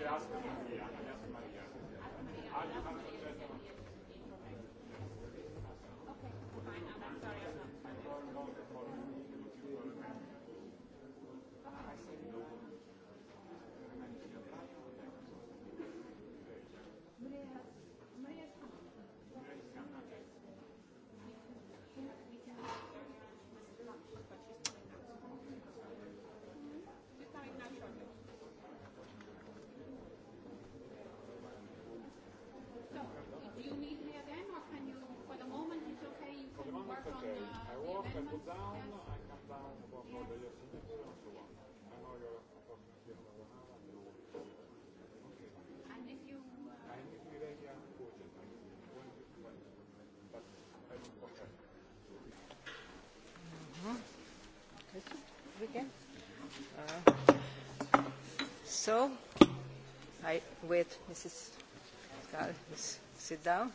you ask them? down, I come down about the signature and so on. I know you're a possibility of an hour and you're And if you... Uh, and if you then you have to go to the But I don't know what Uh, so, I wait, Mrs. Scal, sit down.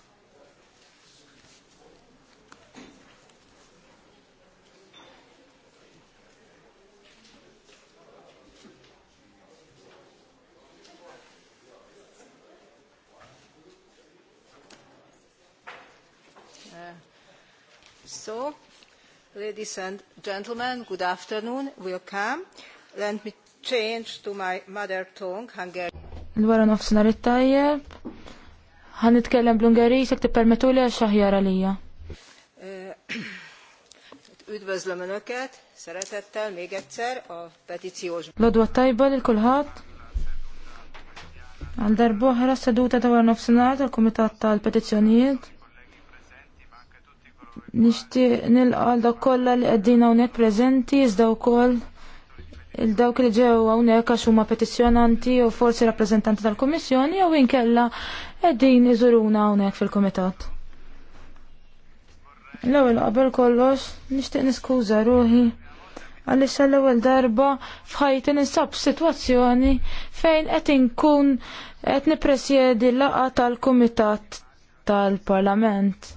So, ladies and gentlemen, good afternoon, welcome. Let me change to my mother tongue, Hungarian. Nwara nofsinar it-tajjeb. Għan nitkellem bl-Ungarij, jek t-permetu li għaxħaħjar għalija. Eh, üdvözlöm Önöket, szeretettel még egyszer a petíciós. Lodwa tajba lil kulħadd. Għal darbohra seduta dawar nofsinhar tal-Kumitat tal-Petizzjonijiet. Nixtieq nilqal dak kollha li qegħdin hawnhekk preżenti iżda wkoll il-dawk li ġew hawnhekk għax huma petizzjonanti u forsi rappreżentanti tal-Kummissjoni jew inkella qegħdin iżuruna hawnhekk fil-Kumitat. L-ewwel qabel kollox nixtieq niskuża ruħi għaliex l-ewwel darba f'ħajti nisab situazzjoni fejn qed inkun qed nippresjedi l laqgħa tal-Kumitat tal-Parlament.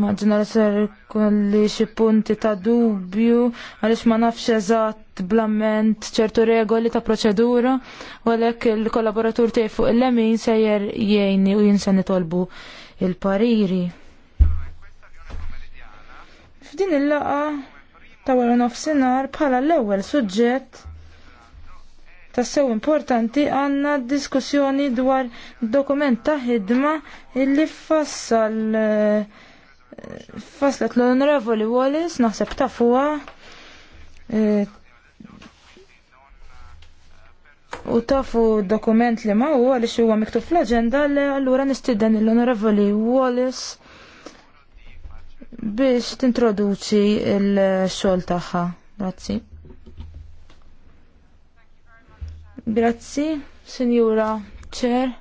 Maġna li ser kolli xi punti ta' dubju għaliex ma nafx eżatt blament ċertu regoli ta' proċedura u għalhekk il-kollaboratur tiegħi fuq il-lemin sejjer jgħinni u jinsa nitolbu il-pariri. F'din il-laqa ta' għal nofsinhar bħala l-ewwel suġġett tassew importanti għanna diskussjoni dwar dokument ta' ħidma illi fassal eh, faslet l-Onorevoli Wallis naħseb ta' fuqa eh, u tafu dokument li ma' huwa li huwa miktub fl-agenda li allura nistidden l-Onorevoli Wallis biex tintroduċi il-xol tagħha. Grazzi. Grazzi, Sinjura Cher,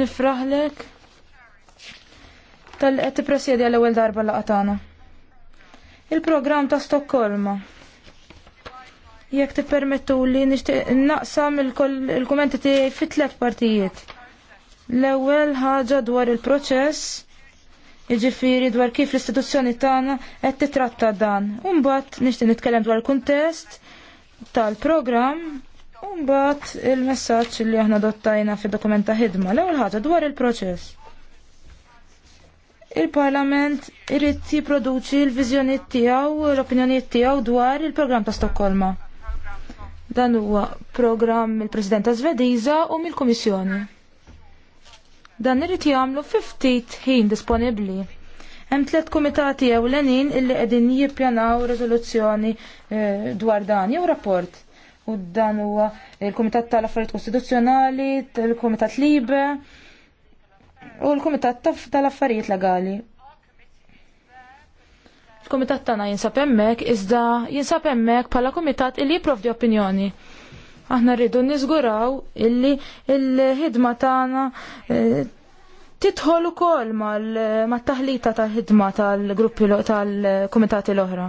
nifraħlek tal-qed tipprosjedi għal ewwel darba laqatana. Il-programm ta' Stokkolma. Jekk tippermettu li nixtieq naqsam il-kummenti tiegħi fi tliet partijiet. L-ewwel ħaġa dwar il-proċess, jiġifieri dwar kif l-istituzzjoni tagħna qed titratta dan. U mbagħad nixtieq nitkellem dwar il-kuntest tal-programm Umbat il-messaġġ li aħna dottajna fi dokumenta ħidma l-ewwel ħaġa dwar il-proċess. Il-Parlament irid jipproduċi l-viżjonijiet tiegħu l-opinjonijiet tiegħu dwar il-programm ta' Stokkolma. Dan huwa programm mill-Presidenta Svediża u mill-Kummissjoni. Dan irid jagħmlu fi ftit ħin disponibbli. Hemm tliet kumitati ewlenin illi qegħdin jippjanaw riżoluzzjoni eh, dwar dan jew rapport u dan huwa il-Kumitat tal-Affarijiet Kostituzzjonali, il-Kumitat Libe u l-Kumitat tal-Affarijiet Legali. Il-Kumitat tagħna jinsab hemmhekk iżda jinsab hemmhekk bħala kumitat illi jipprovdi opinjoni aħna rridu niżguraw illi l ħidma tagħna eh, titħol ukoll mal-taħlita tal-ħidma tal-gruppi tal-kumitati l-oħra.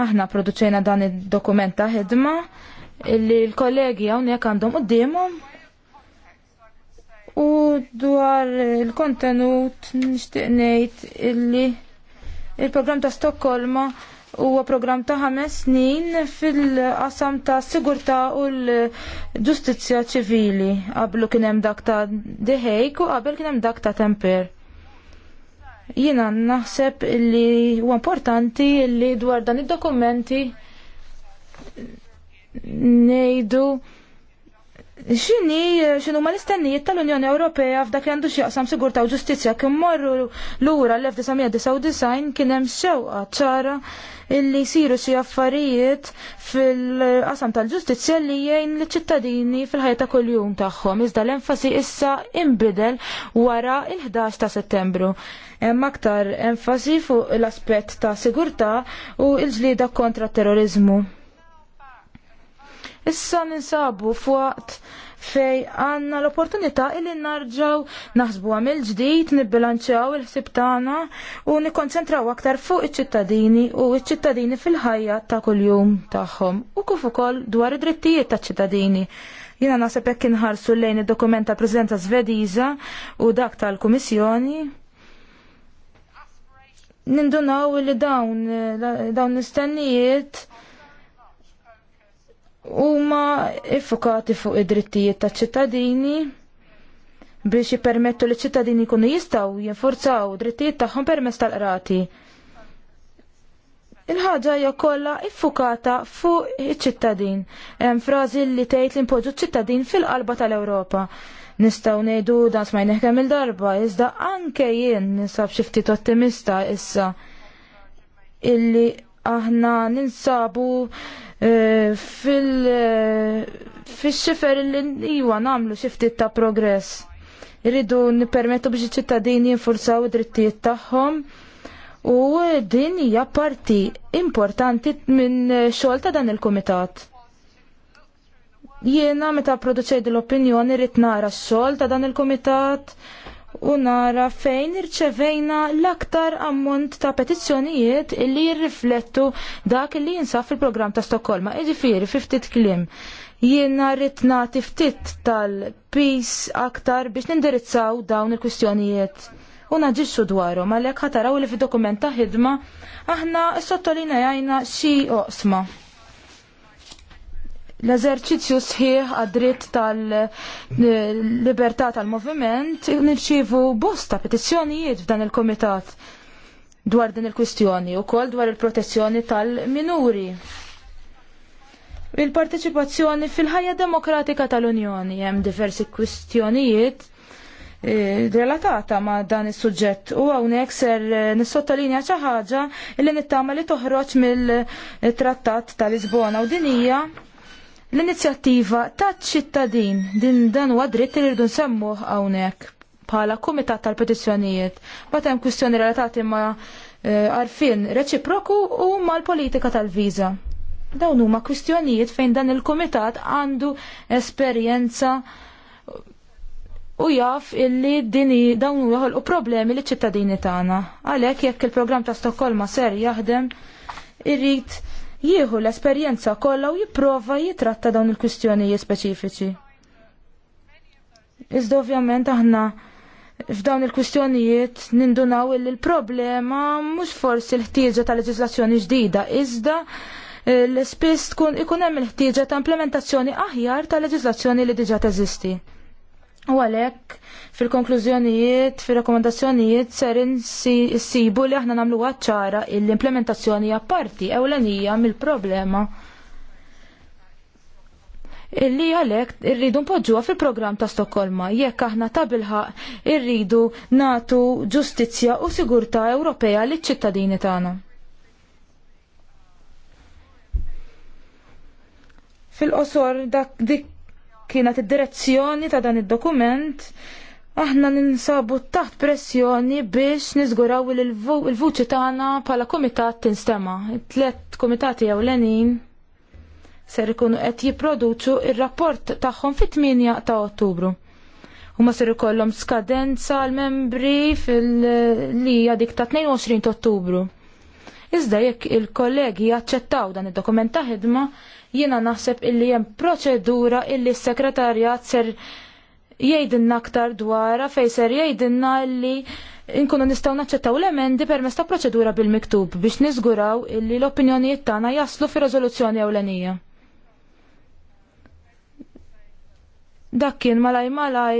Aħna produċejna dan id-dokument ta' ħidma illi l-kollegi hawnhekk għandhom qudiemhom u dwar il-kontenut nixtieq ngħid illi il-programm ta' Stokkolma huwa programm ta' ħames snin fil-qasam ta' sigurtà u l-ġustizzja ċivili. Qablu kien hemm dak ta' Dehejk u qabel kien hemm dak ta' Temper. Jiena naħseb li huwa importanti li dwar dan id-dokumenti ngħidu Xini, xinu ma l-istennijiet tal-Unjoni Ewropea f'dak li għandu xieqsam sigurta u ġustizja kim morru l-ura l-1999 kienem xewqa ċara illi siru xie affarijiet fil-qasam tal-ġustizja li jgħin li ċittadini fil ħajta ta' kuljum tagħhom. Iżda l-enfasi issa imbidel wara il-11 ta' settembru. Hemm aktar enfasi fuq l-aspett ta' sigurta u l-ġlida kontra terrorizmu. Issa ninsabu fuqt fej għanna l-opportunità illi narġaw naħsbu għamil ġdijt, nibbilanċaw il-ħsib tagħna u nikkonċentraw aktar fuq iċ-ċittadini u iċ-ċittadini fil-ħajja ta' kuljum tagħhom u kif ukoll dwar id-drittijiet ta' ċittadini. Jina naħseb hekk inħarsu lejn id-dokument ta' Preżenza u dak tal-Kummissjoni. Nindunaw li dawn dawn l-istennijiet huma iffokati fuq id-drittijiet ta' ċittadini biex jippermettu li ċittadini kunu jistaw jinforzaw drittijiet tagħhom permezz tal-qrati. Il-ħaġa hija kollha iffukata fuq iċ-ċittadin. Hemm frażi li tgħid li npoġġu ċ-ċittadin fil-qalba tal-Ewropa. Nistgħu ngħidu dan smajneħ kemm il-darba, iżda anke jien ninsab xi ftit ottimista issa illi aħna ninsabu Eh, fil-xifer eh, l-iwa namlu xiftit ta' progress. Irridu nipermetu biex ċittadini jinfurzaw id-drittijiet tagħhom u din hija parti importanti minn xogħol ta' dan il-kumitat. Jiena meta produċej l-opinjoni rrid nara x-xogħol ta' dan il-kumitat u nara fejn irċevejna l-aktar ammont ta' petizzjonijiet illi jirriflettu dak li jinsaf fil-programm ta' Stokkolma. iġifiri fi klim. kliem. Jiena rrid nagħti ftit tal-pis aktar biex nindirizzaw dawn il-kwistjonijiet u naġixxu dwarhom għalhekk ħataraw li fi dokument ta' ħidma aħna s-sottolina jajna xi oqsma l-eżerċizzju sħiħ għad-dritt tal-libertà tal-moviment nirċivu bosta petizzjonijiet f'dan il-komitat dwar din il-kwistjoni u kol dwar il-protezzjoni tal-minuri. Il-parteċipazzjoni fil-ħajja demokratika tal-Unjoni hemm diversi kwistjonijiet eh, relatata ma' dan is-suġġett u hawnhekk ser eh, nissottolinja xi ħaġa li nittama li toħroġ mill-Trattat tal-Lisbona u din hija L-inizjattiva taċ ċittadin din dan huwa dritt li rridu nsemmuh hawnhekk bħala kumitat tal-petizzjonijiet. hemm kwistjoni relatati ma' eh, għarfien reċiproku u mal-politika tal-viża. Dawn huma kwistjonijiet fejn dan il-kumitat għandu esperjenza u jaf illi dini dawn u problemi li ċittadini tagħna. Għalhekk jekk il-programm ta' Stokkolma ser jaħdem irrid jieħu l-esperjenza kollha u jipprova jitratta dawn il-kwistjonijiet speċifiċi. Iżda ovvjament aħna f'dawn il-kwistjonijiet nindunaw li l-problema mhux forsi l-ħtieġa ta' leġislazzjoni ġdida, iżda eh, l-spiss tkun ikun hemm il-ħtieġa ta' implementazzjoni aħjar ta' leġislazzjoni li diġà teżisti. U għalek, fil-konklużjonijiet, fil-rekomendazzjonijiet, s-sibu li aħna namlu għacċara l-implementazzjoni apparti ewlenija mill-problema. Illi għalek irridu npoġġuha fil program ta' Stokkolma, jekk aħna ta' bilħa irridu natu ġustizzja u sigurta Ewropea li ċittadini tagħna. Fil-qosor dak dik kienet id-direzzjoni ta' dan id-dokument, aħna ninsabu taħt pressjoni biex nizguraw il-vuċi tagħna bħala komitat tinstema. Tlet komitati lenin ser ikunu qed jipproduċu ir-rapport tagħhom fit-8 ta' Ottubru. Huma ser ikollhom skadenza l membri fil-li dik ta' 22 Ottubru. Iżda jekk il-kollegi jaċċettaw dan id-dokument ta' ħidma, jiena naħseb illi hemm proċedura illi s-sekretarjat ser jgħidilna aktar dwara fej ser jgħidilna illi nkunu nistgħu naċċettaw l-emendi permezz ta' proċedura bil-miktub biex niżguraw illi l-opinjonijiet tagħna jaslu fir riżoluzzjoni ewlenija. dak kien malaj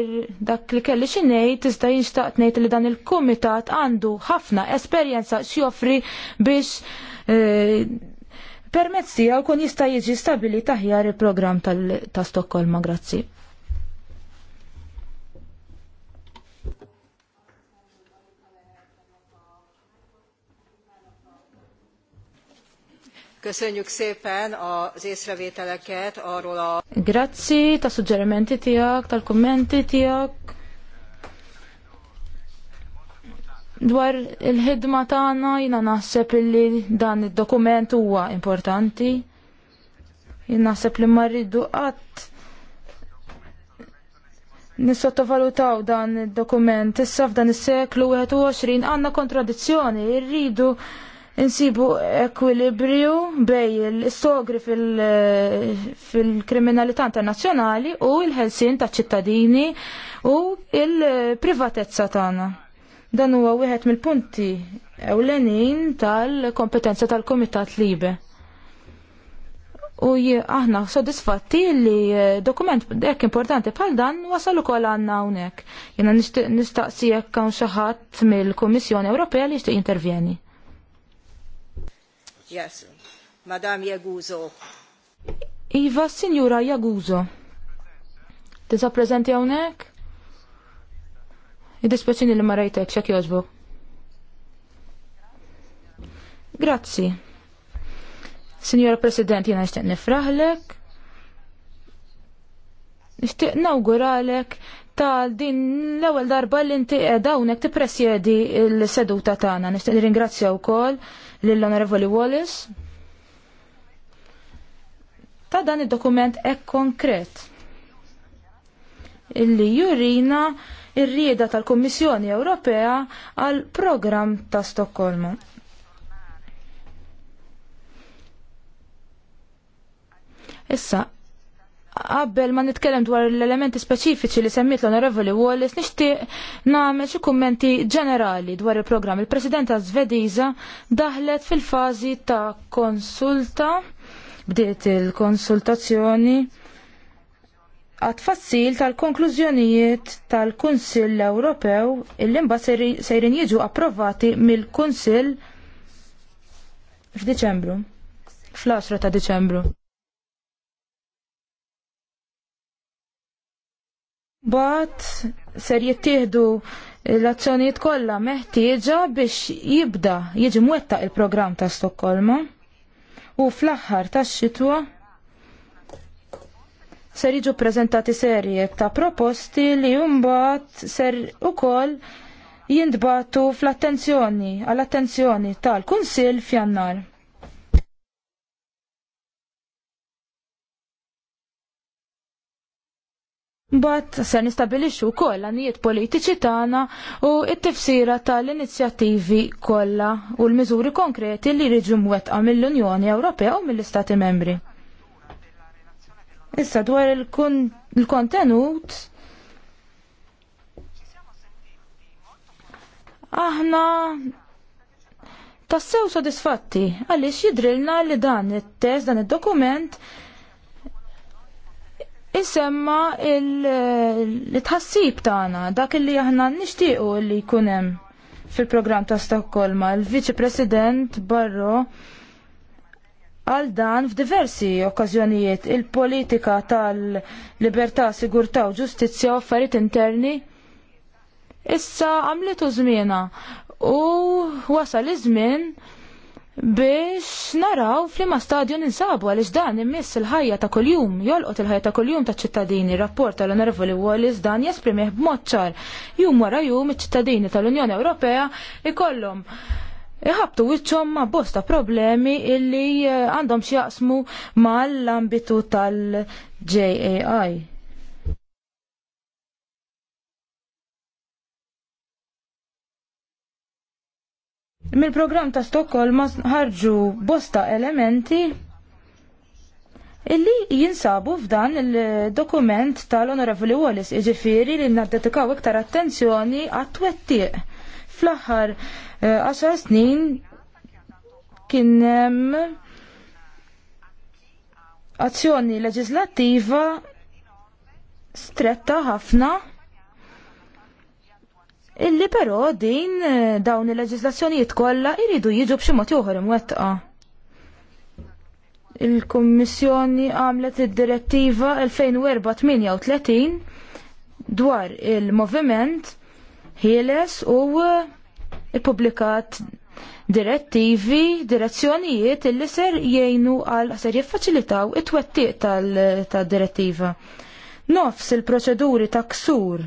dak li kelli xinej tista jinxtaqt nejt li dan il-kumitat għandu ħafna esperjenza xjofri biex e, permezzi għaw kun jista jiġi stabili taħjar il-program ta' Stokkolma, grazzi. Köszönjük szépen az észrevételeket arról a... Grazzi ta' suġġerimenti tiak, tal-kommenti tiak. Dwar il-ħidma tagħna jina naħseb illi dan id-dokument huwa importanti. Jina naħseb li marridu qatt nissottovalutaw dan id-dokument issa f'dan is-seklu 21 għandna kontradizzjoni, irridu insibu ekwilibrju bej l-istogri fil-kriminalità internazzjonali u l-ħelsin ta' ċittadini u il-privatezza tagħna. Dan huwa wieħed mill-punti ewlenin tal-kompetenza tal-Kumitat Libe. U aħna soddisfatti li eh, dokument dek importanti bħal dan wasal ukoll għandna hawnhekk. Jiena nistaqsijek jekk hawn xi ħadd mill-Kummissjoni Ewropea li jixtieq jintervjeni. Yes. Madam Jaguzo. Iva, Signora Jaguzo. Tisa prezenti għonek? Id-dispeċini li marajtek, xek joġbu. Grazzi. Signora President, jena nishtiq nifraħlek. Nishtiq nawguralek ta' din l-ewel darba li inti edawnek ti presjedi l-seduta tana. Nishtiq nirringrazzja u kol lill-Onorevoli Wallis. Ta' dan id-dokument hekk konkret illi jurina ir-rieda tal-Kummissjoni Ewropea għal programm ta' Stokkolma. Issa, Qabel ma nitkellem dwar l-elementi speċifiċi li semmit l-Onorevoli Wallis, nixtieq nagħmel xi kummenti ġenerali dwar il-programm. Il-Presidenta Zvediża daħlet fil-fażi ta' konsulta, bdiet il-konsultazzjoni għat-fassil tal-konklużjonijiet tal-Kunsill Ewropew il-limba sejrin jiġu approvati mill-Kunsill f'Diċembru, fl-10 ta' Diċembru. Bat ser jittieħdu l-azzjonijiet kollha meħtieġa biex jibda jiġi mwettaq il-programm ta' Stokkolma u fl-aħħar tax-xitwa ser jiġu prezentati serje ta' proposti li jumbat ser ukoll jindbatu fl-attenzjoni għall-attenzjoni tal-Kunsill f'Jannar. Bat se nistabilixxu wkoll għanijiet politiċi tagħna u t-tifsira tal-inizjattivi kollha u l-miżuri konkreti li jiġu mwettqa mill-Unjoni Ewropea u mill-Istati Membri. Issa dwar il-kontenut aħna tassew sodisfatti għaliex jidrilna li dan it-test dan id-dokument isemma il tħassib tagħna dak li aħna nixtiequ li jkun hemm fil-programm ta' Stokkolma. Il-Viċi President Barro għal dan f'diversi okkażjonijiet il-politika tal-libertà, sigurtà u ġustizzja u affarijiet interni issa għamlitu żmiena u wasal iż-żmien biex naraw flima stadju ninsabu għaliex dan immiss il-ħajja ta' kuljum, jolqot il-ħajja ta' kuljum ta' ċittadini, rapport tal-onorevoli Wallis dan jesprimih b'moċċar. Jum wara jum iċ-ċittadini tal-Unjoni Ewropea ikollhom iħabtu wiċċhom ma' bosta problemi illi eh, għandhom x'jaqsmu mal-ambitu tal-JAI. Mill-programm ta' Stockholm ħarġu bosta elementi illi jinsabu f'dan il-dokument tal-Onorevoli Wallis iġifiri li naddetikaw iktar attenzjoni għat-twettiq. Fl-aħħar 10 eh, snin kien azzjoni leġislattiva stretta ħafna illi però din eh, dawn il-leġislazzjonijiet kollha jridu jiġu b'xi mod ieħor imwettqa. Il-Kummissjoni għamlet id-direttiva 2004-38 dwar il-moviment ħieles u eh, ippubblikat direttivi, direzzjonijiet illi ser jgħinu għal ser jiffaċilitaw it-twettiq tal-direttiva. Nofs il-proċeduri ta' ksur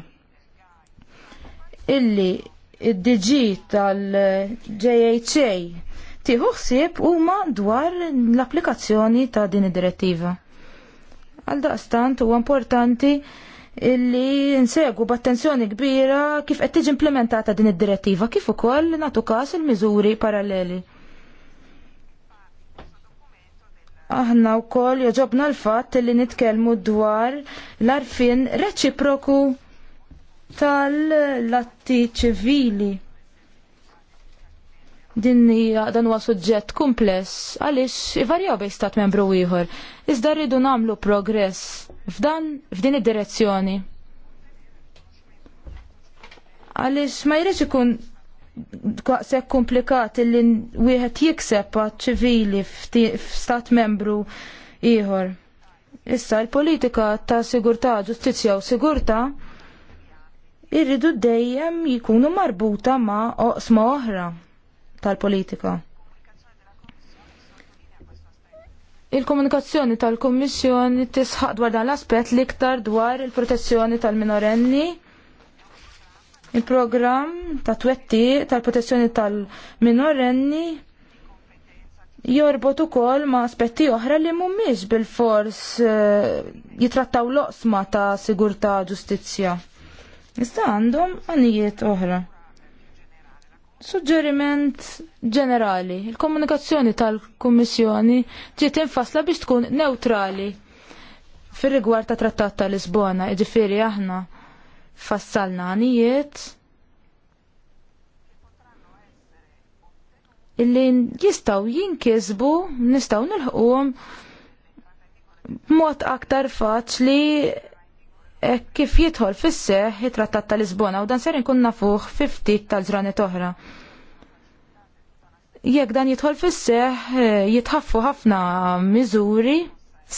illi id-DG tal-JHA tieħu ħsieb huma dwar l-applikazzjoni ta' din id-direttiva. Għal daqstant huwa importanti illi nsegu b'attenzjoni kbira kif qed tiġi implementata din id-direttiva kif ukoll nagħtu każ il-miżuri paralleli. Aħna wkoll joġobna l-fatt illi nitkellmu dwar l-arfin reċiproku tal-latti ċivili. Din hija dan huwa suġġett kumpless għaliex ivarjaw bejn stat membru ieħor. Iżda rridu nagħmlu progress f'dan f'din id-direzzjoni. Għaliex ma jridx ikun sekk komplikat li wieħed jikseb għad ċivili f'stat membru ieħor. Issa l-politika ta' sigurtà, ġustizzja u sigurtà irridu dejjem jikunu marbuta ma' oqsma oħra tal-politika. Il-komunikazzjoni tal-Kommissjoni tisħaq dwar dan l-aspett liktar dwar il-protezzjoni tal-minorenni, il-programm ta' twetti tal-protezzjoni tal-minorenni jorbot ukoll ma' aspetti oħra li mhumiex bil-fors eh, jitrattaw loqsma ta' sigurtà ġustizzja. Iżda għandhom għanijiet oħra. Suġġeriment ġenerali, il-komunikazzjoni tal-Kummissjoni ġiet infasla biex tkun neutrali fir rigward ta' trattat ta' Lisbona, ġifiri aħna fassalna għanijiet illi jistaw jinkisbu, nistaw nilħquhom b'mod aktar faċli E, kif jidħol fis-seħ it-Trattat tal Lisbona u dan ser inkun nafuh fi ftit tal-ġranet oħra. Jekk dan jidħol fis-seħ e, jitħaffu ħafna miżuri,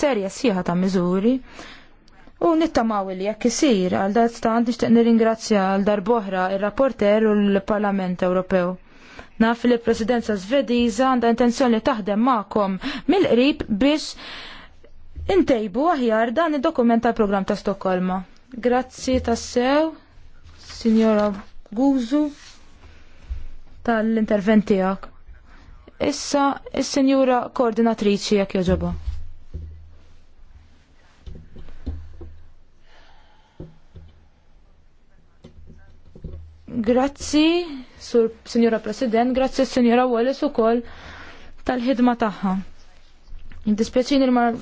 serja sieħa ta' miżuri, u nittamaw li jekk isir għal dan stand nixtieq nirringrazzja għal darboħra ir-rapporter u l-Parlament Ewropew. Naf li l-Presidenza Svediża għandha intenzjoni taħdem magħkom mill-qrib biex intejbu aħjar dan id-dokument tal-programm ta' Stokkolma. Grazzi tassew, Signora Guzu, tal interventijak tiegħek. Issa, il signora Koordinatriċi jekk joġobha. Grazzi, sur Sinjora President, grazzi Signora Wallis u tal-ħidma taħħa. il-mar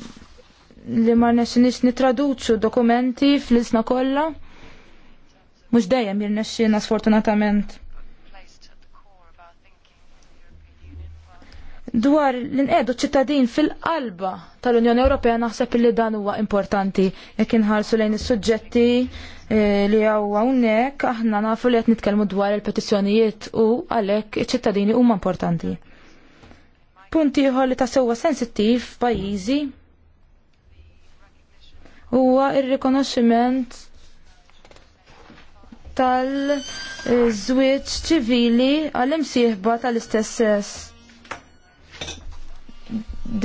li ma nesċinix nitraduċu dokumenti fl-isna kolla. Mux dejjem jirnexxina sfortunatament. Dwar l-inqedu ċittadin fil-qalba tal-Unjoni Ewropea naħseb li dan huwa importanti. Jekk inħarsu lejn is-suġġetti eh, li huwa hawnhekk aħna nafu li qed nitkellmu dwar il-petizzjonijiet u għalhekk iċ-ċittadini huma importanti. Punti ieħor li ta' sewwa sensittiv f'pajjiżi huwa ir-rikonoxximent tal-żwieġ ċivili għall-imsieħba tal-istess sess.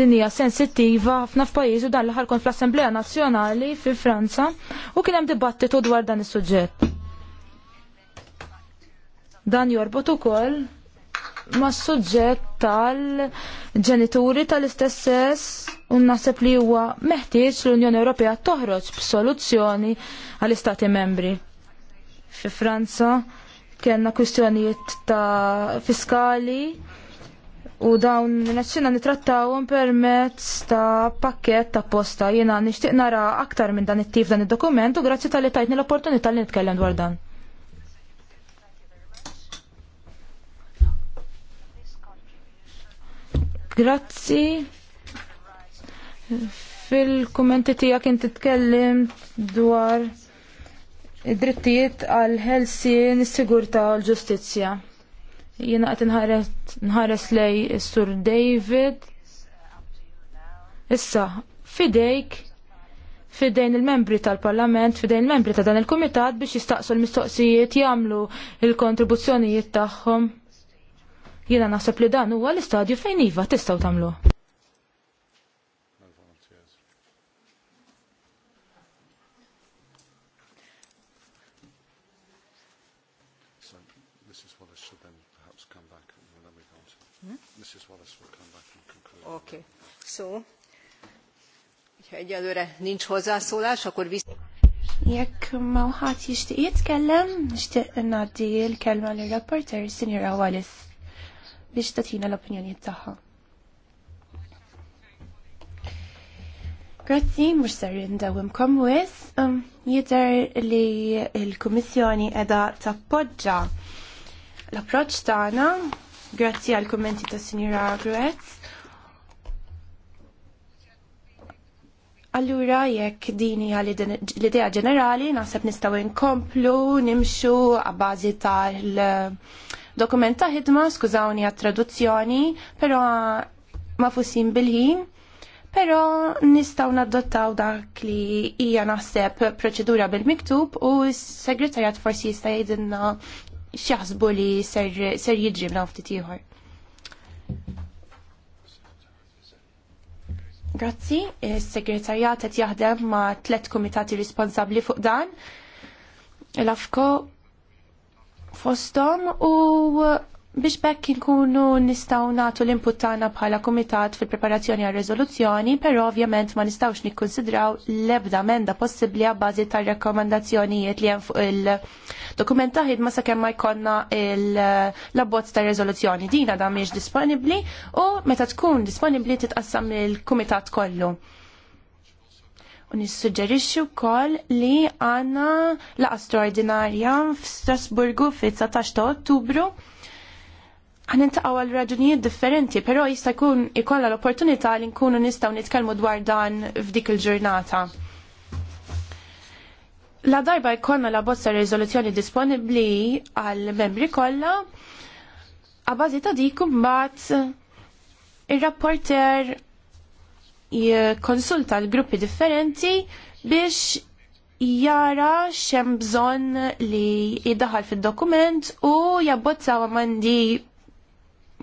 Din hija sensittiva ħafna f'pajjiż u dan l-aħħar kont fl-Assembleja Nazzjonali fi Franza u kien hemm dibattitu dwar dan is-suġġett. Dan jorbot ukoll mas-suġġett tal-ġenituri tal-istess sess un naħseb li huwa meħtieġ l-Unjoni Ewropea toħroġ b'soluzzjoni għall-Istati membri. Fi Franza kellna kwistjonijiet ta' fiskali u dawn naċċina nitrattawhom permezz ta' pakket ta' posta jiena nixtieq nara aktar minn dan it-tif dan id-dokument u grazzi tal-li tajtni l-opportunità li nitkellem dwar dan. Grazzi Fil-kommenti tijak inti tkellim dwar id-drittijiet għal ħelsien is-sigurta u l-ġustizzja. Jiena qed nħares lej sur David. Issa, fidejk fidejn il-membri tal-Parlament, fidejn il-membri ta' dan il-Kumitat biex jistaqsu l-mistoqsijiet jagħmlu il-kontribuzzjonijiet tagħhom. Jiena naħseb li dan huwa l-istadju fejn iva tistgħu tagħmluh. szó. Ha egyelőre nincs hozzászólás, akkor vissza... Jekk ma wħat jixtieq jitkellem, nixtieq ngħaddi l-kelma lir rapporter Sinjura Wallis biex tagħtina l opinjoni tagħha. Grazzi, mhux ser indawimkom wis, um, jidher li l-Kummissjoni qiegħda tappoġġa l-approċċ tagħna, grazzi għall kummenti tas Sinjura Gruetz, Allura jekk dini l-idea ġenerali naħseb nistgħu nkomplu nimxu għabbażi tal-dokument ta' ħidma, skużawni għat-traduzzjoni, però ma fussin bil-ħin. Pero nistaw naddottaw dak li hija naħseb proċedura bil-miktub u s-segretarjat forsi jista' jgħidilna x'jaħsbu li ser, ser jiġri ftit ieħor. Grazzi, il-segretarjat qed jaħdem ma' tlet komitati responsabbli fuq dan. l-afko fostom u Biex bekk nkunu nistaw natu l-input tagħna bħala kumitat fil-preparazzjoni għal riżoluzzjoni, però ovvjament ma nistawx nikkonsidraw l-ebda menda possibbli għal bażi tar-rakkomandazzjonijiet li hemm fuq il-dokument taħid ħidma sakemm ma jkollna l-abbozz tar riżoluzzjoni. Dina da mhijiex disponibbli u meta tkun disponibbli titqassam il kumitat kollu. U nissuġġerixxu wkoll li għandna laqa straordinarja f'Strasburgu fit-19 ta' Ottubru ħanintaqaw għal raġunijiet differenti, però jista' jkun ikolla l-opportunità li nkunu nistgħu nitkellmu dwar dan f'dik il-ġurnata. La darba jkollna la bozza riżoluzzjoni disponibbli għal membri kollha, għabażi ta' dik mbagħad ir-rapporter jikkonsulta l-gruppi differenti biex jara xem bżon li jiddaħal fil-dokument u jabbozza għamandi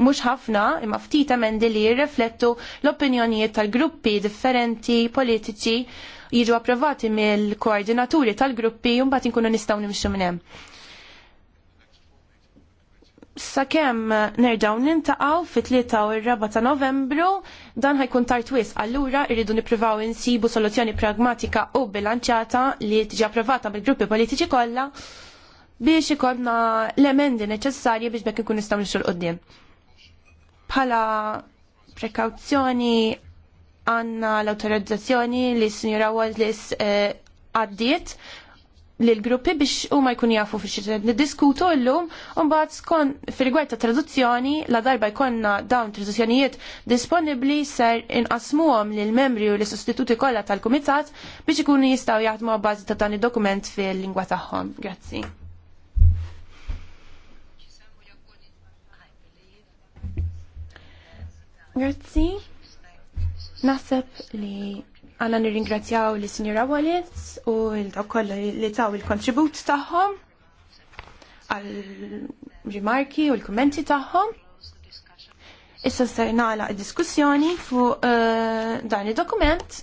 mhux ħafna imma ftit emendi li jirreflettu l-opinjonijiet tal-gruppi differenti politiċi jiġu approvati mill-koordinaturi tal-gruppi u mbagħad inkunu nistgħu nimxu minn hemm. Sakemm nerġgħu nintaqgħu fit-3 u r-4 ta' Novembru dan ħajkun tartwis allura irridu nippruvaw insibu soluzzjoni pragmatika u bilanċjata li tiġi approvata mill-gruppi politiċi kollha biex ikollna l-emendi neċessarji biex bekk ikun nistgħu nixxu l-qudiem. Bħala prekawzjoni għanna l-autorizzazzjoni li s-sinjura Wallis eh, għaddiet eh, li l-gruppi biex u ma jkun jafu fi xitred niddiskutu l-lum un bat skon fil-gwajt ta' traduzzjoni la darba jkonna dawn traduzzjonijiet disponibli ser inqasmuhom lil membri u li sostituti kollha tal-kumitat biex ikunu jistaw jaħdmu għabbażi ta' dan id-dokument fil-lingwa tagħhom. Grazzi. Grazzi. Nasab li għanna nir-ingrazzjaw li Sinjora Wallis u l-dokoll li taw il-kontribut taħħom għal-rimarki u l-kommenti taħħom. Issa s ser għala diskussjoni fu uh, eh, dan il dokument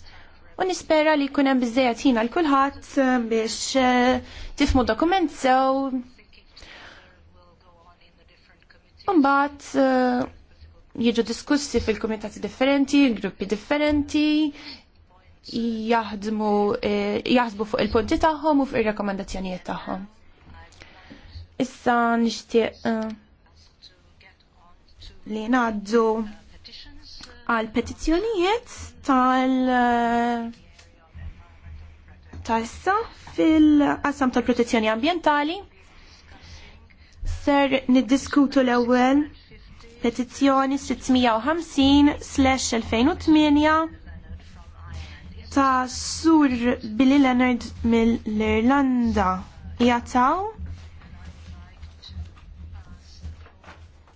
u nispera li kunem hemm jina l-kulħat eh, biex uh, tifmu dokument sew. Mbagħad uh, jiġu diskussi fil-komitati differenti, gruppi differenti, eh, jaħdmu fuq il-punti tagħhom u fuq ir-rakkomandazzjonijiet tagħhom. Issa nixtieq eh, li ngħaddu għal petizzjonijiet tal eh, tassa fil-qasam tal-protezzjoni ambientali. Ser niddiskutu l-ewwel petizzjoni 650-2008 ta' Sur Billy Leonard mill-Irlanda jataw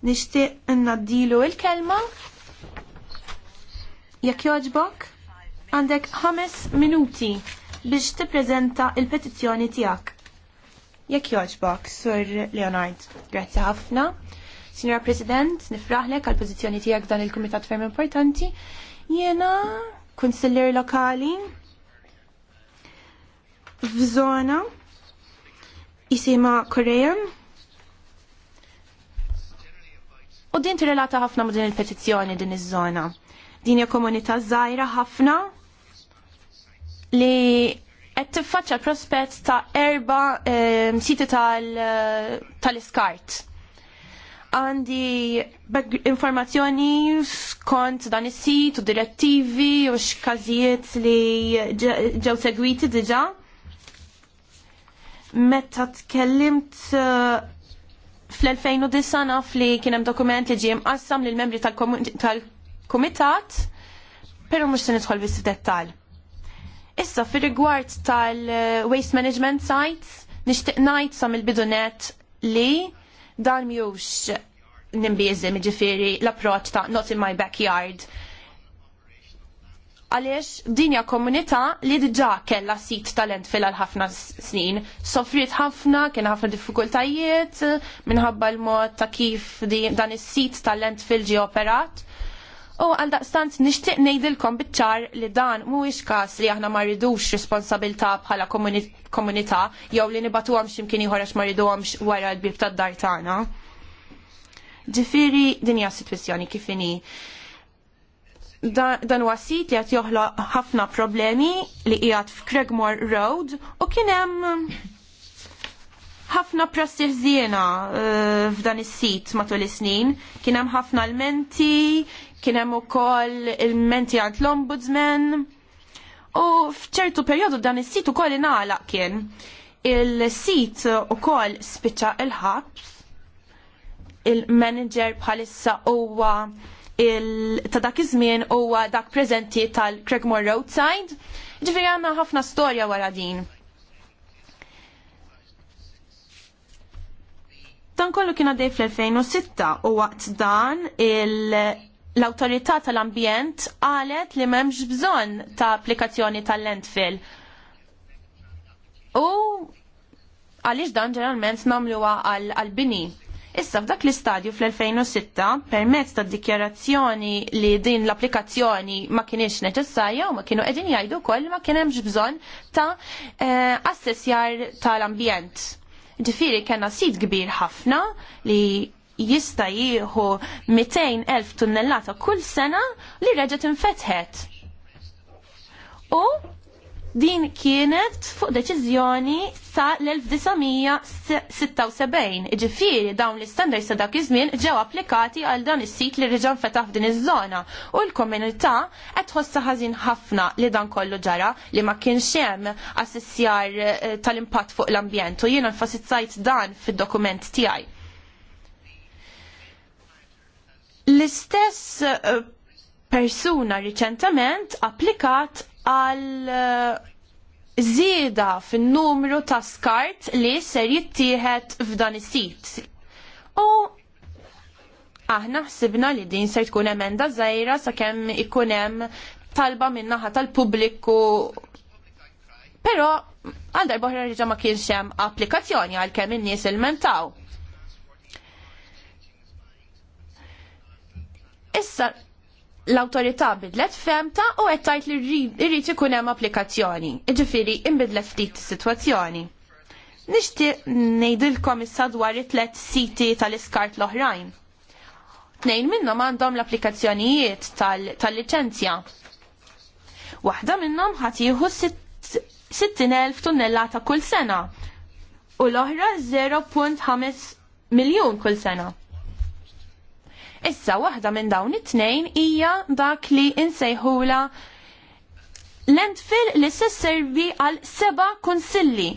nishtiq n-naddilu il-kelma jekk joġbok għandek ħames minuti biex tippreżenta il-petizzjoni tiegħek. Jekk jogħġbok, Sur Leonard, grazzi ħafna. Signora President, nifraħlek għal pożizzjoni tiegħek dan il-Kumitat Ferm Importanti. Jiena kunsiller lokali f'żona jisima Korean. U din relata ħafna ma' din il-petizzjoni din iż-żona. Din hija komunità żgħira ħafna li qed tiffaċċa prospett ta' erba' eh, siti eh, tal-iskart għandi informazzjoni skont dan is-sit u direttivi u x'każijiet li ġew segwiti diġà. Meta tkellimt uh, fl-2009 naf li kien hemm dokument li ġie mqassam lill membri tal-kumitat, però mhux se nidħol biss dettal. Issa fir-rigward tal-waste uh, management sites nixtieq ngħid sa mill-bidunet li Dan mjux nimbizim ġifiri l-approċ ta' not in my backyard. Għaliex dinja komunità li diġa kella sit talent fil għal ħafna snin. Soffriet ħafna, kien ħafna diffikultajiet minħabba l-mod ta' kif dan is-sit talent fil ġi operat. U għal daqstant nixtieq ngħidilkom biċ-ċar li dan mhuwiex każ li aħna ma rridux responsabilità bħala komunità jew li nibatu għamx imkini għax ma għamx wara l-bib tad-dar tagħna. Ġifieri din hija sitwazzjoni kif inhi. Dan huwa sit li qed joħloq ħafna problemi li qiegħed f'Cregmore Road u kien hemm ħafna prassi ħżiena eh, f'dan is-sit matul is-snin. Kien hemm ħafna l-menti, kien hemm ukoll il-menti għand l-ombudsman. U f'ċertu perjodu dan is-sit ukoll ingħalaq kien. Il-sit ukoll spiċċa il-ħabs. Il-manager bħalissa huwa il ta' dak iż-żmien huwa dak preżenti tal-Craigmore Roadside. Ġifieri għandna ħafna storja wara din Dan kollu kien għaddej fl-2006 u waqt dan il- l-autorità tal-ambjent qalet li m'hemmx bżonn ta' applikazzjoni tal-landfill. U għaliex dan ġeneralment nagħmluha għal-bini. Issa f'dak l-istadju fl-2006 permezz ta' dikjarazzjoni li din l-applikazzjoni ma kienx neċessarja u ma kienu qegħdin jgħidu wkoll ma kien hemmx bżonn ta' eh, assessjar tal-ambjent Ġifiri kena sit kbir ħafna li jista jieħu 200.000 tunnellata kull sena li reġet infetħet. U Din kienet fuq deċiżjoni sa l-1976. Ġifiri dawn l-standards ta' dak iż-żmien ġew applikati għal dan is-sit li reġan fetaħ f'din iż-żona u l-komunità qed tħossha ħażin ħafna li dan kollu ġara li ma kienx hemm assessjar eh, tal-impatt fuq l-ambjent u jiena nfasizzajt dan fid-dokument tiegħi. L-istess eh, persuna riċentament applikat għal eh, zida fin-numru ta' skart li ser jittieħed f'dan is-sit. U aħna ħsibna li din ser tkun emenda żgħira sakemm ikun hemm talba min-naħa tal-pubbliku Però għal darba ħreġa ma kienx hemm applikazzjoni għalkemm in-nies ilmentaw. Issa l-autorità bidlet femta u qed tgħid li rrit ikun hemm applikazzjoni. iġifiri inbidlet ftit is-sitwazzjoni. Nixtieq ngħidilkom issa dwar it-tlet siti tal-iskart l-oħrajn. Tnejn minnhom għandhom l-applikazzjonijiet tal-liċenzja. -tal Waħda minnhom ħadd jieħu 60,000 tunnellata kull sena u l-oħra 0.5 miljun kull sena. Issa waħda minn dawn it-tnejn hija dak li insejħula l-endfil li se servi għal seba' kunsilli.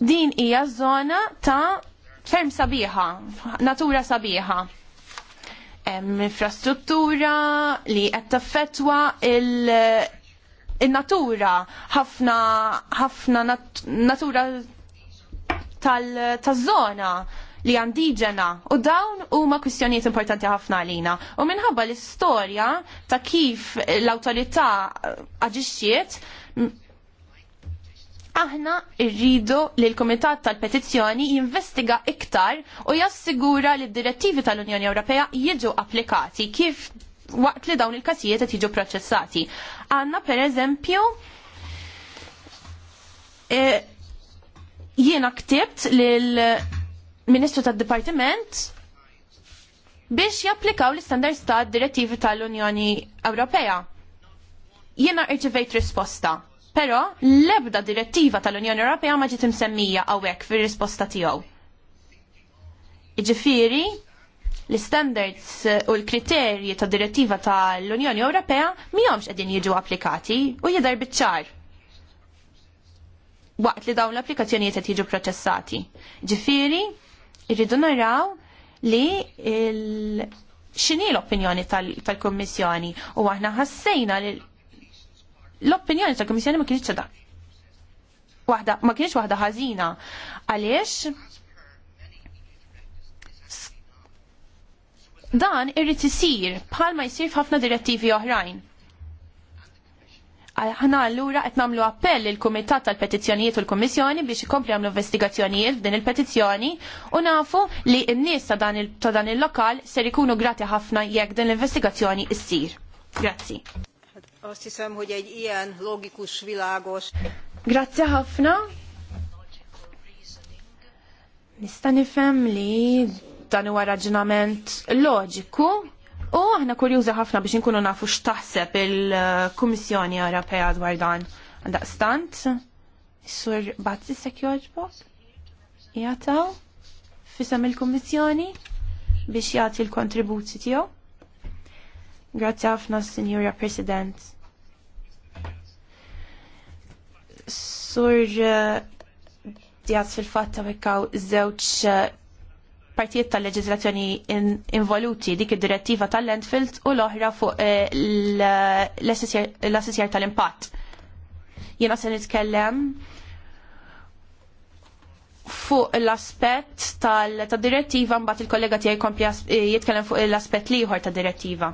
Din hija żona ta' ferm sabiħa, natura sabiħa hemm infrastruttura li qed taffettwa il natura ħafna ħafna nat natura tal-żona li ġena u dawn huma kwistjonijiet importanti ħafna għalina. U minħabba l-istorja ta' kif l-autorità eh, aġixxiet aħna rridu li l-Komitat tal-Petizzjoni jinvestiga iktar u jassigura li d-direttivi tal-Unjoni Ewropea jiġu applikati kif waqt li dawn il-kasijiet qed jiġu proċessati. Għandna pereżempju e, eh, jiena ktibt lil ministru tad-Dipartiment biex japplikaw l-istandards ta' direttivi tal-Unjoni Ewropea. Jiena irċivejt risposta, però l-ebda direttiva tal-Unjoni Ewropea ma ġiet imsemmija għawek fir-risposta tiegħu. Jiġifieri, l-standards u l-kriterji ta' direttiva tal-Unjoni Ewropea miħomx qegħdin jiġu applikati u jidher biċ-ċar. Waqt li dawn l-applikazzjonijiet qed jiġu proċessati. Ġifieri, irridu naraw li xini l-opinjoni tal-Kommissjoni u aħna ħassejna li l-opinjoni tal-Kommissjoni ma kienx da. ma kienx waħda ħażina. Għaliex dan irrid isir bħalma jsir f'ħafna direttivi oħrajn ħana allura qed nagħmlu appell il kumitat tal-Petizzjonijiet u l-Kummissjoni biex ikompli għamlu investigazzjonijiet f'din il-petizzjoni u nafu li n-nies ta' dan il-lokal ser ikunu grati ħafna jekk din l-investigazzjoni issir. Grazzi. Azt hiszem, hogy egy ilyen logikus, világos. Grazie ħafna. Nista' nifhem li dan huwa raġunament loġiku U aħna kurjuża ħafna biex inkunu nafu x'taħseb il-Kummissjoni Ewropea dwar dan. Għandaq stant, sur Bazzi Sekjoġbok, jataw, fisem il-Kummissjoni biex jagħti l-kontributi tiegħu. Grazzi ħafna, Signora President. Sur eh, Diaz fil-fatta wekkaw żewġ eh, partijiet tal-leġizlazzjoni involuti dik id-direttiva tal-landfills u l-oħra fuq eh, l-assessjar tal-impatt. Jiena se nitkellem fuq l-aspett tal-direttiva mbagħad il-kollega tiegħi jkompli eh, jitkellem fuq l-aspett liħor tad direttiva.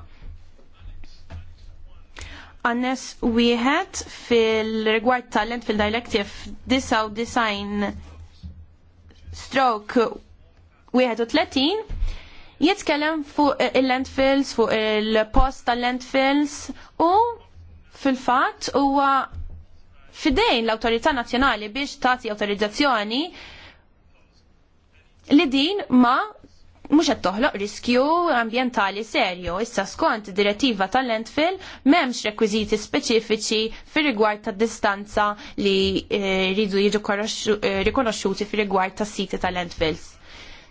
Annes wieħed fil-rigward tal-Landfill Directive 99 stroke 31 jitkellem fuq il-landfills, fuq il-post tal-landfills u fil-fat huwa fidejn l-autorità nazjonali biex tagħti autorizzazzjoni li din ma mhux qed toħloq riskju ambjentali serju. Issa skont id direttiva tal-landfill m'hemmx rekwiżiti speċifiċi fir-rigward tad-distanza li jridu eh, jiġu eh, rikonoxxuti fir-rigward tas-siti tal-landfills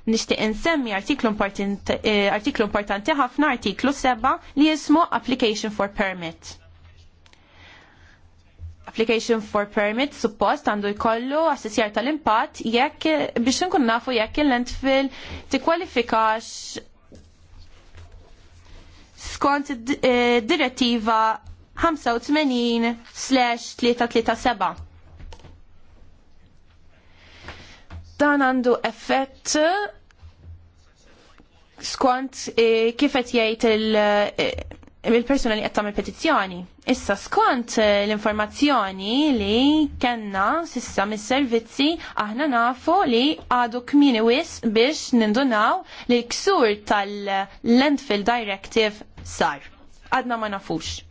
nixtieq insemmi eh, artiklu importanti ħafna artiklu 7 li jismu Application for Permit. Application for Permit suppost għandu jkollu assessjar tal-impatt jekk biex nkun nafu jekk il-landfill tikkwalifikax skont eh, direttiva 85/337 dan għandu effett skont eh, kif qed jgħid eh, il-persuna li qed tagħmel petizzjoni. Issa skont eh, l-informazzjoni li kellna sissa mis-servizzi aħna nafu li għadu kmini wis biex nindunaw li l-ksur tal-Landfill Directive sar. Għadna ma nafux.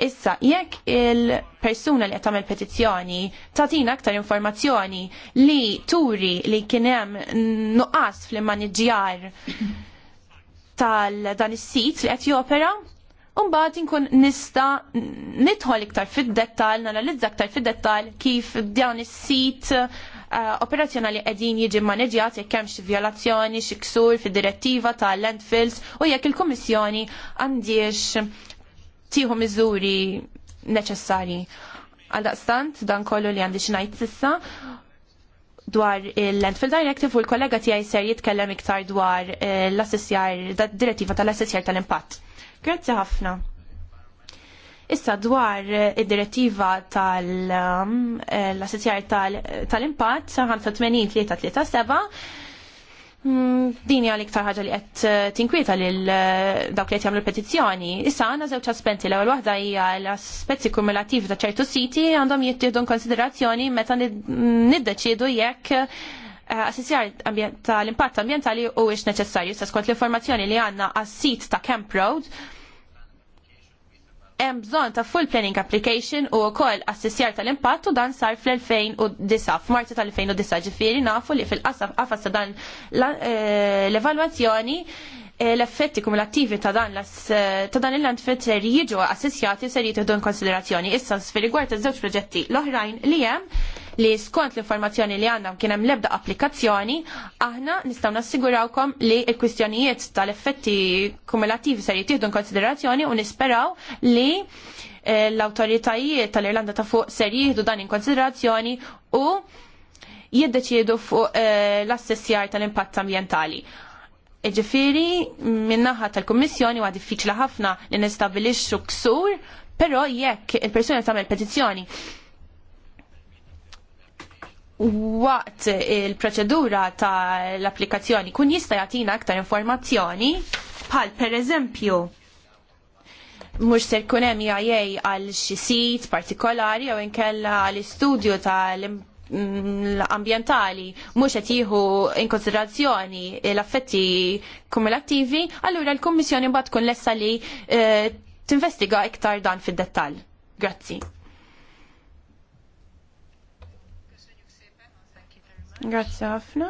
Issa, jekk il-persuna li qed tagħmel petizzjoni tatina aktar informazzjoni li turi li kien hemm nuqqas fl-maniġjar tal-dan is-sit li qed jopera, Umbaħt inkun nista nidħol iktar fid-dettal, nanalizza iktar fid-dettal kif dan is-sit eh, operazzjonali qegħdin jiġi maneġjat jekk hemm xi violazzjoni, xi ksur fid-direttiva tal-landfills u jekk il-Kummissjoni għandiex tieħu miżuri għal Għaldaqstant, dan kollu li għandi xinajt sissa dwar il-Landfill Directive u l-kollega tiegħi ser jitkellem iktar dwar eh, l-assessjar, direttiva tal-assessjar tal-impatt. Grazzi ħafna. Issa dwar eh, id-direttiva tal-assessjar eh, tal-impatt Mm, Dini għal iktar ħaġa li qed eh, tinkwieta lil eh, dawk li qed jagħmlu petizzjoni. Issa għandna żewġ aspetti l-ewwel waħda hija l-aspetti kumulativi ta' ċertu siti għandhom jittieħdu konsiderazzjoni meta niddeċiedu jekk eh, assessjar tal-impatt ambjentali huwiex neċessarju sa skont l-informazzjoni li għandna għas-sit ta' Camp Road hemm bżonn ta' full planning application u wkoll assessjar tal-impatt u dan sar fl-2009 f'Marzu tal-2009 ġifieri nafu li fil qasam qafas ta' dan eh, l-evalwazzjoni eh, l-effetti kumulattivi ta' dan eh, ta' dan il-landfit ser jiġu assessjati ser jitħdu konsiderazzjoni issa s-fil rigward iż-żewġ proġetti l-oħrajn li hemm li skont l-informazzjoni li għandhom kien hemm l-ebda applikazzjoni, aħna nistgħu nassigurawkom li l-kwistjonijiet tal-effetti kumulativi ser jittieħdu konsiderazzjoni u nisperaw li eh, l-awtoritajiet tal-Irlanda ta' fuq ser jieħdu dan in konsiderazzjoni u jiddeċiedu fuq eh, l-assessjar tal-impatt ambjentali. Ġifiri, minnaħa tal-Kommissjoni għad diffiċla ħafna li nistabilixxu ksur, però jekk il-persuna tagħmel petizzjoni waqt il-proċedura ta' l-applikazzjoni kun jista' jagħtina aktar informazzjoni bħal pereżempju mhux se jkun hemm jgħajjej għal xi sit partikolari jew inkella għal istudju tal-ambjentali mhux qed jieħu in konsiderazzjoni l-affetti kumulattivi, allura l-Kummissjoni mbagħad tkun lesta li eh, tinvestiga iktar dan fid-dettall. Grazzi. Grazzi ħafna.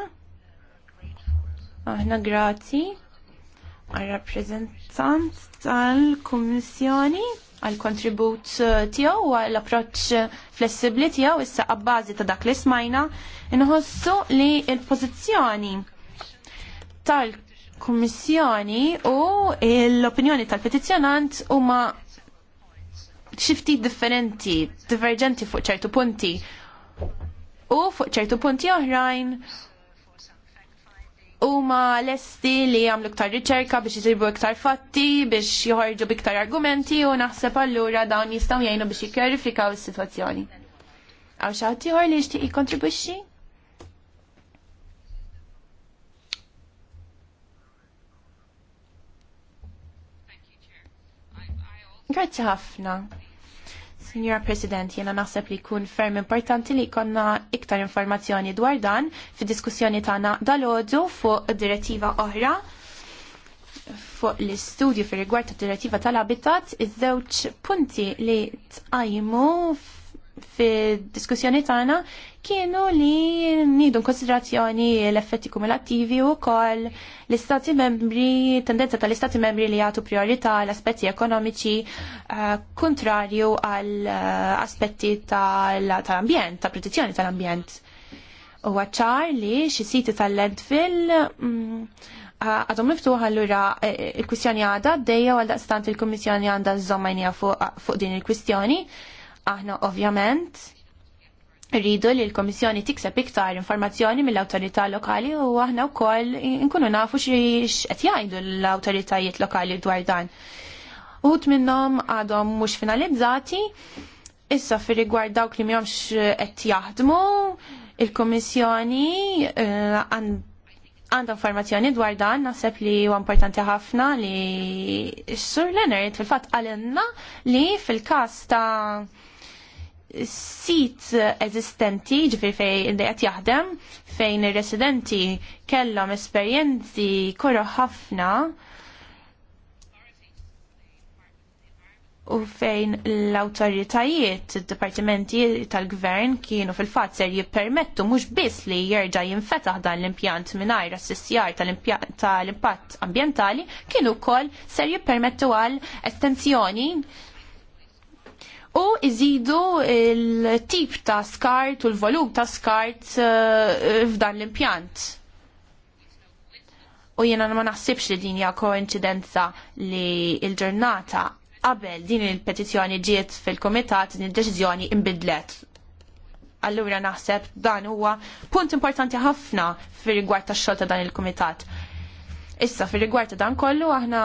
Aħna grazzi għal-rappresentant tal-Kummissjoni għal-kontribut eh, tiegħu u għall-approċċ flessibbli tiegħu issa għabbażi ta' dak li smajna inħossu li l-pożizzjoni tal-Kummissjoni u l-opinjoni tal-petizzjonant huma xifti differenti, divergenti fuq ċertu punti u fuq ċertu punti oħrajn huma lesti li jagħmlu iktar riċerka biex isibu iktar fatti, biex joħorġu biktar argumenti u naħseb allura dawn jistgħu jgħinu biex jikkjarifikaw is-sitwazzjoni. Għaw għor li jixtieq jikkontribwixxi? Grazzi ħafna. Signora President, jena naħseb li kun ferm importanti li konna iktar informazzjoni dwar dan fi diskussjoni tagħna dal-ħodu fuq direttiva oħra fuq l-istudju fi rigward direttiva tal-abitat, iż-żewġ punti li tqajmu fid-diskussjoni tagħna kienu li nieħdu konsiderazzjoni l-effetti kumulattivi u wkoll l-istati membri, tendenza tal-istati membri li jagħtu priorità l-aspetti ekonomiċi uh, kontrarju għal eh, aspetti tal-ambjent, ta' protezzjoni tal-ambjent. U għacċar li xi siti tal-landfill mm, eh, għadhom miftuħ allura il-kwistjoni għadha għaddejja għal daqstant il-Kummissjoni għandha żommajnija fuq din il-kwistjoni. Aħna ovvjament rridu li l-Komissjoni tikseb iktar informazzjoni mill-awtorità lokali u aħna wkoll nkunu nafu qed jgħidu l-awtoritajiet lokali dwar dan. Uħut minnhom għadhom mhux finalizzati, issa fi rigward dawk li mhomx qed jaħdmu, il-Komissjoni eh, għandha informazzjoni dwar dan, naħseb li huwa importanti ħafna li s-Sur Leonard fil-fatt għalenna li fil-każ ta' sit eżistenti ġifir fej għat jaħdem fejn ir-residenti kellhom esperjenzi korra ħafna u fejn l-autoritajiet, id-dipartimenti tal-gvern kienu fil-fat ser jippermettu mhux biss li jerġa' jinfetaħ dan l-impjant mingħajr assissjar tal-impatt ambjentali, kienu wkoll ser jippermettu għal estensjoni u iżidu il-tip ta' skart u l-volum ta' skart eh, f'dan l-impjant. U jena ma naħsibx li din hija koincidenza li il-ġurnata qabel din il-petizzjoni ġiet fil-komitat din il-deċiżjoni imbidlet. Allura naħseb dan huwa punt importanti ħafna fir rigward tax-xogħol ta' dan il-kumitat. Issa fir rigward ta' dan kollu aħna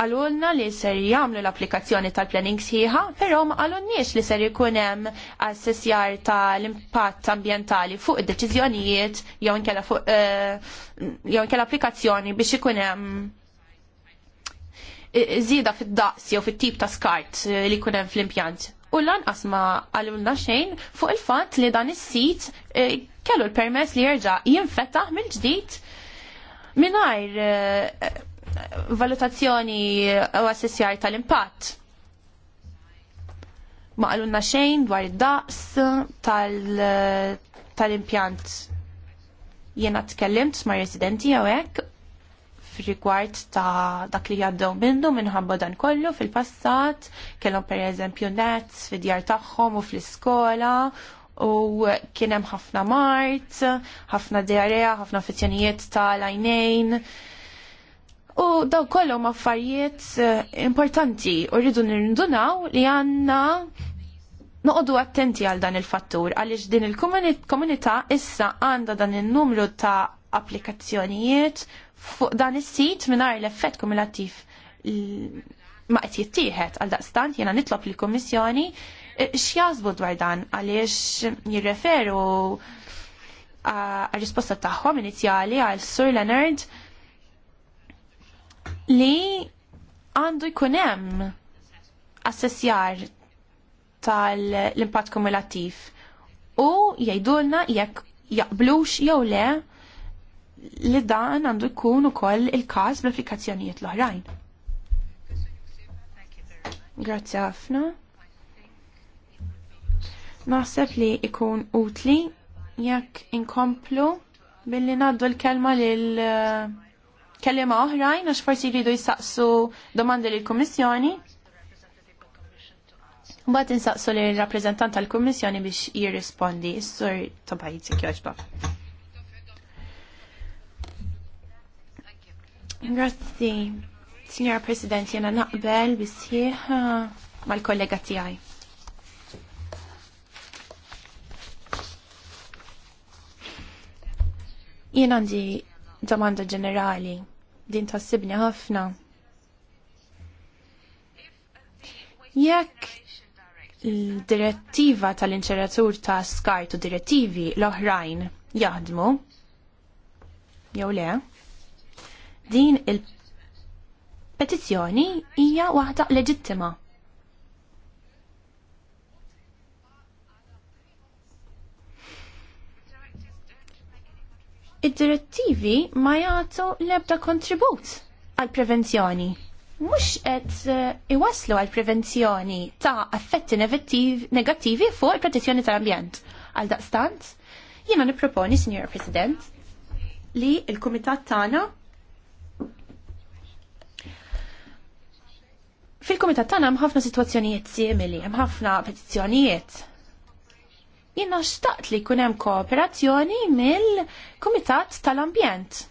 għalulna li ser jamlu l-applikazzjoni tal-planning sħiħa, pero ma għalunniex li ser ikunem assessjar tal-impatt ambientali fuq id-deċizjonijiet eh, jew inkella applikazzjoni biex jikunem zida eh, fid-daqs jew fit-tip ta' skart eh, li jikunem fl-impjant. U lanqas ma għalulna xejn fuq il-fatt li dan is-sit kellu l-permess li jerġa' jinfetaħ mill-ġdid mingħajr valutazzjoni u assessjar tal-impatt. Ma għalunna xejn dwar id-daqs tal-impjant. Tal Jiena tkellimt ma' residenti hawnhekk f'rigward ta' dak li jaddew bindu minħabba dan kollu fil-passat, kellhom pereżempju nets fid-djar tagħhom u fl-iskola u kien hemm ħafna mart, ħafna diarrea, ħafna affizzjonijiet tal-għajnejn U daw kollu affarijiet eh, importanti u rridu nirndunaw li għanna noqdu attenti għal dan il-fattur għaliex din il-komunità issa għanda dan il-numru ta' applikazzjonijiet fuq dan is-sit mingħajr l-effett kumulattiv ma qed jittieħed għal daqstant jiena nitlob lill-Kummissjoni eh, x'jażbu dwar dan għaliex jirreferu għal risposta tagħhom inizjali għal Sur Leonard li għandu jkun hemm assessjar tal-impatt kumulattiv u jgħidulna jekk jaqblux jew le li dan għandu jkun ukoll il-każ bl-applikazzjonijiet l-oħrajn. Grazzi ħafna. Naħseb li ikun utli jekk inkomplu billi naddu l-kelma lil uh, kellima oħrajn għax forsi jridu jistaqsu domandi lill kummissjoni Mbagħad insaqsu lir rappreżentant tal-Kummissjoni biex jirrispondi is-sur Tobajzi Kjoġba. Grazzi, Signora President, jena naqbel bisħieħ uh, mal-kollega tiegħi. Jena għandi domanda ġenerali din tassibni ħafna. Jekk l-direttiva tal-inċeratur ta' skart u direttivi l-oħrajn jaħdmu, jew le, din il-petizzjoni hija waħda leġittima. id-direttivi ma jagħtu l-ebda kontribut għal prevenzjoni. Mhux qed eh, iwaslu għal prevenzjoni ta' effetti negattivi fuq il-protezzjoni tal-ambjent. Għal daqstant, jiena nipproponi, Signor President, li il-Kumitat tagħna Fil-Kumitat tagħna hemm ħafna sitwazzjonijiet simili, hemm ħafna petizzjonijiet jina xtaqt li kunem kooperazzjoni mill-Komitat tal-Ambjent.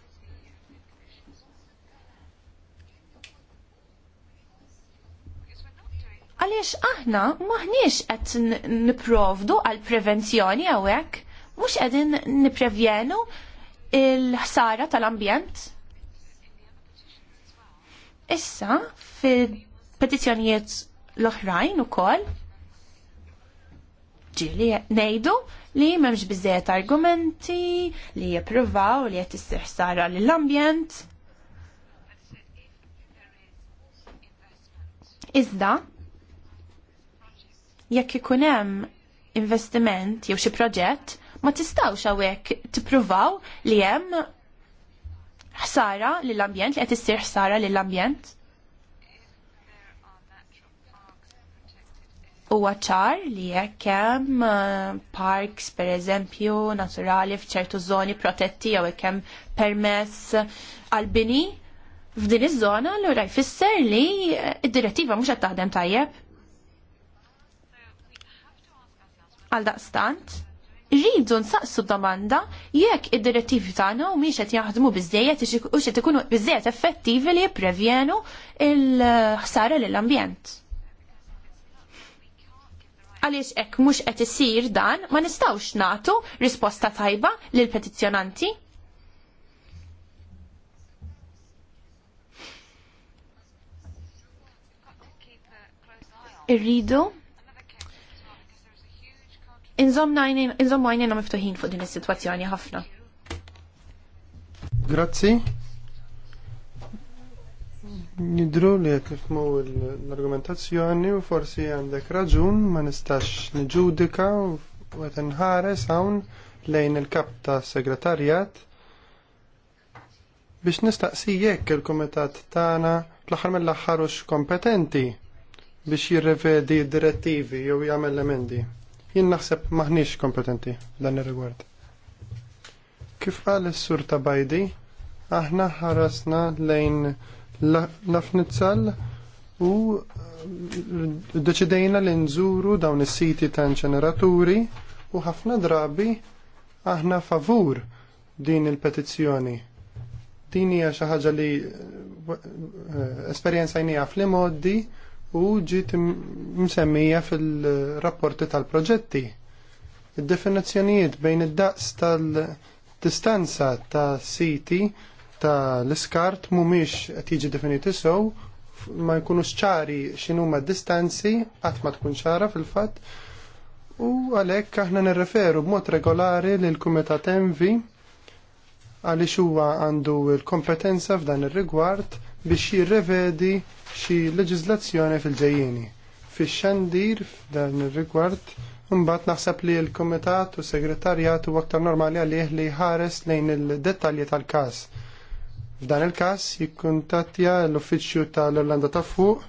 Għaliex aħna maħniex qed niprovdu għal prevenzjoni għawek, mhux qegħdin nipprevjenu il-ħsara tal-ambjent. Issa fil-petizzjonijiet l-oħrajn ukoll ġili nejdu li memx bizziet argumenti li jeprovaw li jett istiħsara l-ambjent. Iżda, jekk ikunem investiment jew xi proġett, ma tistawx hawnhekk tippruvaw li hemm ħsara lill-ambjent li qed issir ħsara lill-ambjent. Huwa ċar li jekk hemm eh, parks pereżempju naturali f'ċertu żoni protetti jew jekk hemm permess għal bini f'din iż-żona allura jfisser li id-direttiva mhux qed taħdem tajjeb. Għal daqstant, rridu nsaqsu domanda jekk id-direttivi tagħna u miex qed jaħdmu biżejjed u qed ikunu biżejjed effettivi li jipprevjenu l ħsara lill-ambjent għaliex hekk mhux qed isir dan ma nistgħux nagħtu risposta tajba lil petizzjonanti. Irridu Inżommu għajnina miftuħin fuq din is-sitwazzjoni ħafna. Grazzi. Nidru li qed nifmu l-argumentazzjoni u forsi għandek raġun ma nistax nġudika u għet nħares hawn lejn il-kap ta' segretarjat biex nistaqsi jekk il-kumitat tagħna l aħħar mill-aħħar hux kompetenti biex jirrevedi direttivi jew jagħmel emendi. Jien naħseb maħnix kompetenti dan ir-rigward. Kif għal is-sur ta' Bajdi, aħna ħarasna lejn l-Afnizzal u eh, deċidejna li nżuru dawn is-siti ta' inċeneraturi u ħafna drabi aħna favur din il-petizzjoni. Din hija xi ħaġa li eh, jnija fl-imoddi u ġiet msemmija fil-rapporti tal-proġetti. Id-definizzjonijiet bejn id-daqs tal-distanza ta' siti ta' l-iskart mhumiex qed jiġi definiti sew, ma jkunux ċari x'inhuma d-distanzi qatt ma tkun ċara fil-fatt. U għalhekk aħna nirreferu b'mod regolari l kumitat Envi għaliex huwa għandu l-kompetenza f'dan ir-rigward biex jirrevedi xi leġiżlazzjoni fil-ġejjieni. Fix-xandir f'dan ir-rigward Mbagħad naħseb li l-Kumitat u Segretarjat u aktar normali għalih li ħares lejn il-dettalji tal-każ. F'dan il-każ jikkuntattja l-Uffiċċju tal-Irlanda ta' fuq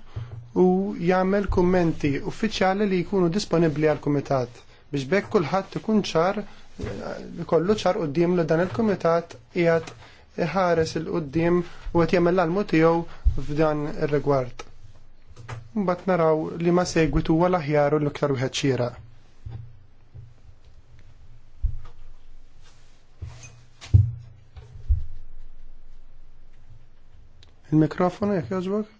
u jagħmel kummenti uffiċjali li jkunu disponibbli għal kumitat biex bekk kulħadd ikun ċar kollu ċar qudiem li dan il-kumitat qiegħed iħares il qudiem u qed jagħmel l-almu tiegħu f'dan ir-rigward. Mbagħad naraw li ma segwitu aħjar u l-iktar wieħed xieraq. Il-mikrofonu jekk jogħġbok?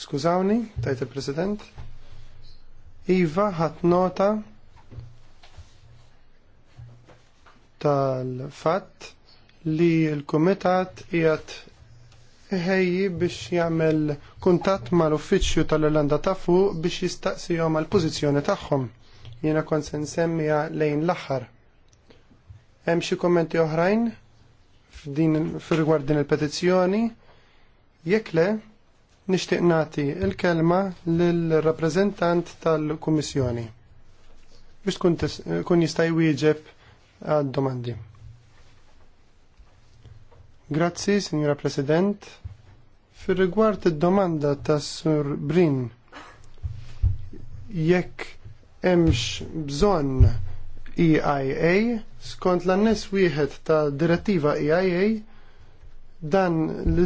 Skużawni, tajt il-President. Iva ħat nota tal-fatt li l-Kumitat qiegħed ħejji biex jagħmel kuntatt mal-uffiċċju tal-Irlanda ta' fuq biex jistaqsihom għal pożizzjoni tagħhom. Jiena kont se lejn l-aħħar. Hemm xi kummenti oħrajn? din fir-rigward din il-petizzjoni jekk le nixtieq nagħti l-kelma lill-rappreżentant tal-Kummissjoni biex tkun jista' jwieġeb għad-domandi. Grazzi, Signora President. Fir-rigward id-domanda tas Sur Brin, jekk hemmx bżonn EIA, Skont l-annes wieħed ta' direttiva EIA, dan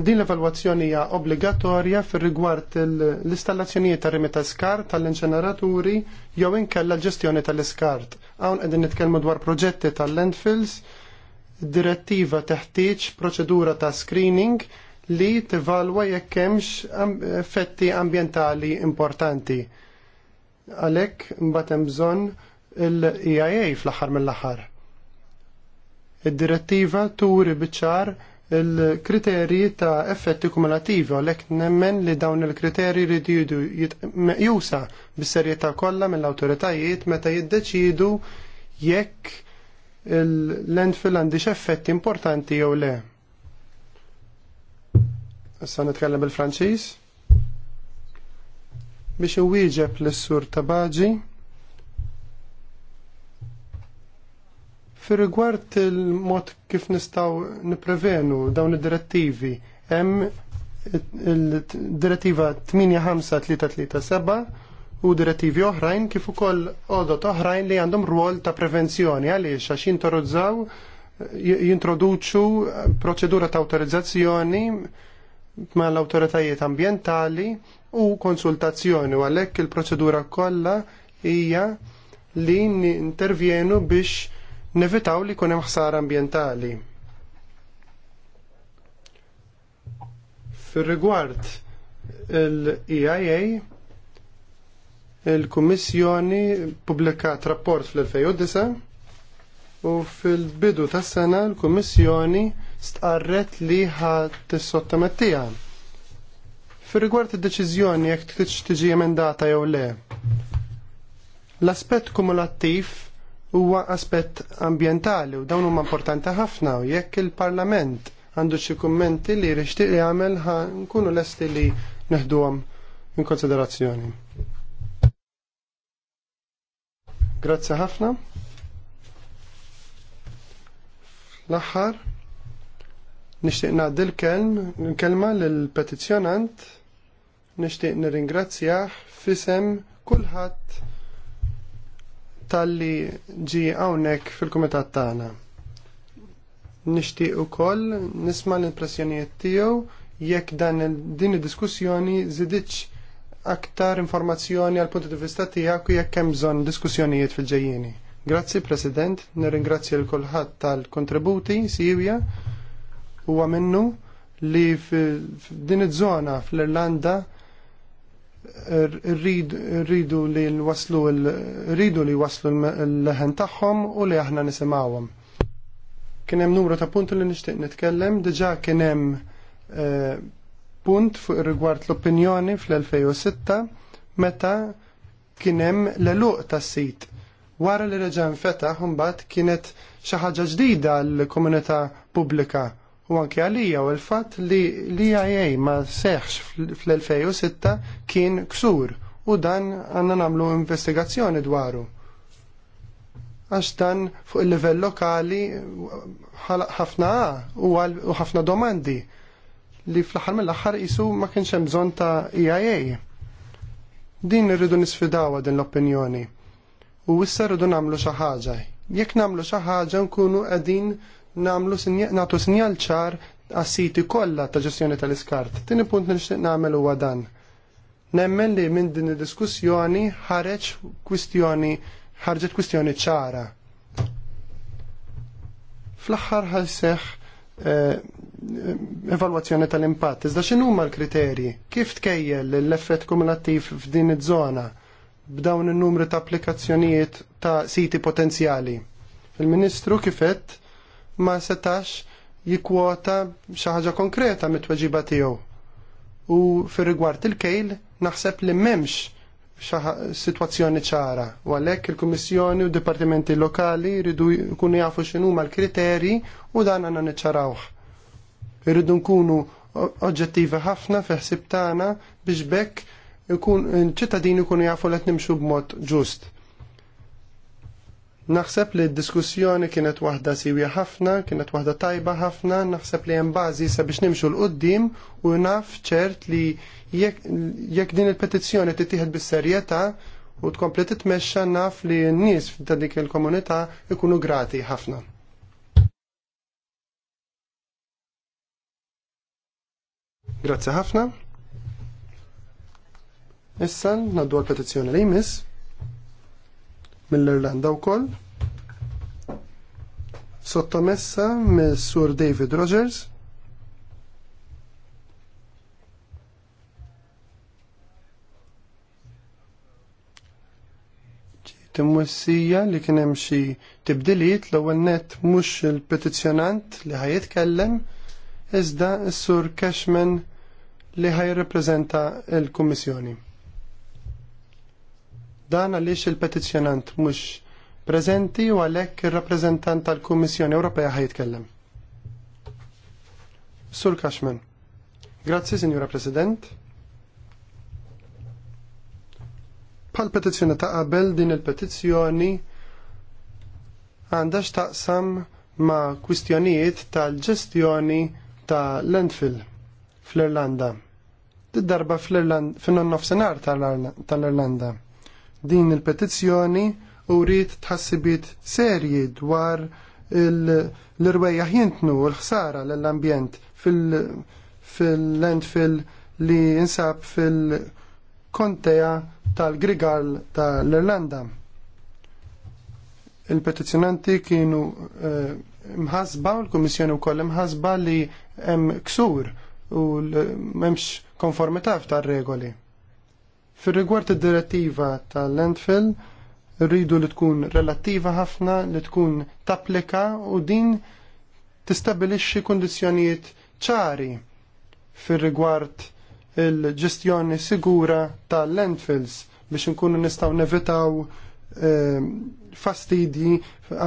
din l-evalwazzjoni hija obbligatorja fir-rigward l-installazzjonijiet ta' rimi ta' skart tal-inċeneraturi jew inkella l-ġestjoni tal-iskart. Hawn qegħdin nitkellmu dwar proġetti tal-landfills, direttiva teħtieġ proċedura ta' screening li tivalwa jekk hemmx effetti ambjentali importanti. Għalhekk mbagħad hemm bżonn l eia fl-aħħar mill-aħħar. Id-direttiva turi biċar il-kriterji ta' effetti kumulativi għalek nemmen li dawn il-kriterji ridu jusa bis-serjetà kollha mill-awtoritajiet meta jiddeċidu jekk l-landfill għandix effetti importanti jew le. Issa nitkellem bil-Franċiż biex iwieġeb l-sur Baġi. Fir rigward il-mod kif nistaw niprevenu dawn id-direttivi, hemm il-direttiva 85337 u direttivi oħrajn kif ukoll għodot oħrajn li għandhom rwol ta' prevenzjoni għaliex għax jintorizzaw jintroduċu proċedura ta' autorizzazzjoni ma' l-autoritajiet ambientali u konsultazzjoni u għalhekk il-proċedura kollha hija li intervjenu biex nevitaw li kunem ħsara ambientali. fir rigward il-EIA, il-Kummissjoni publikat rapport fl-2009 u fil-bidu tas sena l-Kummissjoni stqarret li ħat t-sottomettija. fir rigward il deċiżjoni jek tiġi emendata jew le. L-aspett kumulattiv huwa aspett ambjentali u dawn huma importanti ħafna u jekk il-Parlament għandu xi kummenti li li jagħmel nkunu lesti li neħduhom in konsiderazzjoni. Grazzi ħafna. L-aħħar nixtieq ngħaddi l-kelma lill-petizzjonant nixtieq nirringrazzjah fisem kulħadd tal-li ġi hawnhekk fil-kumitat tagħna. Nixtieq ukoll nisma' l-impressjonijiet tiegħu jekk dan din id-diskussjoni żidiċ aktar informazzjoni għal punti di vista tiegħek u jekk hemm bżonn diskussjonijiet fil-ġejjieni. Grazzi President, nirringrazzja l kulħadd tal-kontributi Sivja huwa minnu li f'din iż-żona fl-Irlanda rridu li waslu rridu li waslu l-leħen tagħhom u li aħna nisimgħuhom. Kien hemm numru ta' punti li nixtieq nitkellem, diġà kien hemm eh, punt fuq rigward l-opinjoni fl-2006 meta kien hemm l-eluq tas-sit. Wara li reġa' infetaħ imbagħad kienet xi ħaġa ġdida l-komunità pubblika u anke għalija u l-fatt li l-IA ma seħħx fl-2006 kien ksur u dan għandna nagħmlu investigazzjoni dwaru. Għax dan fuq il-livell lokali ħafna u ħafna domandi li fl-aħħar mill-aħħar isu ma kienx hemm bżonn ta' EIA. Din irridu nisfidawa din l-opinjoni. U issa rridu nagħmlu xi ħaġa. Jekk nagħmlu xi ħaġa nkunu qegħdin namlu nagħtu sinjal ċar għas-siti kollha ta' ġestjoni tal-iskart. Tieni punt nishtiq nixtieq nagħmel huwa dan. Nemmen li minn din id-diskussjoni ħareċ kwistjoni ħarġet kwistjoni ċara. Fl-aħħar ħalseħ eh, evalwazzjoni tal-impatt. Iżda x'inhu l-kriterji? Kif tkejjel l-effett kumulattiv f'din iż-żona b'dawn in-numri ta' applikazzjonijiet ta' siti potenzjali? Il-Ministru kifet ma setax jikwota xi ħaġa konkreta mit-tweġiba tiegħu. U fir-rigward il-kejl naħseb li m'hemmx situazzjoni ċara u għalhekk il-Kummissjoni u dipartimenti lokali jridu jkunu jafu x'inhu l-kriterji u dan għandna niċċarawh. Irridu nkunu oġġettivi ħafna fiħsib tagħna biex bekk ċittadini jkunu jafu li nimxu b'mod ġust. Naħseb li d-diskussjoni kienet waħda siwja ħafna, kienet waħda tajba ħafna, naħseb li hemm bażi sabiex nimxu l-qoddim u naf ċert li jekk din il-petizzjoni titieħed bis-serjetà u tkompli titmexxa naf li n-nies ta' dik il-komunità ikunu grati ħafna. Grazzi ħafna. Issa naddu għal petizzjoni li jmiss mill-Irlanda wkoll. Sottomessa mill-Sur David Rogers. Timwessija li kien hemm xi tibdiliet l-ewwel nett mhux il-petizzjonant li ħajitkellem iżda s-sur Cashman li ħajrepreżenta l-Kummissjoni. Dan għaliex il-petizzjonant mhux preżenti u għalhekk ir-rappreżentant tal-Kummissjoni Ewropea ħajtkellem. Sur Cashman. Grazie, Signora President. Pal petizzjoni ta' qabel din il-petizzjoni għandax taqsam ma' kwistjonijiet tal-ġestjoni ta' landfill fl-Irlanda. Did-darba fl-Irlanda, fin-nofsenar tal-Irlanda din il-petizzjoni u rrit tħassibit serji dwar l-irwejja jintnu u l-ħsara l-ambjent fil-landfill li jinsab fil-konteja tal-Grigal tal-Irlanda. Il-petizjonanti kienu eh, mħasba u l-Komissjoni wkoll imħasba li hemm ksur u m'hemmx konformità f'tar-regoli. Fil-rigward id-direttiva tal-landfill, rridu li tkun relattiva ħafna, li tkun tapplika u din tistabilixxi kundizzjonijiet ċari fil-rigward il-ġestjoni sigura tal-landfills biex nkunu nistaw nevitaw eh, fastidji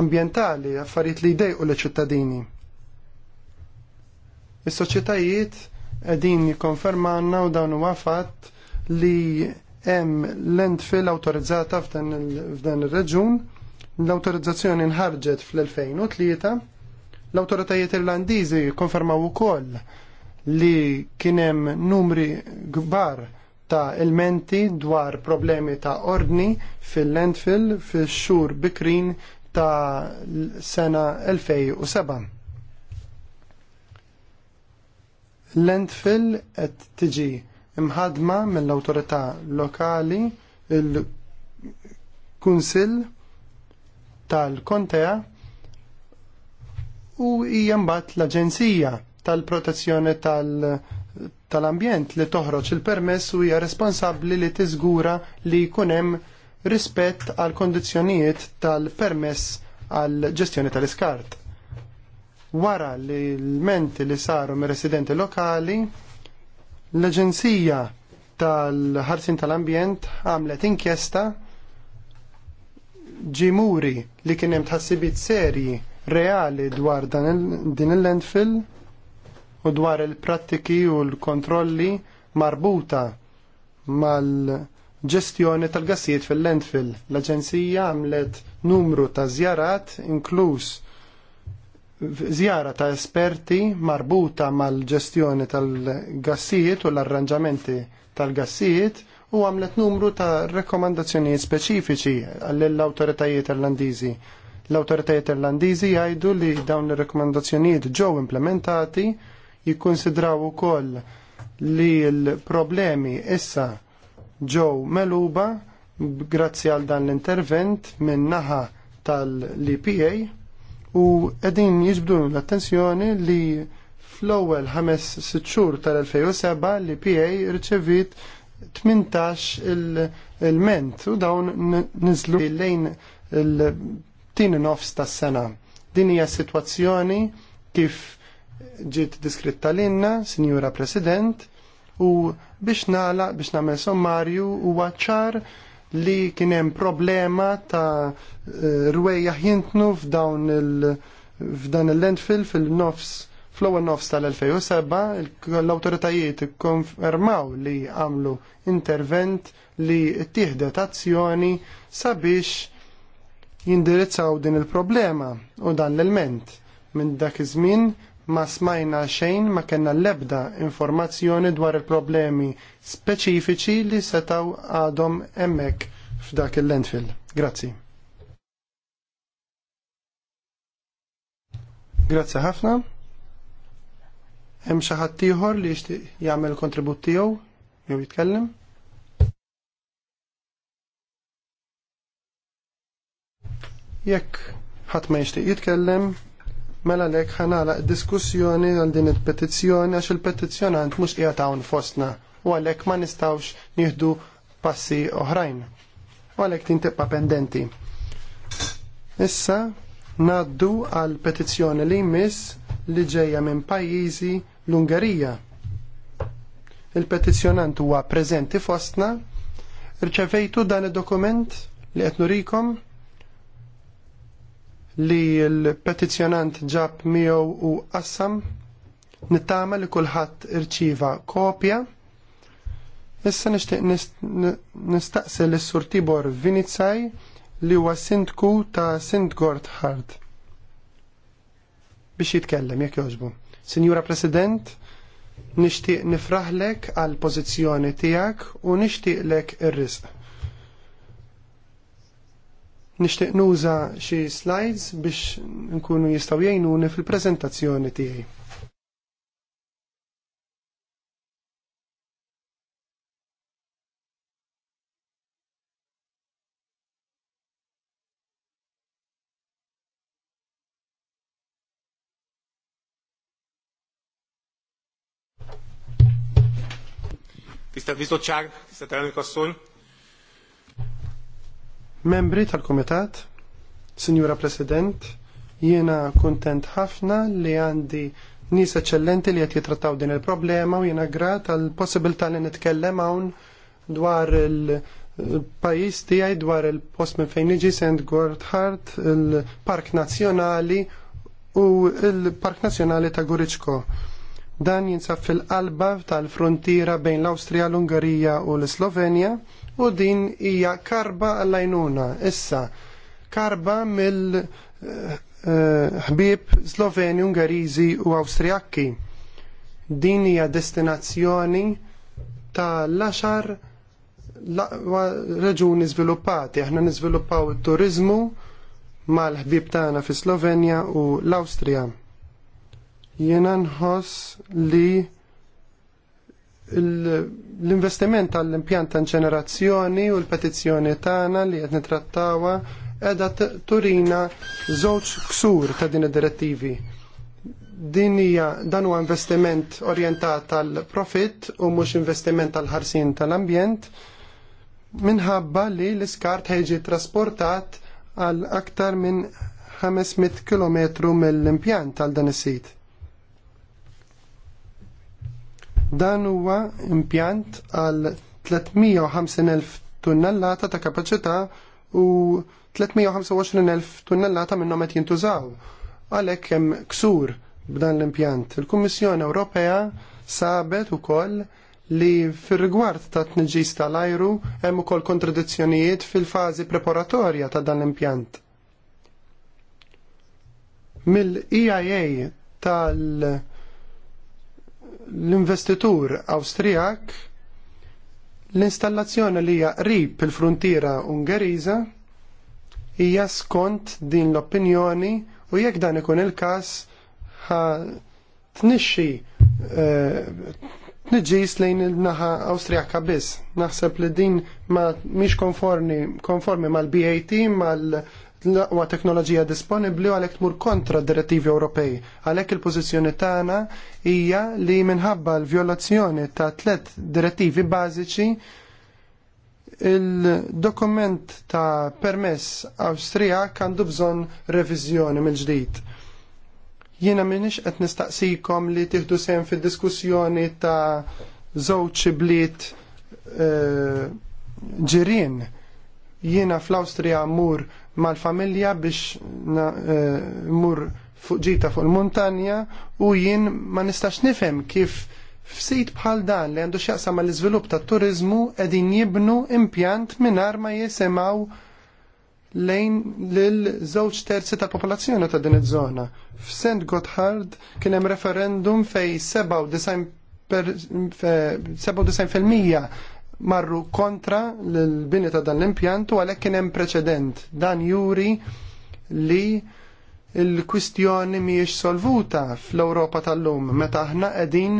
ambientali, affarijiet li jdejqu l ċittadini Is-soċjetajiet qegħdin jikkonfermanna u dawn huwa fatt li hemm landfill awtorizzata f'dan ir-reġun. L-awtorizzazzjoni nħarġet fl-2003. L-awtoritajiet irlandiżi konfermaw ukoll li kien hemm numri kbar ta' elmenti dwar problemi ta' ordni fil-landfill fil xhur bikrin ta' sena 2007. Landfill qed tiġi imħadma mill-autorità lokali il-kunsill tal-kontea u hija mbagħad l-Aġenzija tal-Protezzjoni tal-Ambjent -tal li toħroġ il-permess u hija responsabbli li tiżgura li jkun hemm rispett għal kondizzjonijiet tal-permess għal ġestjoni tal-iskart. Wara li l-menti li saru mir residenti lokali L-Aġenzija tal-ħarsin tal-ambjent għamlet inkjesta ġimuri li kien hemm tħassibit serji reali dwar din il-landfill u dwar il-prattiki u l-kontrolli marbuta mal-ġestjoni tal-gassijiet fil-landfill. L-Aġenzija għamlet numru ta' zjarat inkluż Zjara ta' esperti marbuta mal-ġestjoni tal-gassijiet u l-arranġamenti tal-gassijiet u għamlet numru ta' rekomandazzjonijiet speċifiċi għall-autoritajiet irlandiżi. L-autoritajiet irlandiżi jgħidu li dawn ir-rekomandazzjonijiet ġew implementati jikkonsidraw ukoll li l-problemi issa ġew meluba grazzi għal dan l-intervent minn naħa tal-EPA u qegħdin jiġbdu l-attenzjoni li fl-ewwel ħames sitt xhur tal-2007 li PA rċevit 18 il-ment u dawn niżlu lejn il-tin nofs tas-sena. Din hija sitwazzjoni kif ġiet diskritta l-inna, Sinjura President, u biex nala, biex namel sommarju, u għacċar li kien hemm problema ta' eh, rwejja jintnu f'dawn il- f'dan il-landfill fil-nofs fl-ewwel nofs tal-2007 l-awtoritajiet ikkonfermaw li għamlu intervent li ttieħdet azzjoni sabiex jindirizzaw din il-problema u dan l-element minn dak iż-żmien ma smajna xejn ma kellna l-ebda informazzjoni dwar il-problemi speċifiċi li setaw għadhom hemmhekk f'dak il-landfill. Grazzi. Grazzi ħafna. Hemm xi ħadd ieħor li jixtieq jagħmel kontribut tiegħu jew jitkellem? Jekk ħadd ma jixtieq jitkellem, Mela lek ħanala diskussjoni għal din il-petizzjoni għax il-petizzjonant mhux qiegħed hawn fostna u għalhekk ma nistgħux nieħdu passi oħrajn. U għalhekk tintibqa' pendenti. Issa ngħaddu għal petizzjoni li jmiss li ġejja minn pajjiżi l-Ungerija. Il-petizzjonant huwa preżenti fostna, rċevejtu dan id-dokument li qed nurikom li l-petizjonant ġab miegħu u qassam nittama li kulħadd irċiva kopja. Issa nixtieq nistaqsi l sur Tibor Vinizaj li huwa sindku ta' Sint Gorthard biex jitkellem jekk jogħġbu. Sinjura President, nixtieq nifraħlek għal pożizzjoni tiegħek u nixtieqlek ir-risq nishtiq nuża xi slides biex nkunu jistgħu jgħinuni fil-preżentazzjoni tiegħi. Tista' Tisztelt ċar, tista' Elnök kossun, Membri tal-Komitat, Signora President, jiena kontent ħafna li għandi nis eccellenti li qed jitrattaw din il-problema u jiena grat għal possibilità li nitkellem hawn dwar il-pajjiż tiegħi dwar il-post minn fejn iġi St. Gorthard, il-Park Nazzjonali u il-Park Nazzjonali ta' Guriċko. Dan jinsab fil-qalba tal frontira bejn l-Awstrija, l-Ungarija u l-Slovenja u din hija karba għall-għajnuna issa karba mill eh, eh, ħbieb Sloveni, Ungariżi u Awstrijakki. Din hija destinazzjoni tal-laxar reġuni żviluppati. Aħna niżviluppaw it-turizmu mal-ħbib tagħna fi Slovenja u l-Awstrija. Jena nħoss li l-investiment tal-impjant ta' ġenerazzjoni u l-petizzjoni tagħna li qed nitrattawa qiegħda turina żewġ ksur ta' din id-direttivi. Din hija dan huwa investiment orjentat tal-profit u mhux investiment tal-ħarsien tal-ambjent minħabba li l-iskart ħejġi trasportat għal aktar minn 500 km mill-impjant għal dan is-sit. Dan huwa impjant għal 350.000 tunnellata ta' kapaċità u 325.000 tunnellata minnhom qed jintużaw. Għalhekk hemm ksur b'dan l-impjant. Il-Kummissjoni Ewropea sabet ukoll li fil-rigward ta' tniġis tal-ajru hemm ukoll kontradizzjonijiet fil-fażi preparatorja ta' dan l-impjant. Mill-EIA tal- l-investitur Awstrijak l-installazzjoni li hija qrib il-fruntiera Ungeriża hija skont din l-opinjoni u jekk dan ikun il-każ ħa tnixxi eh, tniġġis lejn il-naħa Awstrijaka biss. Naħseb li din ma mhix konformi konformi mal-BAT mal tlaqwa teknoloġija disponibbli u għalhekk tmur kontra d direttivi Ewropej. Għalhekk il-pożizzjoni tagħna hija li minħabba l-vjolazzjoni ta' tliet direttivi bażiċi il-dokument ta' permess Awstrija għandu bżonn reviżjoni mill-ġdid. Jiena minix qed nistaqsikom li tieħdu sehem fid-diskussjoni ta' żewġ bliet eh, ġirien. Jiena fl-Awstrija mur mal-familja biex eh, mur fuq ġita fuq il-montanja u jien ma nistax nifhem kif f'sit bħal dan li għandu x'jaqsam mal iżvilupp tat turiżmu qegħdin jibnu impjant mingħajr ma jisimaw lejn lil żewġ terzi tal-popolazzjoni ta' din iż-żona. F'Sent Gotthard kien hemm referendum fej 97% marru kontra l-bini ta' dan l-impjant u għalhekk kien hemm preċedent. Dan juri li l-kwistjoni mhijiex solvuta fl-Ewropa tal-lum meta aħna qegħdin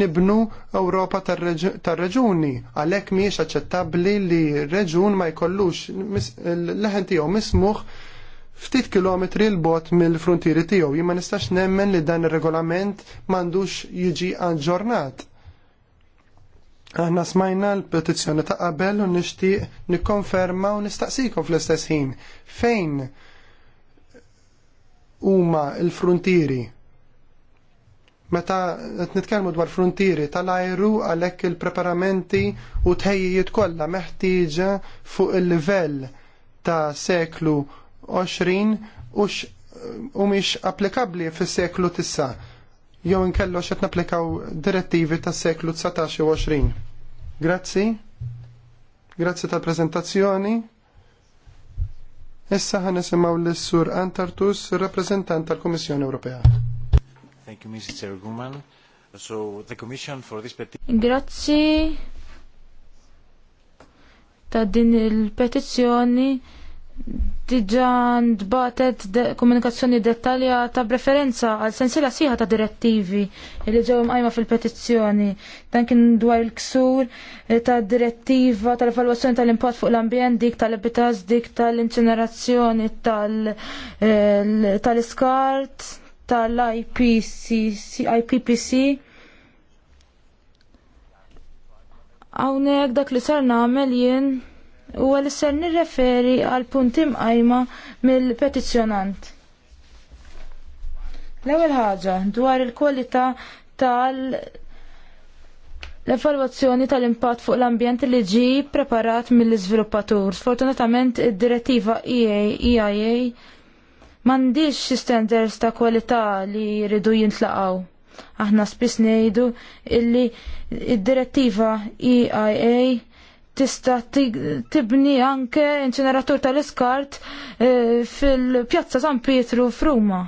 nibnu Ewropa tar-reġuni għalhekk mhijiex aċċettabbli li reġun ma jkollux l-leħen tiegħu mismuħ ftit kilometri l-bot mill-frontieri tiegħu. Jien ma nistax nemmen li dan ir-regolament m'għandux jiġi aġġornat Aħna smajna l-petizzjoni ta' qabel u nixtieq nikkonferma u nistaqsikom fl-istess ħin. Fejn huma l-frontieri? Meta qed nitkellmu dwar frontieri tal-ajru għalhekk il-preparamenti u tħejjijiet kollha meħtieġa fuq il-livell ta' seklu 20 u mhix applikabbli fis-seklu tisa' jew inkellox qed napplikaw direttivi tas-seklu 19 u 20. Grazzi. Grazzi tal-preżentazzjoni. Issa ħan nisimaw l-Sur Antartus, rappresentant tal-Komissjoni Ewropea. Thank you, Mrs. Erguman. So, the Commission for this petition... Grazzi ta' din il-petizzjoni diġa ntbatet komunikazzjoni dettaljata b'referenza għal sensila siħa ta' direttivi li ġew għajma fil-petizzjoni. Dan kien dwar il-ksur eh, ta' direttiva tal-evalwazzjoni tal-impatt fuq l-ambjent, dik tal-ebitas, dik tal-inċinerazzjoni eh, tal-iskart, tal-IPPC. Hawnhekk dak li ser nagħmel jien u għal ser nirreferi għal punti mqajma mill-petizzjonant. L-ewwel ħaġa dwar il-kwalità tal- L-evalwazzjoni tal-impatt fuq l-ambjent li ġi preparat mill-iżviluppatur. Sfortunatament id-direttiva EIA e m'għandix standards ta' kwalità li jridu jintlaqgħu. Aħna spiss ngħidu illi id-direttiva EIA tista' tibni anke inċeneratur tal-iskart eh, fil-Pjazza San Pietru f'Ruma.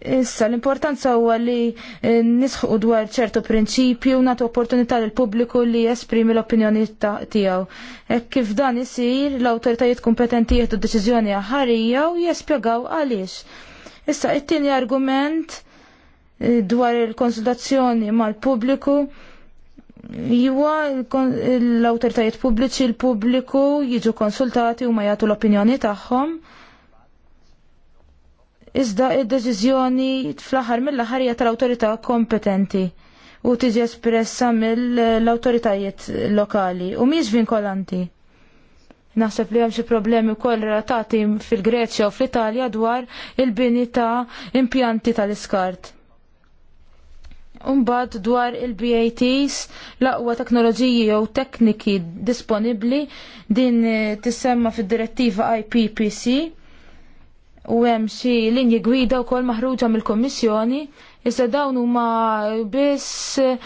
Issa l-importanza huwa li eh, nisħu dwar ċertu prinċipju u nagħtu opportunità l pubbliku li jesprimi l-opinjoni tiegħu. Hekk kif dan isir l-awtoritajiet kompetenti jieħdu deċiżjoni aħarija u jespjegaw għaliex. Issa it-tieni argument eh, dwar il-konsultazzjoni mal-pubbliku Iwa l-autoritajiet pubbliċi l-pubbliku jiġu konsultati u ma jagħtu l-opinjoni tagħhom. Iżda id-deċiżjoni fl-aħħar mill-aħħar hija tal-awtorità kompetenti u tiġi espressa mill-awtoritajiet lokali u mhijiex vinkolanti. Naħseb li hemm xi problemi wkoll relatati fil-Greċja u fl-Italja dwar il-bini ta' impjanti tal-iskart Umbad dwar il-BATs, l-aqwa teknoloġiji jew tekniki disponibli din eh, tissemma fid-direttiva IPPC u hemm xi linji gwida wkoll maħruġa mill-Kummissjoni Issa dawn huma biss eh,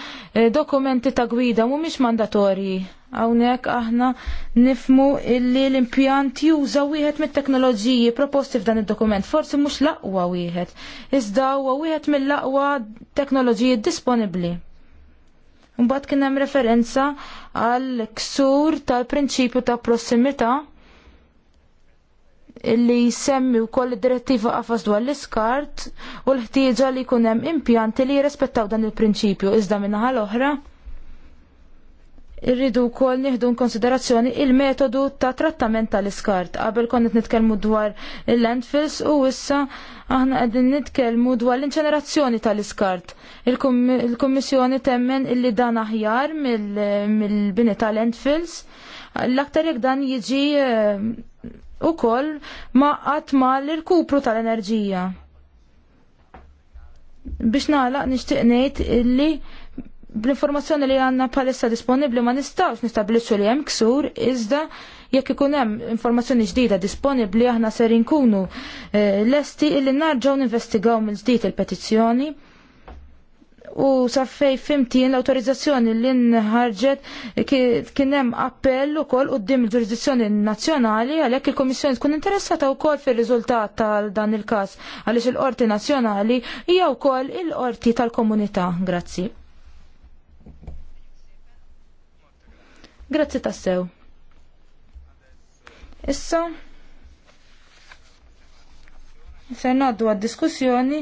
dokumenti ta' gwida mhumiex mandatorji Hawnhekk aħna nifmu illi l-impjant juża wieħed mit-teknoloġiji proposti f'dan id-dokument. Forsi mhux l-aqwa wieħed, iżda huwa wieħed mill-aqwa teknoloġiji disponibbli. Mbagħad kien hemm referenza għal ksur tal-prinċipju ta' prossimità illi jsemmi wkoll id-direttiva qafas dwar l-iskart u l-ħtieġa li jkun hemm impjanti li jirrispettaw dan il-prinċipju iżda minna l-oħra irridu wkoll nieħdu konsiderazzjoni il-metodu ta' trattament tal-iskart. Qabel konnet qed nitkellmu dwar il-landfills u issa aħna qegħdin nitkellmu dwar l-inċenerazzjoni tal-iskart. Il-Kummissjoni temmen illi dan aħjar mill-bini tal-landfills. L-aktar jekk dan jiġi eh, ukoll ma qatt mal l-irkupru tal-enerġija. Biex nagħlaq nixtieq ngħid illi bl-informazzjoni li għanna palissa disponibli ma nistawx nistabilixxu li hemm ksur iżda jekk ikun hemm informazzjoni ġdida disponibbli aħna ser inkunu eh, lesti illi narġgħu investigaw minn ġdid il-petizzjoni u saffej fimtien l-autorizzazzjoni li nħarġet kien hemm appell ukoll quddiem il-ġurisdizzjoni nazzjonali għalhekk il-Kummissjoni tkun interessata wkoll fir-riżultat tal dan il-każ għaliex il-Qorti Nazzjonali hija wkoll il-Qorti tal-Komunità. Grazzi. Grazzi tassew. Issa, se naddu għad diskussjoni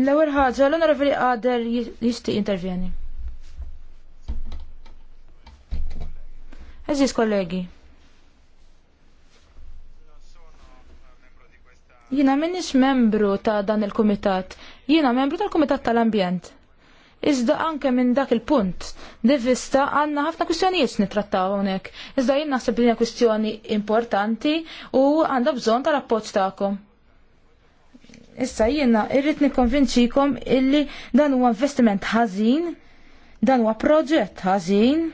l-ewwel ħaġa l-onorevoli qader jixtieq intervjeni. Eżis kollegi. Jina minnix membru ta' dan il-komitat. Jina membru tal-komitat tal-ambjent. Iżda anke minn dak il-punt divista għanna ħafna kwistjonijiet nitrattaw hawnhekk. Iżda jien naħseb li kwistjoni importanti u għandha bżonn ta' rapport tagħkom. Issa jiena irrid nikkonvinċikom illi dan huwa investiment ħażin, dan huwa proġett ħażin.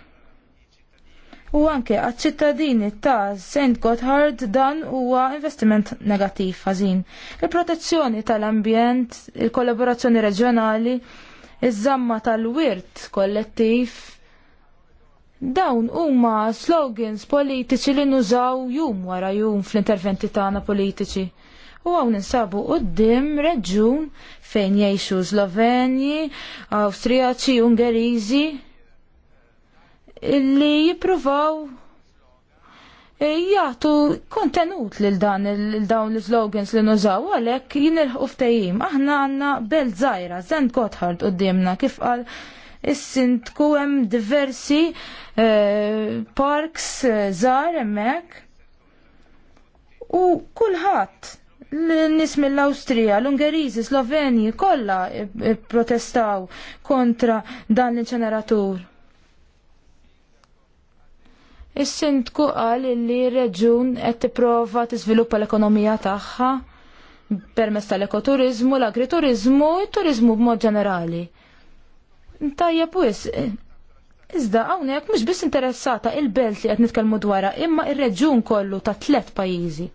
U anke għaċ-ċittadini ta' St. Gotthard dan huwa investiment negattiv ħażin. Il-protezzjoni tal-ambjent, il-kollaborazzjoni reġjonali, iż-żamma tal-wirt kollettiv. Dawn huma slogans politiċi li nużaw jum wara jum fl-interventi tagħna politiċi. U għaw ninsabu qoddim reġun fejn jgħixu Sloveni, Awstrijaċi, Ungeriżi illi jippruvaw jgħatu kontenut lil dan l dawn l-slogans li nużaw għalek jinilħu uftajim. Aħna għanna belt zaħira, zend kotħart d-dimna, kif għal issint hemm diversi eh, parks zaħir eh, emmek u kullħat l-nis mill-Austrija, l-Ungerizi, Sloveni, kolla eh, protestaw kontra dan l-inċeneratur. Is-sindku qal li reġun qed tipprova tiżviluppa l-ekonomija tagħha permezz tal-ekoturizmu, l-agriturizmu u t-turizmu b'mod ġenerali. Tajjeb wis, iżda hawnhekk mhux biss interessata il-belt li qed nitkellmu dwarha imma ir-reġun kollu ta' tliet pajjiżi.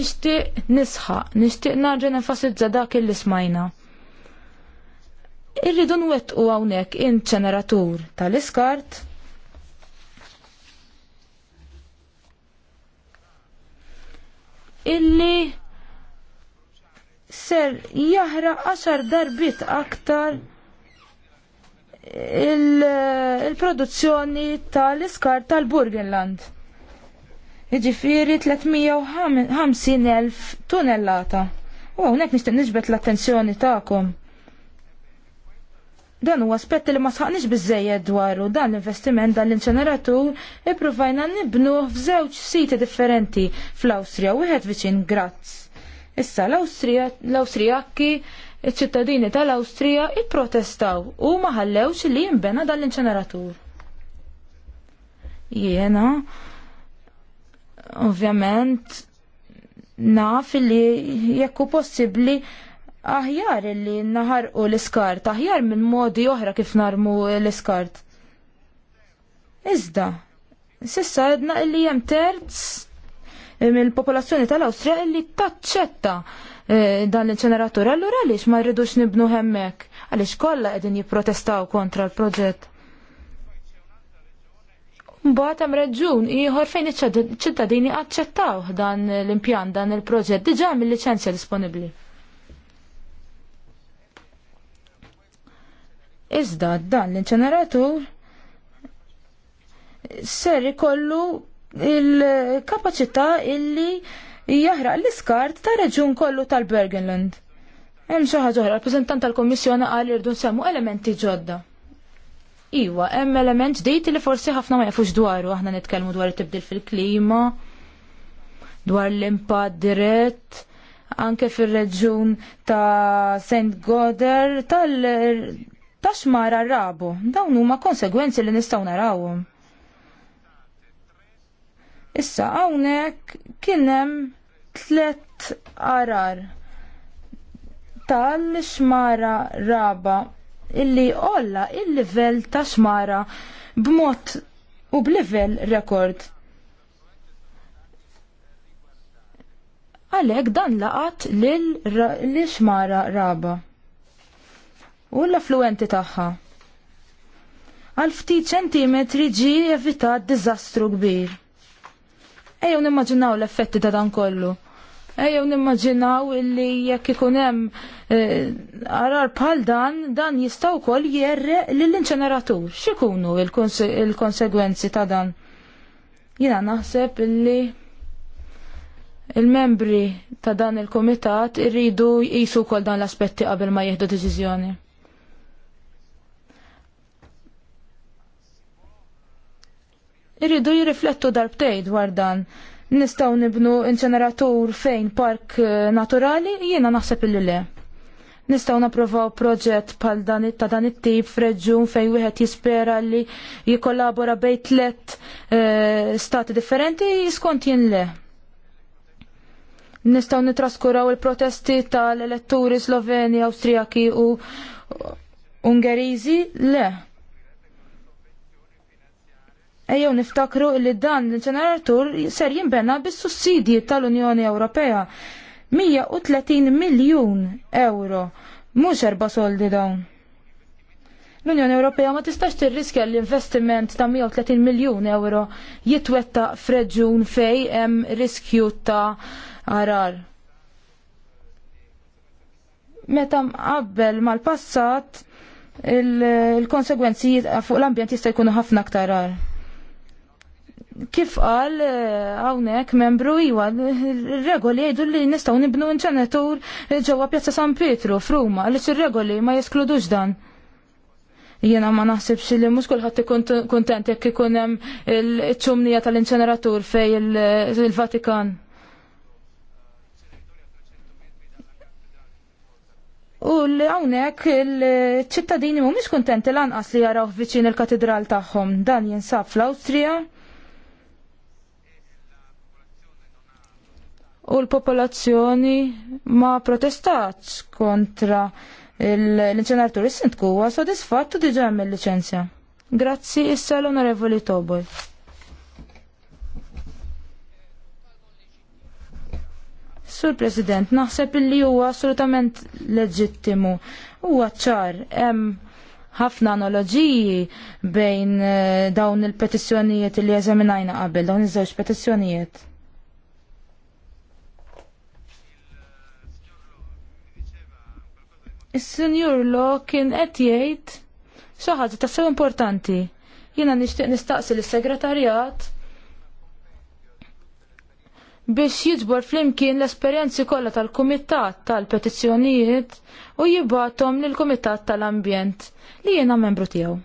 Nixtieq nisħaq, nixtieq narġa' nenfasizza dak il smajna. Irridu nwettqu hawnhekk inċeneratur tal-iskart illi ser jahra għaxar darbit aktar il-produzzjoni il tal-iskar tal-Burgenland. Iġifiri 350.000 tunellata. U għonek nishtem nġbet l-attenzjoni ta'kom Dan huwa aspett li ma sħaqniex biżejjed dwaru dan l-investiment dan l-inċeneratur ippruvajna nibnu f'żewġ siti differenti fl-Awstrija wieħed viċin Grazz. Issa l-Awstrijakki iċ-ċittadini tal-Awstrija ipprotestaw u ma ħallewx li jinbena dan l-inċeneratur. Jiena ovvjament naf li jekku possibbli possibli aħjar illi naħarqu l-iskart, aħjar minn modi oħra kif narmu l-iskart. Iżda, sissa għedna illi jem terz mill-popolazzjoni tal austria illi taċċetta eh, dan l-inċeneratur. Allura għaliex ma rridux nibnu hemmhekk? Għaliex kollha qegħdin jipprotestaw kontra l-proġett. Mbagħad hemm reġun ieħor fejn iċ-ċittadini aċċettaw dan l impjant dan il-proġett diġà mill-liċenzja disponibbli. Iżda dan l-inċeneratur ser ikollu il-kapacità illi jaħraq l-iskart ta' reġun kollu tal-Bergenland. Hemm xi ħaġa oħra, rappreżentant tal-Kummissjoni qal irdu nsemmu elementi ġodda. Iwa, hemm element ġdid li forsi ħafna ma jafux dwaru, aħna nitkellmu dwar it-tibdil fil-klima, dwar l-impatt dirett, anke fir-reġun ta' St. Goder, tal tax mara rabu. Dawn huma konsegwenzi li nistgħu narawhom. Issa hawnhekk kien hemm tliet arar tal-xmara raba illi olla il-livell ta' xmara b'mod u b'livell rekord. Għalek dan laqat lil xmara raba u l-affluenti tagħha. Għal ftit ċentimetri ġi evitat diżastru kbir. Ejjew nimmaġinaw l-effetti ta' dan kollu. Ejjew nimmaġinaw illi jekk ikun hemm għarar eh, bħal dan, dan jista' wkoll jerre lill-inċeneratur. X'ikunu il-konsegwenzi ta' dan? Jiena naħseb illi il-membri ta' dan il-komitat irridu jisu wkoll dan l-aspetti qabel ma jieħdu deċiżjoni. irridu jirriflettu darbtej dwar dan. Nistaw nibnu inċeneratur fejn park eh, naturali, jiena naħseb illi le. Nistaw naprovaw proġett pal dan ta' dan it-tip f'reġjun fejn wieħed jispera li jikollabora bejn tlet eh, stati differenti skont jien le. Nistaw nitraskuraw il-protesti tal-elettori Sloveni, Awstrijaki u Ungeriżi le Ejjew niftakru li dan l-ġeneratur ser jinbena bis-sussidji tal-Unjoni Ewropea. 130 miljun euro, mhux erba soldi dawn. L-Unjoni Ewropea ma tistax tirriskja l-investiment ta' 130 miljun euro jitwetta freġun fej hemm riskju ta' arar. Meta mqabbel mal-passat, il-konsegwenzi fuq l-ambjent jista' jkunu ħafna aktar arar kif qal eh, hawnhekk membru iwa regoli jgħidu li nistgħu nibnu inċenetur ġewwa Pjazza San Pietru f'Ruma għaliex ir-regoli ma jeskludux dan. Jiena ma naħsibx li mhux kulħadd ikun kuntent jekk ikun hemm iċ-ċumnija tal-inċeneratur fej il-Vatikan. U li hawnhekk il-ċittadini mhumiex kuntenti lanqas li jaraw viċin il-katedral tagħhom. Dan jinsab fl-Awstrija u l-popolazzjoni ma protestat kontra l-inċenar intku huwa sodisfattu diġà il liċenzja Grazzi issa l-Onorevoli Toboj. Sur President, naħseb illi huwa assolutament leġittimu. Huwa ċar, hemm ħafna analogiji bejn eh, dawn il-petizzjonijiet li eżaminajna qabel, dawn iż-żewġ petizzjonijiet. Is-Sinjur Lo kien qed jgħid xi ħaġa tassew importanti. Jiena nixtieq nistaqsi lis-segretarjat biex jiġbor flimkien l-esperjenzi kollha tal-Kumitat tal-Petizzjonijiet u jibgħathom lill-Kumitat tal-Ambjent li jiena membru tiegħu.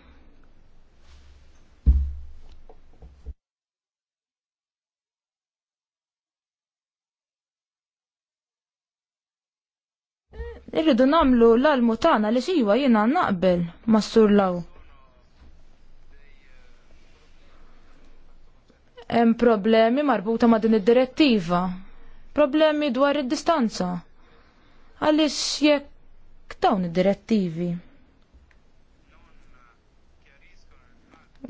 Irridu namlu l-almu tagħna li xiwa jiena naqbel mas-sur law. Hemm problemi marbuta ma' din id-direttiva. Problemi dwar id-distanza. Għaliex jekk dawn id-direttivi.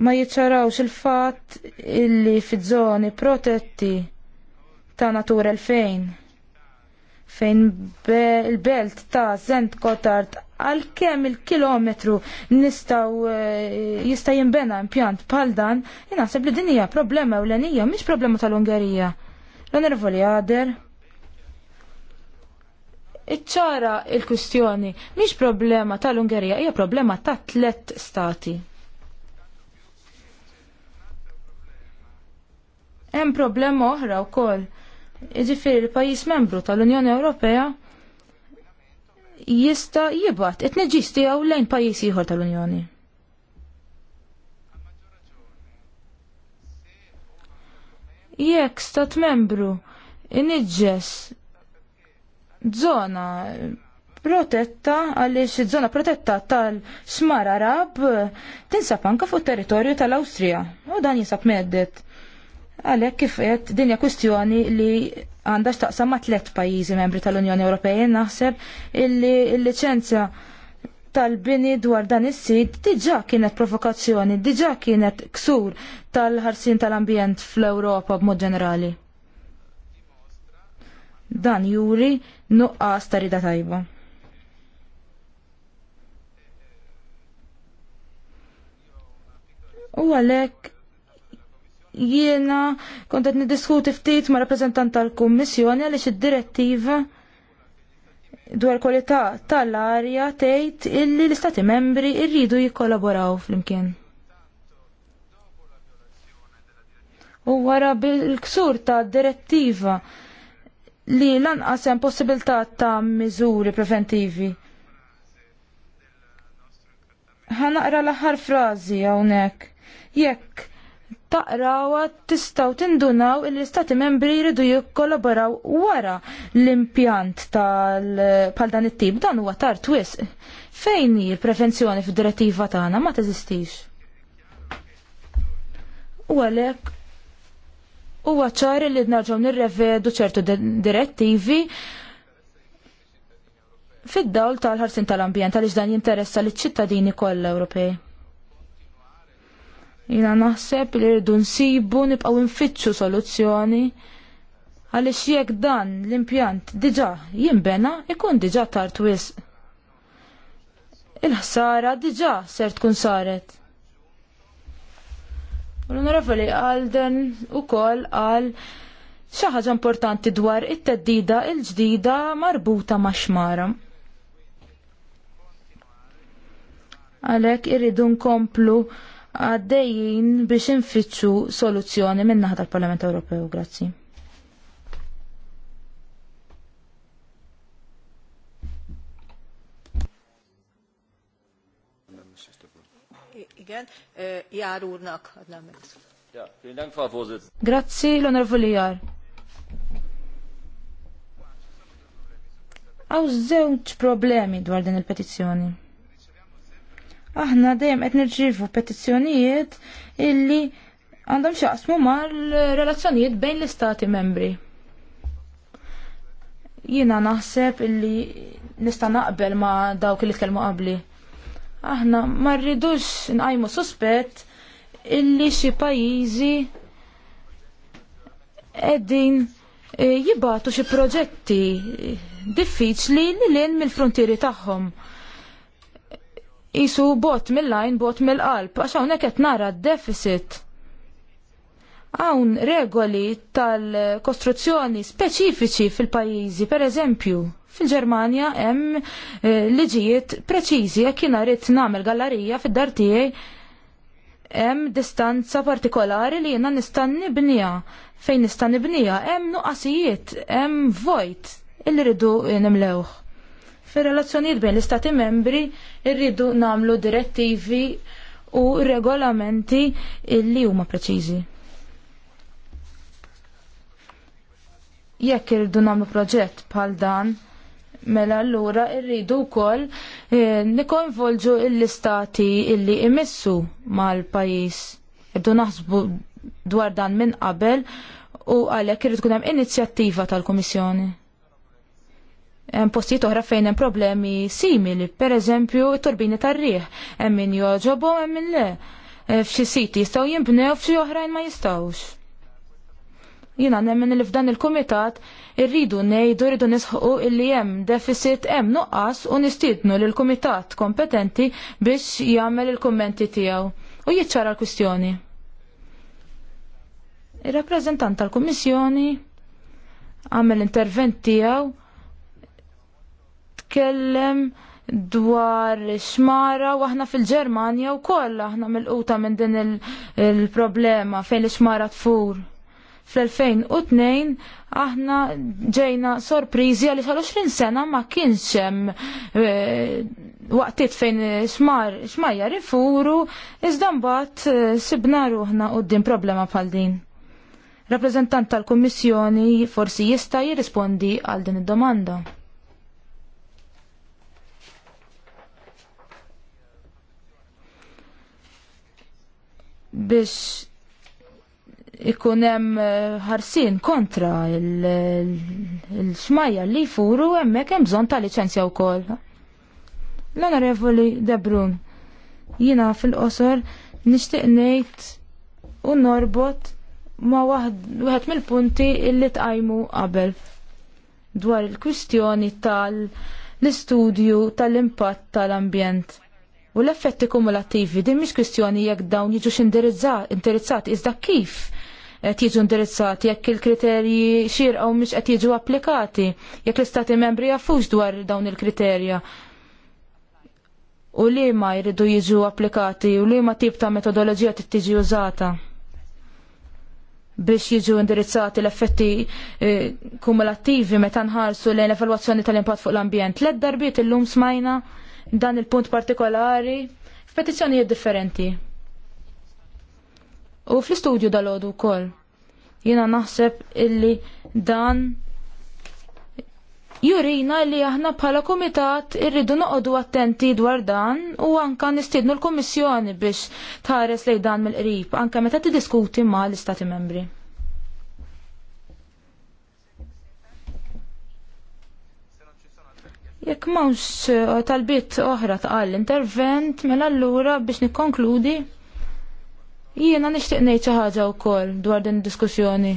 ma jiċċarawx il-fatt illi fiż żoni protetti ta' natura l-fejn fejn il-belt ta' Zent Kotard għal kem il-kilometru nistaw eh, jista' jinbena impjant bħal dan, jina li din hija problema ewlenija, mhix problema tal-Ungerija. l li għader. Iċċara il-kustjoni, mhix problema tal-Ungerija, hija problema ta' tlet stati. Hemm problema oħra wkoll Iġifieri l-pajjiż membru tal-Unjoni Ewropea jista jibgħat it-tneġġis tiegħu lejn pajjiż ieħor tal-Unjoni. Jekk stat membru inġġes zona protetta għaliex iż-żona protetta tal smar Arab tinsab anke fuq territorju tal-Awstrija u dan jisab meddet. Għalhekk kif qed dinja kwistjoni li għandha x'taqsam ma' tliet pajjiżi membri tal-Unjoni Ewropea naħseb illi l-liċenzja tal-bini dwar dan is-sit diġà kienet provokazzjoni, diġà kienet ksur tal-ħarsin tal-ambjent fl-Ewropa b'mod ġenerali. Dan juri nuqqas ta' rida tajba. U għalhekk jiena kont qed niddiskuti ftit ma' rappresentant tal-Kummissjoni għaliex id-direttiva dwar kwalità tal-arja tgħid illi l-Istati membri rridu jikkollaboraw flimkien. U wara bil-ksur ta' direttiva li lanqas hemm possibilità ta' miżuri preventivi. Ħanaqra l-aħħar frażi hawnhekk. Jekk taqrawa tistaw tindunaw il-istati membri jridu jikkollaboraw wara l-impjant tal dan it-tip dan huwa tar twis. Fejn hi l-prevenzjoni fid-direttiva tagħna ma teżistix. U għalhekk huwa ċar li narġgħu nirrevedu ċertu direttivi fid-dawl tal-ħarsin tal-ambjent għaliex dan jinteressa liċ ċittadini kollha Ewropej. Jina naħseb li rridu nsibu nibqgħu nfittxu soluzzjoni għaliex jekk dan l-impjant diġà jinbena ikun diġà tar wisq. Il-ħsara diġà ser tkun saret. L-onorevoli Alden ukoll kol xi ħaġa importanti dwar it-teddida il-ġdida marbuta ma' xmara. Għalhekk irridu nkomplu għaddejjin biex infittxu soluzzjoni minn naħa tal-Parlament Ewropew. Grazzi. Grazzi, l onorevoli jár. Għaw zewċ problemi dwar din il-petizzjoni aħna dejjem qed nirċievu petizzjonijiet illi għandhom xaqsmu mal-relazzjonijiet bejn l-istati membri. Jina naħseb illi nista' naqbel ma' dawk li tkellmu qabli. Aħna ma rridux nqajmu suspett illi xi pajjiżi qegħdin eh, jibatu xi proġetti diffiċli li lin mill-frontieri tagħhom isu bot mill-lajn, bot mill-qalb, għax hawnhekk qed nara d-deficit. Hawn regoli tal-kostruzzjoni speċifiċi fil-pajjiżi, per eżempju, fil-Ġermanja hemm eh, liġijiet preċiżi jekk jiena rrid nagħmel gallerija fid-dar tiegħi hemm distanza partikolari li jiena nista' nibnija fejn nista' nibnija hemm nuqqasijiet, hemm vojt illi rridu nimlewh. Fir-relazzjonijiet bejn l-Istati membri irridu namlu direttivi u regolamenti illi huma preċiżi. Jekk irridu namlu proġett bħal dan, mela allura irridu wkoll eh, nikonvolġu l-istati illi imissu mal-pajjiż. Irridu naħsbu dwar dan minn qabel u għalhekk irridu tkun hemm inizjattiva tal-Kummissjoni hemm postijiet oħra fejn hemm problemi simili, pereżempju t-turbini tar-riħ, hemm min joġobu hemm min le. Eh, f'xi siti jistgħu jinbnew f'xi oħrajn ma jistgħux. Jiena nemmen li f'dan il-kumitat irridu ngħidu rridu nisħu illi hemm deficit hemm nuqqas u nistiednu lil kumitat kompetenti biex jagħmel il-kummenti tiegħu u jiċċara l-kwistjoni. Ir-rappreżentant tal-Kummissjoni għamel intervent tiegħu nitkellem dwar xmara u aħna fil-Ġermanja u koll aħna mill-quta minn din il-problema fejn l-xmara tfur. Fl-2002 aħna ġejna sorpriżi għal 20 sena ma kienx hemm eh, waqtiet fejn xmar xmajja ifuru iżda mbagħad eh, sibna ruħna din problema bħal din. Rappreżentant tal-Kummissjoni forsi jista' jirrispondi għal din id-domanda. biex ikun hemm eh, ħarsin kontra il-xmajja li jfuru hemmhekk hemm bżonn ta' liċenzja wkoll. L-Onorevoli Debrun, jiena fil-qosor nixtieq ngħid u norbot ma wahed mill-punti li tqajmu qabel dwar il-kwistjoni tal-istudju tal-impatt tal-ambjent. U l-effetti kumulattivi din mhix kwistjoni jekk dawn jiġu indirizzati iżda kif qed jiġu indirizzati jekk il-kriterji xirqgħu mhux qed jiġu applikati, jekk l-istati membri jafux dwar dawn il-kriterja u li ma jridu jiġu applikati u li ma tip ta' metodoloġija tiġi użata biex jiġu indirizzati l-effetti eh, kumulattivi meta nħarsu lejn l-evalwazzjoni tal-impatt fuq l-ambjent. Let darbiet illum smajna dan il-punt partikolari f'petizzjonijiet differenti. U fl-istudju dal-għodu kol. Jena naħseb illi dan jurina li aħna bħala komitat irridu noqodu attenti dwar dan u anka nistidnu l-Komissjoni biex tħares lejn dan mill-qrib, anka meta tiddiskuti ma l-Istati membri. Jekk tal eh, talbiet oħra ta' intervent mela allura biex nikkonkludi jiena nixtieq ngħid xi ħaġa wkoll dwar din id-diskussjoni.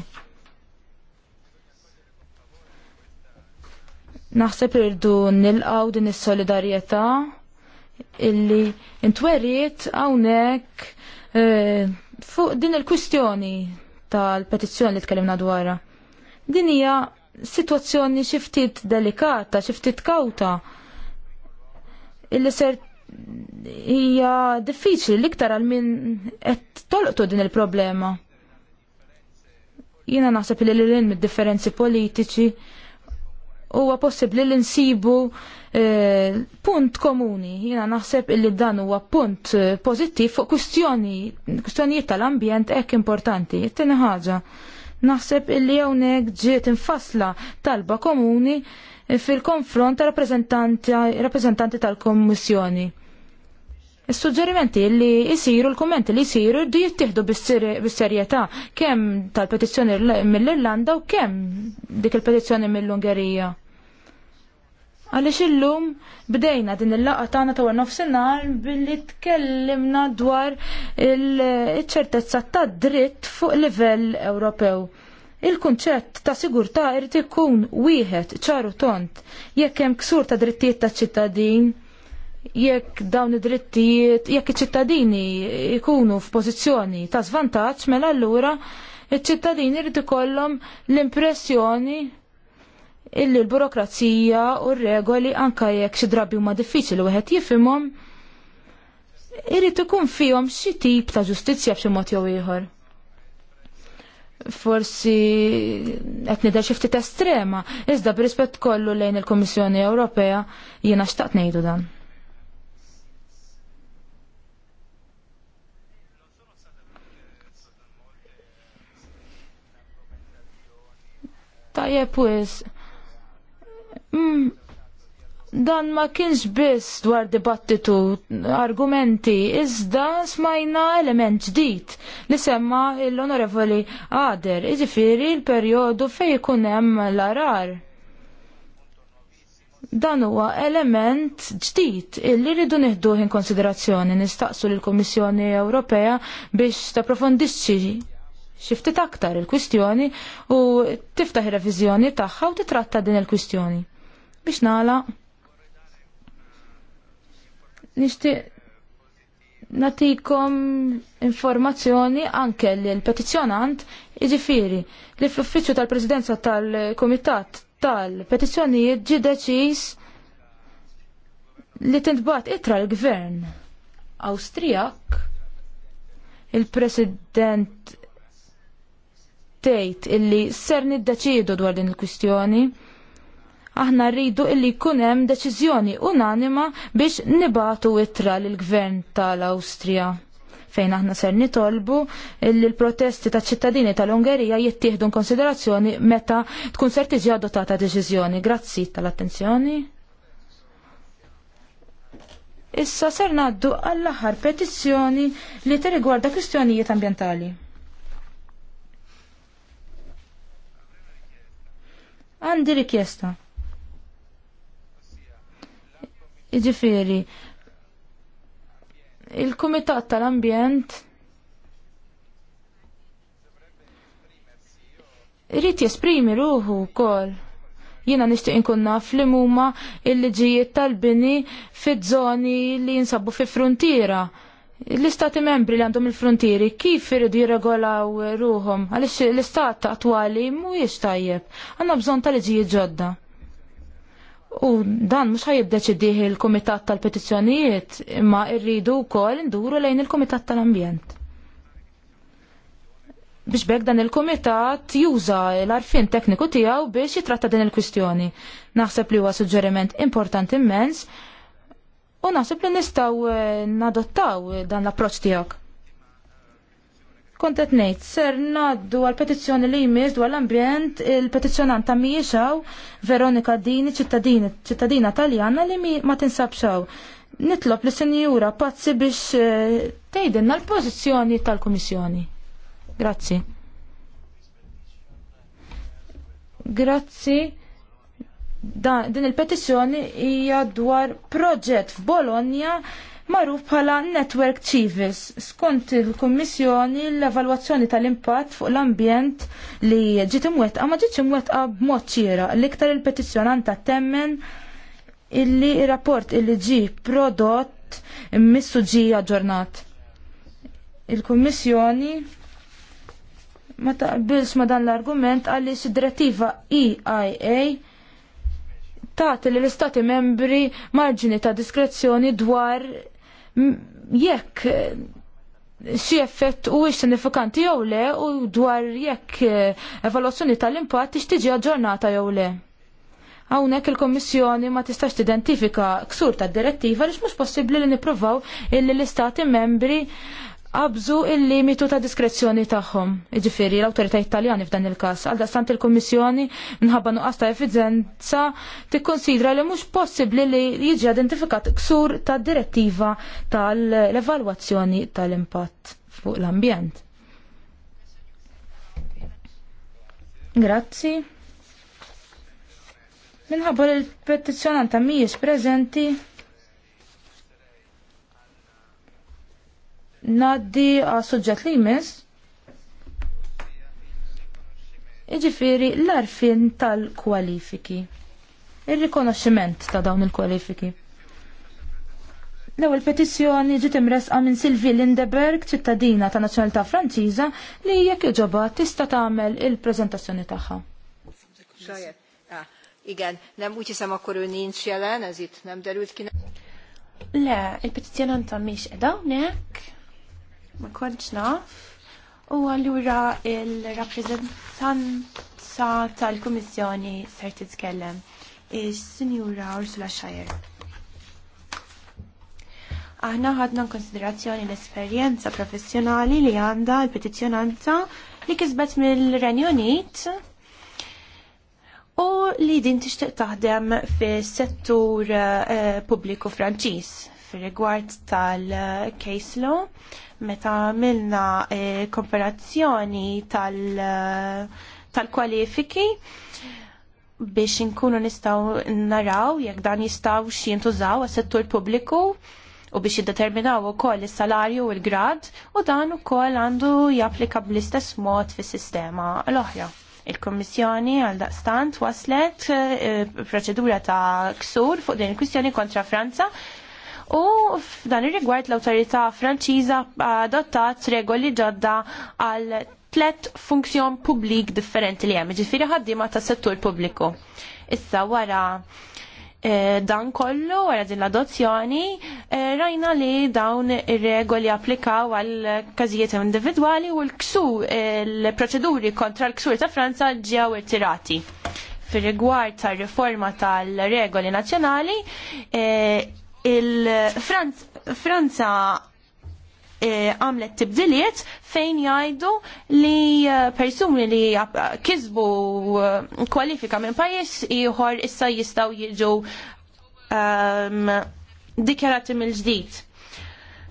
Naħseb irdu nilqaw din is-solidarjetà illi intwerriet hawnhekk eh, fuq din il-kwistjoni tal-petizzjoni li tkellimna dwarha. Din hija situazzjoni xiftit delikata, xiftit kauta. Illi ser hija diffiċli liktar għal min qed tolqtu din il-problema. Jiena naħseb li l-lin mid-differenzi politiċi huwa possibbli li nsibu eh, punt komuni. Jiena naħseb li dan huwa punt eh, pożittiv fuq kwistjoni, kwistjonijiet tal-ambjent hekk importanti. tieni ħaġa Naħseb illi hawnhekk ġiet infasla talba komuni fil-konfront ta' rappreżentanti tal-Kommissjoni. Is-suġġerimenti li jisiru, l-kommenti li jisiru, di jittieħdu bis-serjetà kemm tal-petizzjoni mill-Irlanda u kemm dik il-petizzjoni mill-Ungerija. Għaliex illum bdejna din il laqqa tagħna ta' nofsinhar billi tkellimna dwar il-ċertezza ta' dritt fuq livell Ewropew. Il-kunċett ta' sigurtà irid ikun wieħed ċaru tont jekk hemm ksur ta' drittijiet ta' ċittadin jekk dawn id-drittijiet jekk iċ-ċittadini jkunu f'pożizzjoni ta' svantaġġ mela allura iċ-ċittadini jrid ikollhom l-impressjoni illi l-burokrazija u r-regoli anka jekk xi drabi huma diffiċli wieħed jifhimhom irid ikun fihom xi tip ta' ġustizzja b'xi mod jew ieħor. Forsi qed nidher xi ftit estrema, iżda b'rispett kollu lejn il-Kummissjoni Ewropea jiena xtaqt ngħidu dan. Tajjeb, wis Mm, dan ma kienx biss dwar dibattitu argumenti, iżda smajna element ġdid li semma l-onorevoli għader, iġifiri l-periodu fej ikun hemm l-arar. Dan huwa element ġdid illi rridu nieħdu in konsiderazzjoni nistaqsu l kummissjoni Ewropea biex tapprofondixxi xi ftit aktar il-kwistjoni u tiftaħ ir-reviżjoni tagħha u titratta din il-kwistjoni. Biex nala. nishti natikom informazzjoni anke li l-petizjonant iġifiri li fl-uffiċċju tal-presidenza tal-komitat tal-petizjonijiet ġi deċis li tintbat itra l-gvern Awstrijak il-president tgħid illi ser niddeċiedu dwar din il-kwistjoni aħna rridu illi jkun hemm deċiżjoni unanima biex nibatu ittra lill gvern tal-Awstrija fejn aħna ser nitolbu li l-protesti ta' ċittadini tal-Ungerija jittieħdu konsiderazzjoni meta tkun ser tiġi adottata deċiżjoni. Grazzi tal-attenzjoni. Issa ser naddu għall-aħħar petizzjoni li tirrigwarda kwistjonijiet ambjentali. Għandi rikjesta. Iġifiri, il-Kumitat tal-Ambjent rrit jesprimi ruħu kol. Jina nishtiq inkun naf li muma il-liġijiet tal-bini fit-żoni li jinsabu fi frontiera. L-istati membri li għandhom il-frontieri kif irridu jirregolaw ruħom għaliex l-istat attwali mhuwiex tajjeb. Għandna bżonn tal-liġijiet ġodda. U dan mhux ħajiddeċidih il-Kumitat tal-Petizzjonijiet imma rridu wkoll nduru lejn il-Kumitat tal-Ambjent. Biex bekk dan il-Kumitat juża l-arfin tekniku tiegħu biex jitratta din il-kwistjoni. Naħseb li huwa suġġeriment importanti immens u naħseb li nistgħu eh, nadottaw dan l-approċċ tiegħek. Kontet nejt, ser naddu għal petizzjoni li jmiss dwar l-ambjent, il ta' miexaw Veronika Dini, ċittadini, ċittadina taljana li mi ma tinsabxaw. Nitlob li senjura pazzi biex eh, tejdenna l-pozizjoni tal-komissjoni. Grazzi. Grazzi. Da, din il-petizzjoni hija dwar proġett f'Bologna magħruf bħala Network Chiefs. Skont il-Kummissjoni l-evalwazzjoni tal-impatt fuq l-ambjent li ġiet imwettqa ma ġietx imwettqa b'mod ċira. L-iktar il-petizzjonanta temmen illi rapport illi ġi prodott missu ġi aġġornat. Il-Kummissjoni ma taqbilx ma dan l-argument għaliex id-direttiva EIA tagħti li l-Istati membri marġini ta' diskrezzjoni dwar jekk eh, xi effett u sinifikanti jew le u dwar jekk eh, evalwazzjoni tal-impatt tiġi aġġornata jew le. Hawnhekk il-Kommissjoni ma tistax tidentifika ksur tad direttiva għaliex mhux possibbli li nippruvaw illi l-istati membri qabżu il-limitu ta' diskrezzjoni tagħhom. Jiġifieri l-awtorità Italjani f'dan il-każ għal stant il-Kummissjoni minħabba nuqqas ta' effiżenza tikkonsidra li mhux possibbli li jiġi identifikat ksur tad direttiva tal-evalwazzjoni tal-impatt fuq l-ambjent. Grazzi. Minħabba li l-petizzjonanta mhijiex preżenti, naddi għas suġġett li jmiss. Iġifiri l-arfin tal-kwalifiki. Ir-rikonoxximent ta' dawn il-kwalifiki. L-ewwel petizzjoni ġiet imresqa minn Silvi Lindeberg, ċittadina ta' nazzjonalità Franċiża, li jekk iġobha tista' tagħmel il-preżentazzjoni tagħha. Igen, nem uċi hiszem, akkor ő nincs nem derült kina. Le, il ta' miex edawnek ma kontx naf. U allura il-rappreżentanza tal-Kummissjoni ser titkellem, is-Sinjura Ursula Shire. Aħna ħadna konsiderazzjoni l-esperjenza professjonali li għandha l petizjonanza li kisbet mill-Renju Unit u li din tixtieq taħdem fis-settur uh, pubbliku Franċiż fil-rigward tal-case law, meta għamilna e, komparazzjoni tal-kwalifiki biex inkunu nistaw naraw jekk dan jistaw jintużaw għas-settur pubbliku u biex jiddeterminaw ukoll is-salarju u l-grad u dan ukoll għandu japplika bl-istess mod fis-sistema l-oħra. Il-Kommissjoni għal daqstant waslet eh, proċedura ta' ksur fuq din il-kwistjoni kontra Franza u f'dan ir-rigward l-awtorità Franċiża adottat regoli ġodda għal tlet funzjon publik differenti li hemm, ġifieri ħaddiema tas-settur pubbliku. Issa wara eh, dan kollu wara din l-adozzjoni eh, rajna li dawn ir-regoli applikaw għal każijiet individwali u l-ksu eh, l-proċeduri kontra l-ksur ta' Franza ġew irtirati. Fir-rigward tar-riforma tal-regoli nazzjonali, il-Franza eh, għamlet tibdiliet fejn jgħidu li eh, persuni li kisbu eh, kwalifika minn pajjiż ieħor issa jistgħu jiġu ehm, dikjarati mill-ġdid.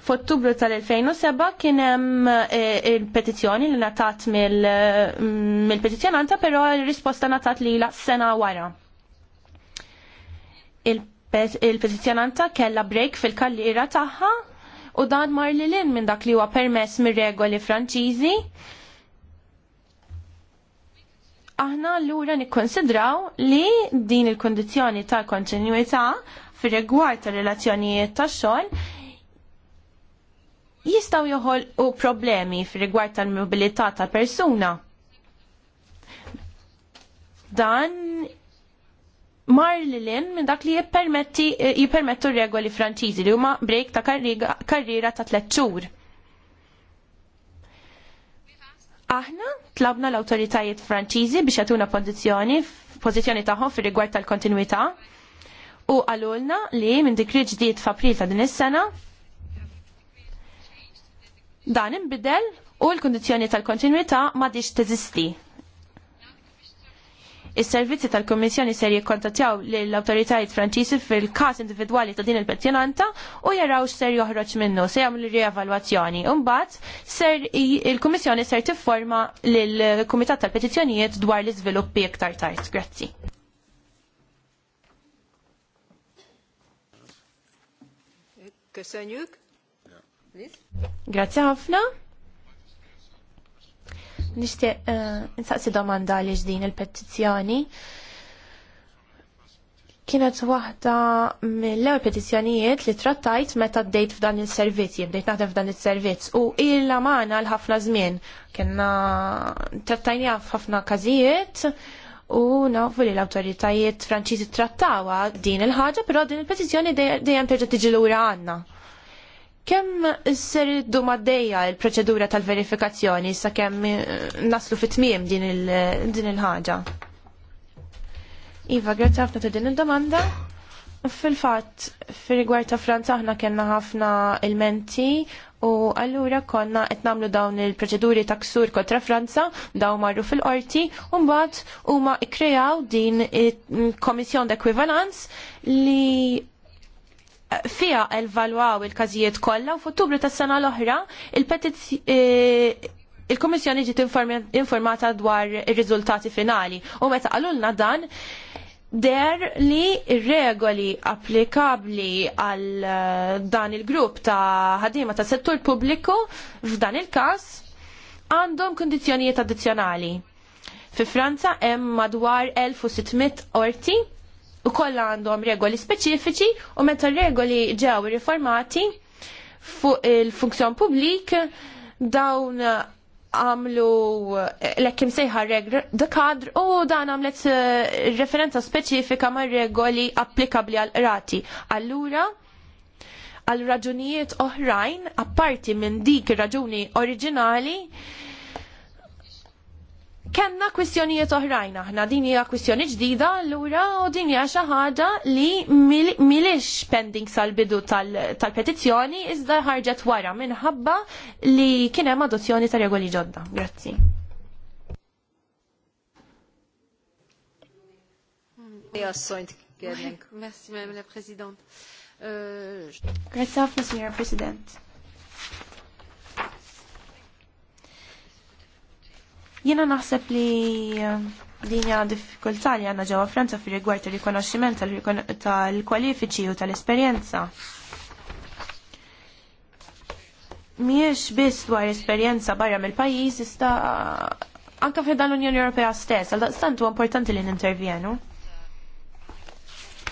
F'Ottubru tal-2007 kien hemm il-petizzjoni li natat mm, mill-petizzjonanta, però il risposta natat li la sena wara il-petizjonanta kella break fil kallira tagħha u dan mar li lin minn dak li huwa permess mir-regoli Franċiżi. Aħna l-ura nikkonsidraw li din il-kondizjoni ta' kontinuità fir rigward ta' relazzjonijiet ta' xogħol jistaw joħol u problemi fir rigward tal-mobilità ta' persuna. Dan mar li minn dak li eh, jippermettu regoli franċiżi li huma break ta' karriera ta' tliet xhur. Aħna tlabna l-awtoritajiet franċiżi biex jagħtuna pożizzjoni pożizzjoni tagħhom fir-rigward tal-kontinuità u għalulna li minn dikri ġdid f'April ta' din is-sena dan inbidel u l-kondizzjoni tal-kontinuità ma diġ teżisti Is-servizzi tal-Kummissjoni ser jikkontattjaw lill-awtoritajiet Franċiżi fil-każ individwali ta' din il-petjonanta u jaraw x'ser joħroġ minnu, se jagħmlu rievalwazzjoni. Imbagħad ser il-Kummissjoni ser tifforma lill-Kumitat tal-Petizzjonijiet dwar l-iżviluppi iktar tard. Grazzi. Köszönjük. Grazie ħafna. Nixtieq eh, nsaqsi domanda għaliex din il-petizzjoni. Kienet waħda mill-ewwel petizzjonijiet li trattajt meta bdejt f'dan il-servizz, bdejt naħdem f'dan il-servizz u illa magħna l ħafna żmien. Kienna trattajnija f'ħafna każijiet u nafu li l-awtoritajiet Franċiżi trattawa din il-ħaġa, però din il-petizzjoni dejjem terġa' tiġi lura għandna. Kemm ser iddu maddejja il-proċedura tal-verifikazzjoni sa kemm eh, naslu fit-tmiem din il-ħaġa? iva, grazzi ħafna ta' din il-domanda. Fil-fatt, fil-rigward ta' Franza aħna kena ħafna il-menti u allura konna qed nagħmlu dawn il-proċeduri ta' ksur kontra Franza, daw marru fil-qorti, u mbagħad huma kkrejaw din il-Komissjon d'Ekwivalanz li fija elvalwaw il-każijiet kollha u f'Ottubru tas-sena l-oħra il eh, kummissjoni ġiet informata dwar ir-riżultati finali u meta qalulna dan der li regoli applikabli għal eh, dan il-grupp ta' ħadima ta' settur pubbliku f'dan il-każ għandhom kondizjonijiet addizzjonali. Fi Franza hemm madwar 1600 orti u kolla għandhom regoli speċifiċi u meta regoli ġew riformati fuq il-funzjon publik dawn għamlu l-ekkim sejħa da kadr u dan għamlet eh, referenza speċifika ma' regoli applikabli għal rati. Allura, għal raġunijiet oħrajn, apparti minn dik raġuni oriġinali, Kenna kwistjonijiet oħrajn aħna, din hija kwistjoni ġdida, allura u din hija xi ħaġa li milix pending sal-bidu tal-petizzjoni iżda ħarġet wara minħabba li kien hemm adozzjoni ta' regoli ġodda. Grazzi. Grazie Madame la Présidente. Euh, Grazie, Signora President. Jiena naħseb li ehm, dinja diffikultà li għandna ġewwa Franza fir rigward tal-rikonoxximent tal-kwalifiċi u tal-esperjenza. Mhijiex biss dwar esperjenza barra mill-pajjiż sta anke fi dan l-Unjoni Ewropea stess, għal daqstant huwa importanti li nintervjenu.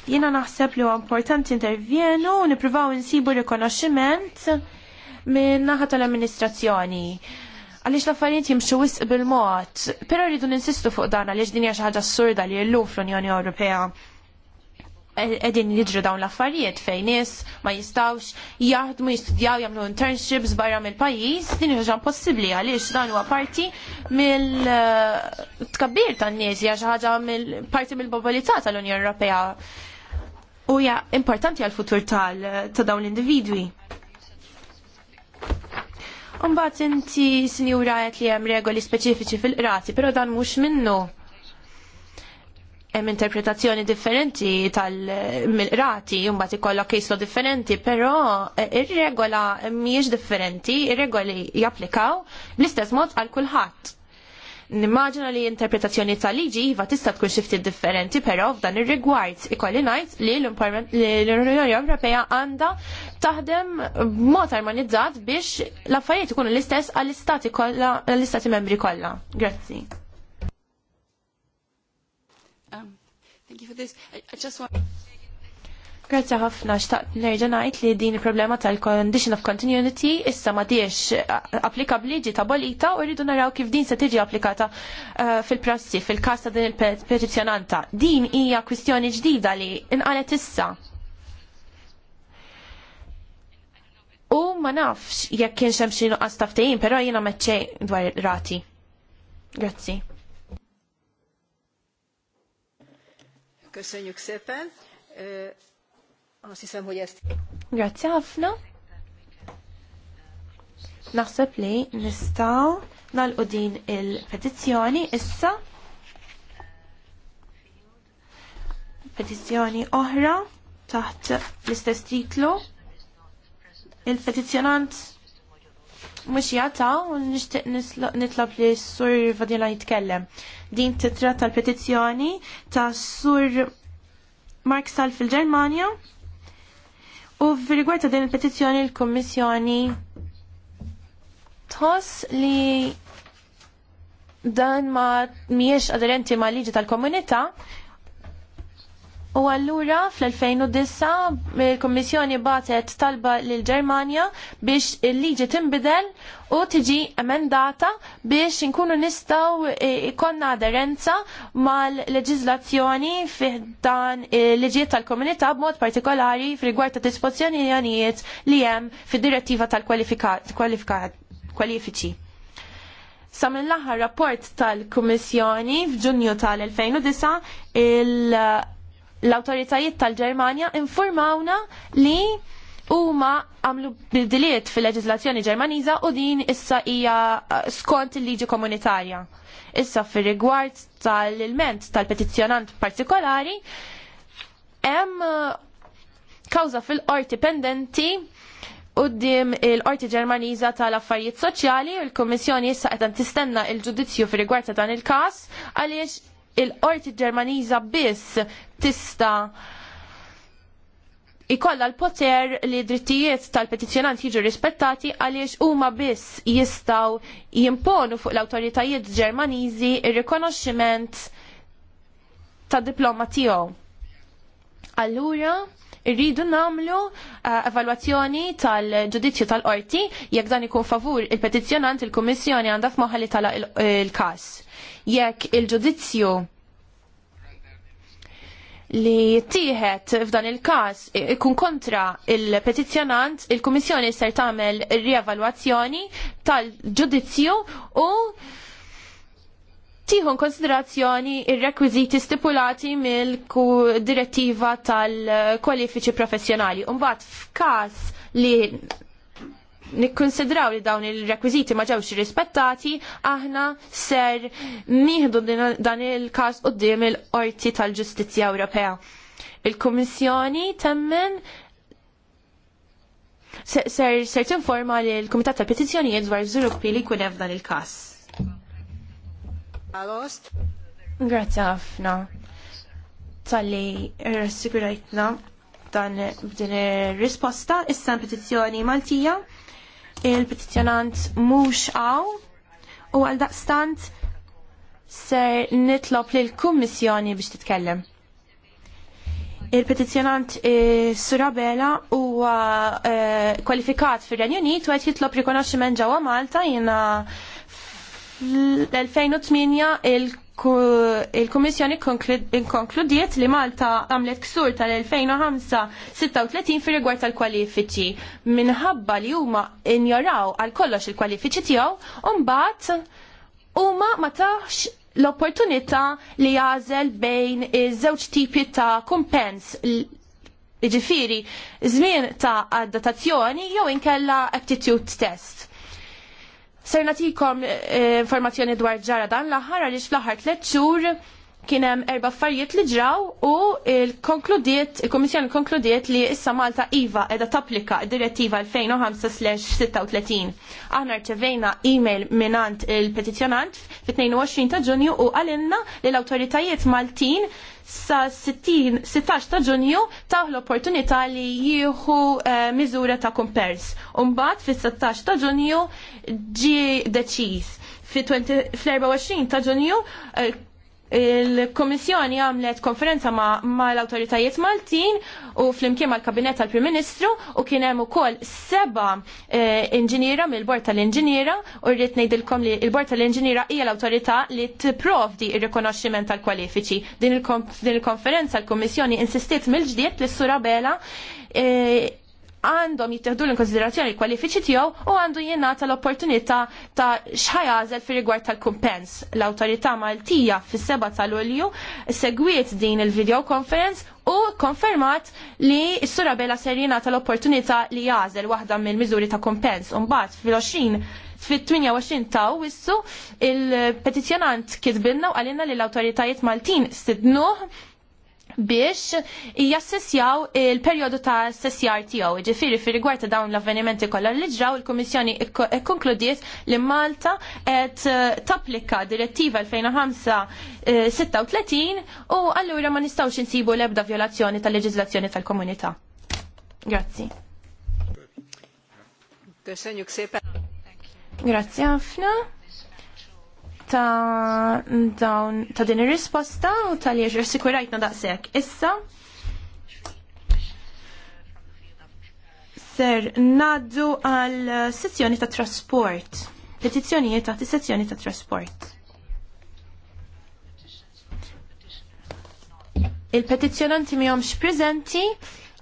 Jiena naħseb li huwa importanti intervjenu u nippruvaw insibu rikonoxximent minn naħa tal-amministrazzjoni għaliex l-affarijiet jimxu wisq bil-mod, però rridu ninsistu fuq dan għaliex din hija xi ħaġa assurda li llum fl-Unjoni Ewropea edin jidru dawn l-affarijiet fejn nies ma jistawx jaħdmu jistudjaw jagħmlu internships barra mill-pajjiż din hija possibbli għaliex dan huwa parti mill-tkabbir tan-nies hija xi ħaġa parti mill-mobilità tal-Unjoni Ewropea. U ja, importanti għall futur tal ta' dawn l-individwi. Umbat inti sinjura għet li hemm regoli speċifiċi fil-qrati, pero dan mhux minnu. Hemm interpretazzjoni differenti tal-qrati, mbagħad ikollok kislo differenti, però eh, ir-regola mhijiex differenti, ir-regoli japplikaw bl-istess mod għal kulħadd. Nimmaġina li interpretazzjoni ta' liġi iva tista' tkun xifti ftit differenti, però f'dan ir-rigward ikolli ngħid li l-Unjoni Ewropea għandha taħdem b'mod armonizzat biex l-affarijiet ikunu l-istess għall-istati kollha għall-istati membri kollha. Grazzi. Um, thank you for this. I, I just want... Grazzi ħafna xtaqt nerġa' ngħid li din il-problema tal-condition of continuity issa ma tiex eh, applikabbli ġi abolita u rridu naraw kif din se tiġi applikata eh, fil-prassi fil-każ ta' din il-petizzjonanta. Din hija kwistjoni ġdida li inqalet issa. U ma nafx jekk kienx hemm xi nuqqas taftejjin, però jiena meċċej dwar rati. Grazzi. Köszönjük szépen. Eh, Azt Grazie ħafna. Naħseb li nistaw nal din il-petizzjoni issa. Petizzjoni oħra taħt l-istess titlu. Il-petizzjonant mux jata u nishtiq nitlob li s-sur vadila jitkellem. Din titra tal-petizzjoni ta' sur Mark Sal fil-Germania U f'rigward ta' din il-petizzjoni l-Kummissjoni tħoss li dan ma miex aderenti ma' liġi tal-komunità U allura fl-2009 il-Kommissjoni batet talba l ġermanja biex il-liġi timbidel u tiġi emendata biex inkunu nistaw e, ikonna aderenza mal-leġizlazzjoni fih dan il-liġiet tal-komunità b'mod partikolari f'rigward rigward ta' dispozzjonijiet li hemm fid-direttiva tal-kwalifiċi. Sa l aħħar rapport tal-Kummissjoni f'Ġunju tal-2009 il- l-autoritajiet tal-Ġermanja informawna li huma għamlu bildiliet fil-leġislazzjoni Ġermaniża u din issa hija eh, skont il-liġi komunitarja. Issa fir-rigward tal-ilment tal-petizzjonant partikolari hemm eh, kawża fil-qorti pendenti Uddim il-Qorti Ġermaniża tal-Affarijiet Soċjali u l-Kummissjoni issa qed tistenna il-ġudizzju fir rigward ta' dan il-każ għaliex il-qorti ġermaniża biss tista' ikolla l-poter li drittijiet tal-petizjonant jiġu rispettati għaliex huma biss jistaw jimponu fuq l-awtoritajiet ġermaniżi ir-rikonoxximent ta' diploma tiegħu. Allura, rridu namlu uh, evalwazzjoni tal-ġudizzju tal-qorti jekk dan ikun favur il-petizjonant il-Kummissjoni għandha f'moħħa li tala il-każ jekk il-ġudizzju li tieħed f'dan il-każ ikun kontra il-petizzjonant, il-Kummissjoni ser tagħmel rievalwazzjoni tal-ġudizzju u tieħu konsiderazzjoni ir-rekwiżiti stipulati mill-direttiva tal-kwalifiċi professjonali. Umbagħad f'każ li nikkonsidraw li dawn il-rekwiziti ma ġewx rispettati, aħna ser nieħdu dan il-każ qudiem il-Qorti tal-Ġustizzja Ewropea. Il-Kummissjoni temmen ser ser tinforma li l-Kumitat tal Petizzjonijiet dwar żviluppi li jkun hemm dan il-każ. Grazzi ħafna tal-li rassigurajtna dan b'din ir-risposta, issa petizzjoni Maltija il-petizjonant mhux għaw u għal daqstant ser nitlob l kummissjoni biex titkellem. Il-petizjonant Surabela huwa kwalifikat fir-Renju Unit u qed jitlob rikonoxximent ġewwa Malta jina l-2008 il- il-Komissjoni konkludiet li Malta għamlet ksur tal-2005-36 fi rigward tal-kwalifiċi minħabba li huma injoraw għal kollox il-kwalifiċi tiegħu u mbagħad huma ma taħx l-opportunità li jażel bejn iż-żewġ tipi ta' kumpens Iġifiri, żmien ta' adattazzjoni jew inkella aptitude test Ser natikom eh, informazzjoni dwar ġara dan l-aħħar għaliex fl-aħħar tliet xhur kienem erba affarijiet li ġraw u il-konkludiet, il-Komissjoni konkludiet li issa Malta IVA edha tapplika direttiva 2005-36. Aħna rċevejna e-mail minant il-petizjonant fit-22 ta' ġunju u għalinna li l-autoritajiet Maltin sa 16 ta' ġunju taħ l-opportunità li jieħu eh, miżura ta' kompers. Umbat fis-16 ta' ġunju ġi deċiż. Fi 24 ta' ġunju eh, il-Komissjoni għamlet konferenza ma, ma l-autoritajiet Maltin u fl-imkien mal kabinet tal-Prim Ministru u kien hemm ukoll seba eh, inġiniera mill-Bord tal-Inġiniera u rrid ngħidilkom li l-Bord tal-Inġiniera hija l-awtorità li tipprovdi ir-rikonoxximent tal-kwalifiċi. Din il-konferenza l-Kummissjoni insistiet mill-ġdiet li sura bela. Eh, għandhom jittieħdu l-konsiderazzjoni kwalifiċi tiegħu u għandu jingħata l-opportunità ta' xħajażel fir rigward tal-kumpens. L-awtorità Maltija fis-7 ta' Lulju segwiet din il-video conference u konfermat li s-sura bella serjina tal-opportunità li jażel waħda mill-miżuri ta' kumpens. Umbagħad fil-20 fit-28 ta' wissu il-petizjonant kitbinna u għalina li l-autoritajiet Maltin stidnuh biex jassessjaw il-periodu ta' sessjar tiegħu. Ġifiri, fi rigwarta ta' dawn l-avvenimenti kollha li ġraw il komissjoni konkludiet li Malta qed eh, tapplika direttiva 2005-36 eh, u allura ma nistgħux insibu l-ebda violazzjoni tal leġizlazzjoni tal-komunità. Grazzi. Grazzi ħafna ta' dawn ta' din ir-risposta u tal-jiex da' daqshekk. Issa ser naddu għal sezzjoni ta' trasport. Petizzjonijiet ta' sezzjoni ta' trasport. Il-petizzjonanti mihomx prezenti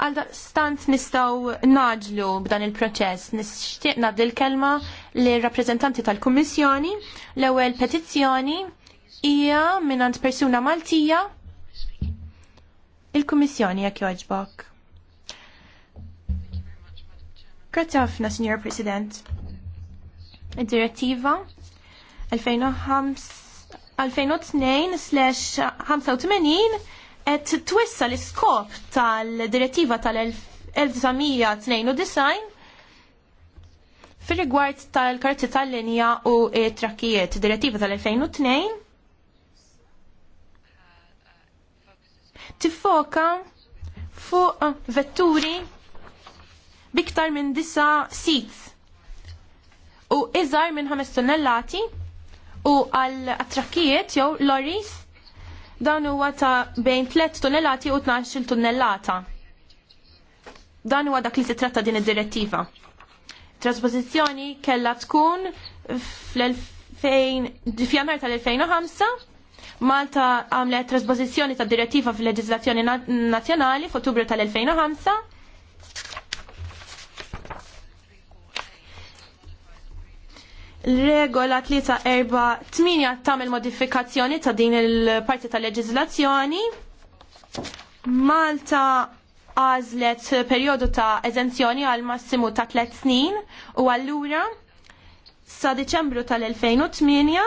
għal stant nistaw naġlu b'dan il-proċess. Nixtieq nagħdi l-kelma lir-rappreżentanti tal-Kummissjoni. L-ewwel petizzjoni hija minnant persuna Maltija il-Kummissjoni jekk jogħġbok. Grazzi ħafna, Signor President. Direttiva 2005 2002-85 qed twissa l-iskop tal-direttiva tal-1992 fir rigward tal-karti tal-linja u trakkijiet. Direttiva tal-2002 tiffoka fuq vetturi biktar minn disa seats u iżar minn 5 tonnellati u għal trakkijiet jew lorries Dan huwa ta' bejn 3 tonnellati u 12 tonnellata. Dan huwa dak li titratta din id-direttiva. Trasposizzjoni kella tkun fl-2000 f'jannar tal-2005 Malta għamlet trasposizzjoni ta' direttiva fil leġiżlazzjoni nazjonali f'Ottubru tal-2005 regola 3-4-8 tamil modifikazzjoni ta' din il-parti ta' leġizlazzjoni. Malta għazlet periodu ta' eżenzjoni għal massimu ta' 3 snin u għallura sa' Deċembru tal-2008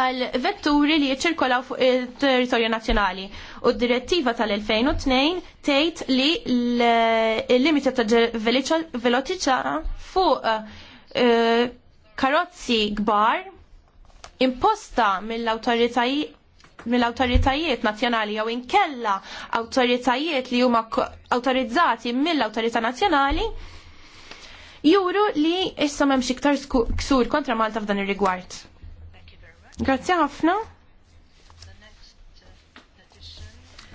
għal vetturi li jċirkolaw fuq il-territorju nazjonali. U d-direttiva tal-2002 tgħid li l-limita ta' veloċità fuq eh, karozzi kbar imposta mill-awtoritajiet mill-autoritajiet nazjonali jew inkella autoritajiet li huma autorizzati mill-autorità nazjonali juru li issa m'hemmx iktar ksur kontra Malta f'dan ir-rigward. Grazzi ħafna.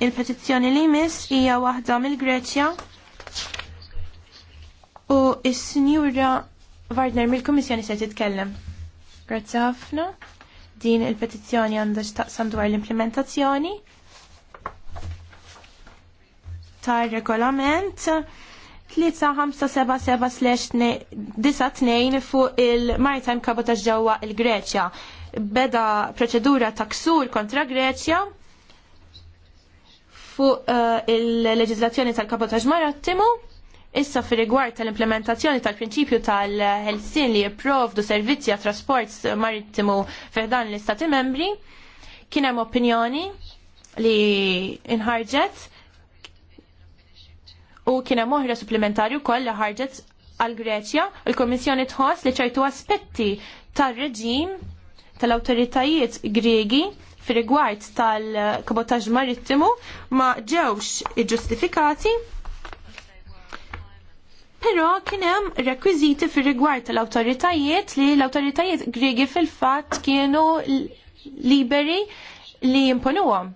Il-petizzjoni li jmiss hija waħda mill-Greċja u s-sinjura Vardner, mill-Komissjoni se titkellem. Grazzi ħafna. Din il-petizzjoni għandha x'taqsam dwar l-implementazzjoni tar-regolament 3577-92 fuq il-Maritime Cabotage ġewwa il-Greċja. Beda proċedura ta' ksur kontra Greċja fuq uh, il-leġizlazzjoni tal-kabotaġ marattimu Issa fi rigward tal-implementazzjoni tal-prinċipju tal helsin li jipprovdu servizzi għat trasport marittimu fiħdan l-Istati membri, kien hemm opinjoni li inħarġet u kien hemm oħra supplementari wkoll li ħarġet għal Greċja, il kummissjoni tħoss li ċertu aspetti tar-reġim tal-awtoritajiet Griegi fi rigward tal-kabotaġġ marittimu ma ġewx iġġustifikati Però kien hemm rekwiżiti fir-rigward tal-awtoritajiet li l-awtoritajiet Griegi fil-fatt kienu liberi li jimponuhom.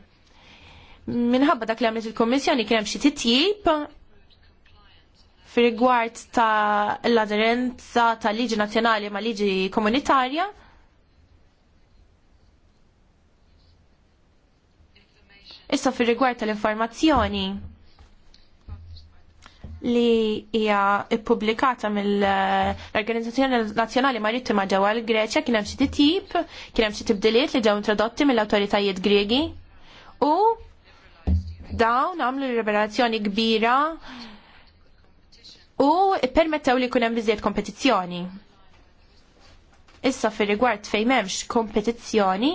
Minħabba dak li għamlet il-Kommissjoni kien hemm xi titjib fir-rigward ta' l-aderenza tal liġi nazzjonali ma' liġi komunitarja. Issa fir-rigward tal-informazzjoni li hija ippubblikata mill-Organizzazzjoni Nazzjonali Marittima ġewwa l-Greċja kien hemm xi titjib, kien hemm xi tibdiliet li ġew introdotti mill-awtoritajiet Griegi u dawn għamlu liberazzjoni kbira u permettew li jkun hemm biżejjed kompetizzjoni. Issa fir rigward fejn m'hemmx kompetizzjoni,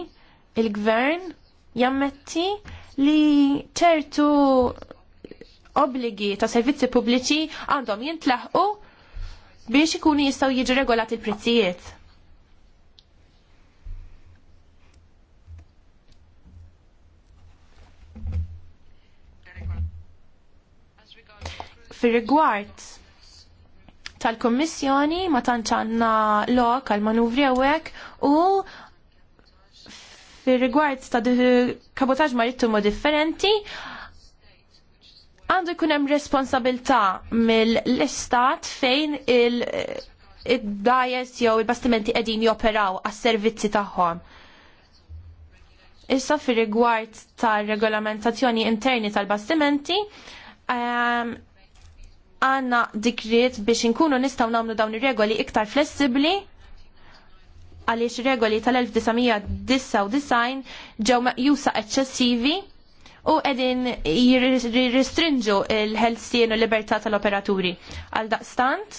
il-gvern jammetti li ċertu obbligi ta' servizzi pubbliċi għandhom jintlaħqu biex ikunu jistgħu jiġi regolati l-prezzijiet. Fir-rigward tal-Kommissjoni ma tantx għandna lok għal manuvri hawnhekk u fir rigward ta' kabotaġġ marittimu differenti, għandu jkun hemm responsabilità mill-istat fejn il- id-dajes jew il-bastimenti qegħdin joperaw għas-servizzi tagħhom. Issa fir rigward tar regolamentazzjoni interni tal-bastimenti, ehm, għanna um, dikriet biex inkunu nistaw namlu dawn ir-regoli iktar flessibli għaliex regoli tal-1999 ġew meqjusa eċċessivi u edin jirristrinġu il-ħelsien u libertà tal-operaturi. Għal daqstant,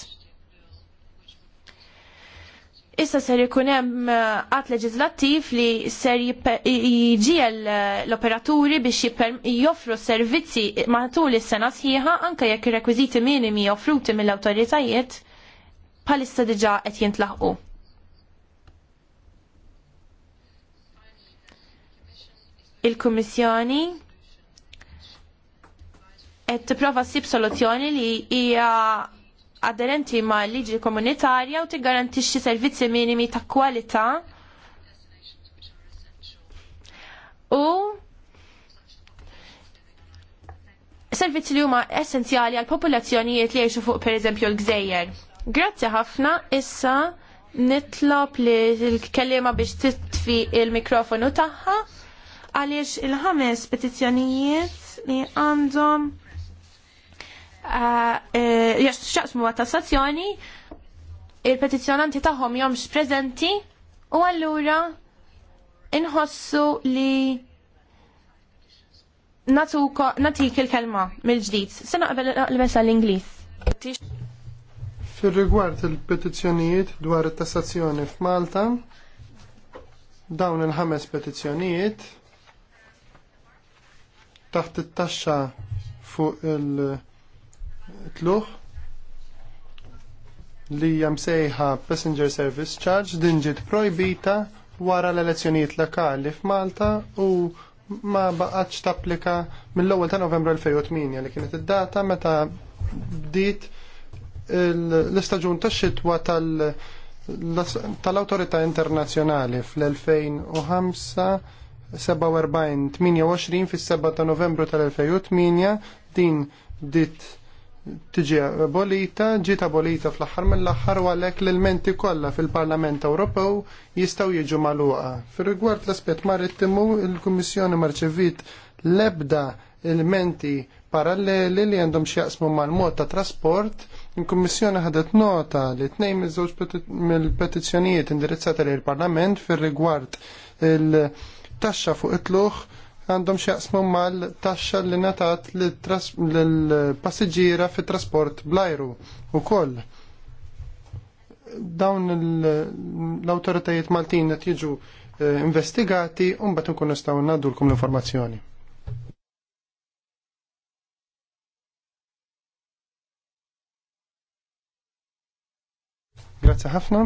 issa ser ikun hemm għat eh, leġislattiv li ser jiġiel eh, l-operaturi biex joffru servizzi matul is-sena sħiħa anke jekk ir-rekwiżiti minimi offruti mill-awtoritajiet bħalissa diġà qed jintlaħqu. il-Kummissjoni qed tipprova ssib soluzzjoni li hija aderenti ma' liġi komunitarja u tiggarantixxi servizzi minimi ta' kwalità u servizzi li huma essenzjali għal popolazzjonijiet li jgħixu fuq pereżempju l-gżejjer. Grazzi ħafna issa nitlob li l-kellima biex titfi il-mikrofonu tagħha għaliex il-ħames petizzjonijiet li għandhom Eh, eh, jax xaqsmu tassazzjoni il-petizjonanti taħħom jomx prezenti u għallura inħossu li natik il-kelma mill-ġdid. Se naqbel l-messa l-Inglis. Fil-rigward il-petizzjonijiet dwar it-tassazzjoni f'Malta, dawn il-ħames petizzjonijiet taħt it-taxxa fuq il- tluħ li jamsejħa passenger service charge din ġiet projbita wara l-elezzjonijiet lokali f'Malta u ma baqgħetx tapplika mill-ewwel ta' Novembru 2008 li kienet id-data meta bdiet l-istaġun tax-xitwa tal- tal-autorità Internazzjonali fl-2005 47-28 fis-7 ta' novembru tal-2008 din dit tiġi abolita, ġiet abolita fl-aħħar mill-aħħar u għalhekk l-elementi kollha fil-Parlament Ewropew jistgħu jiġu magħluqa. Fir-rigward l-aspett marittimu, il-Kummissjoni marċevit l-ebda elementi paralleli li għandhom x'jaqsmu mal-mod ta' trasport, il-Kummissjoni ħadet nota li tnejn miż-żewġ mill-petizzjonijiet indirizzati lill parlament fir-rigward il-taxxa fuq it-tluħ għandhom jaqsmu mal-taxxa li natat l-passiġġiera fit trasport blajru u koll. Dawn l-autoritajiet Maltin qed jiġu eh, investigati u mbagħad inkun nistgħu ngħaddulkom l-informazzjoni. Grazie ħafna.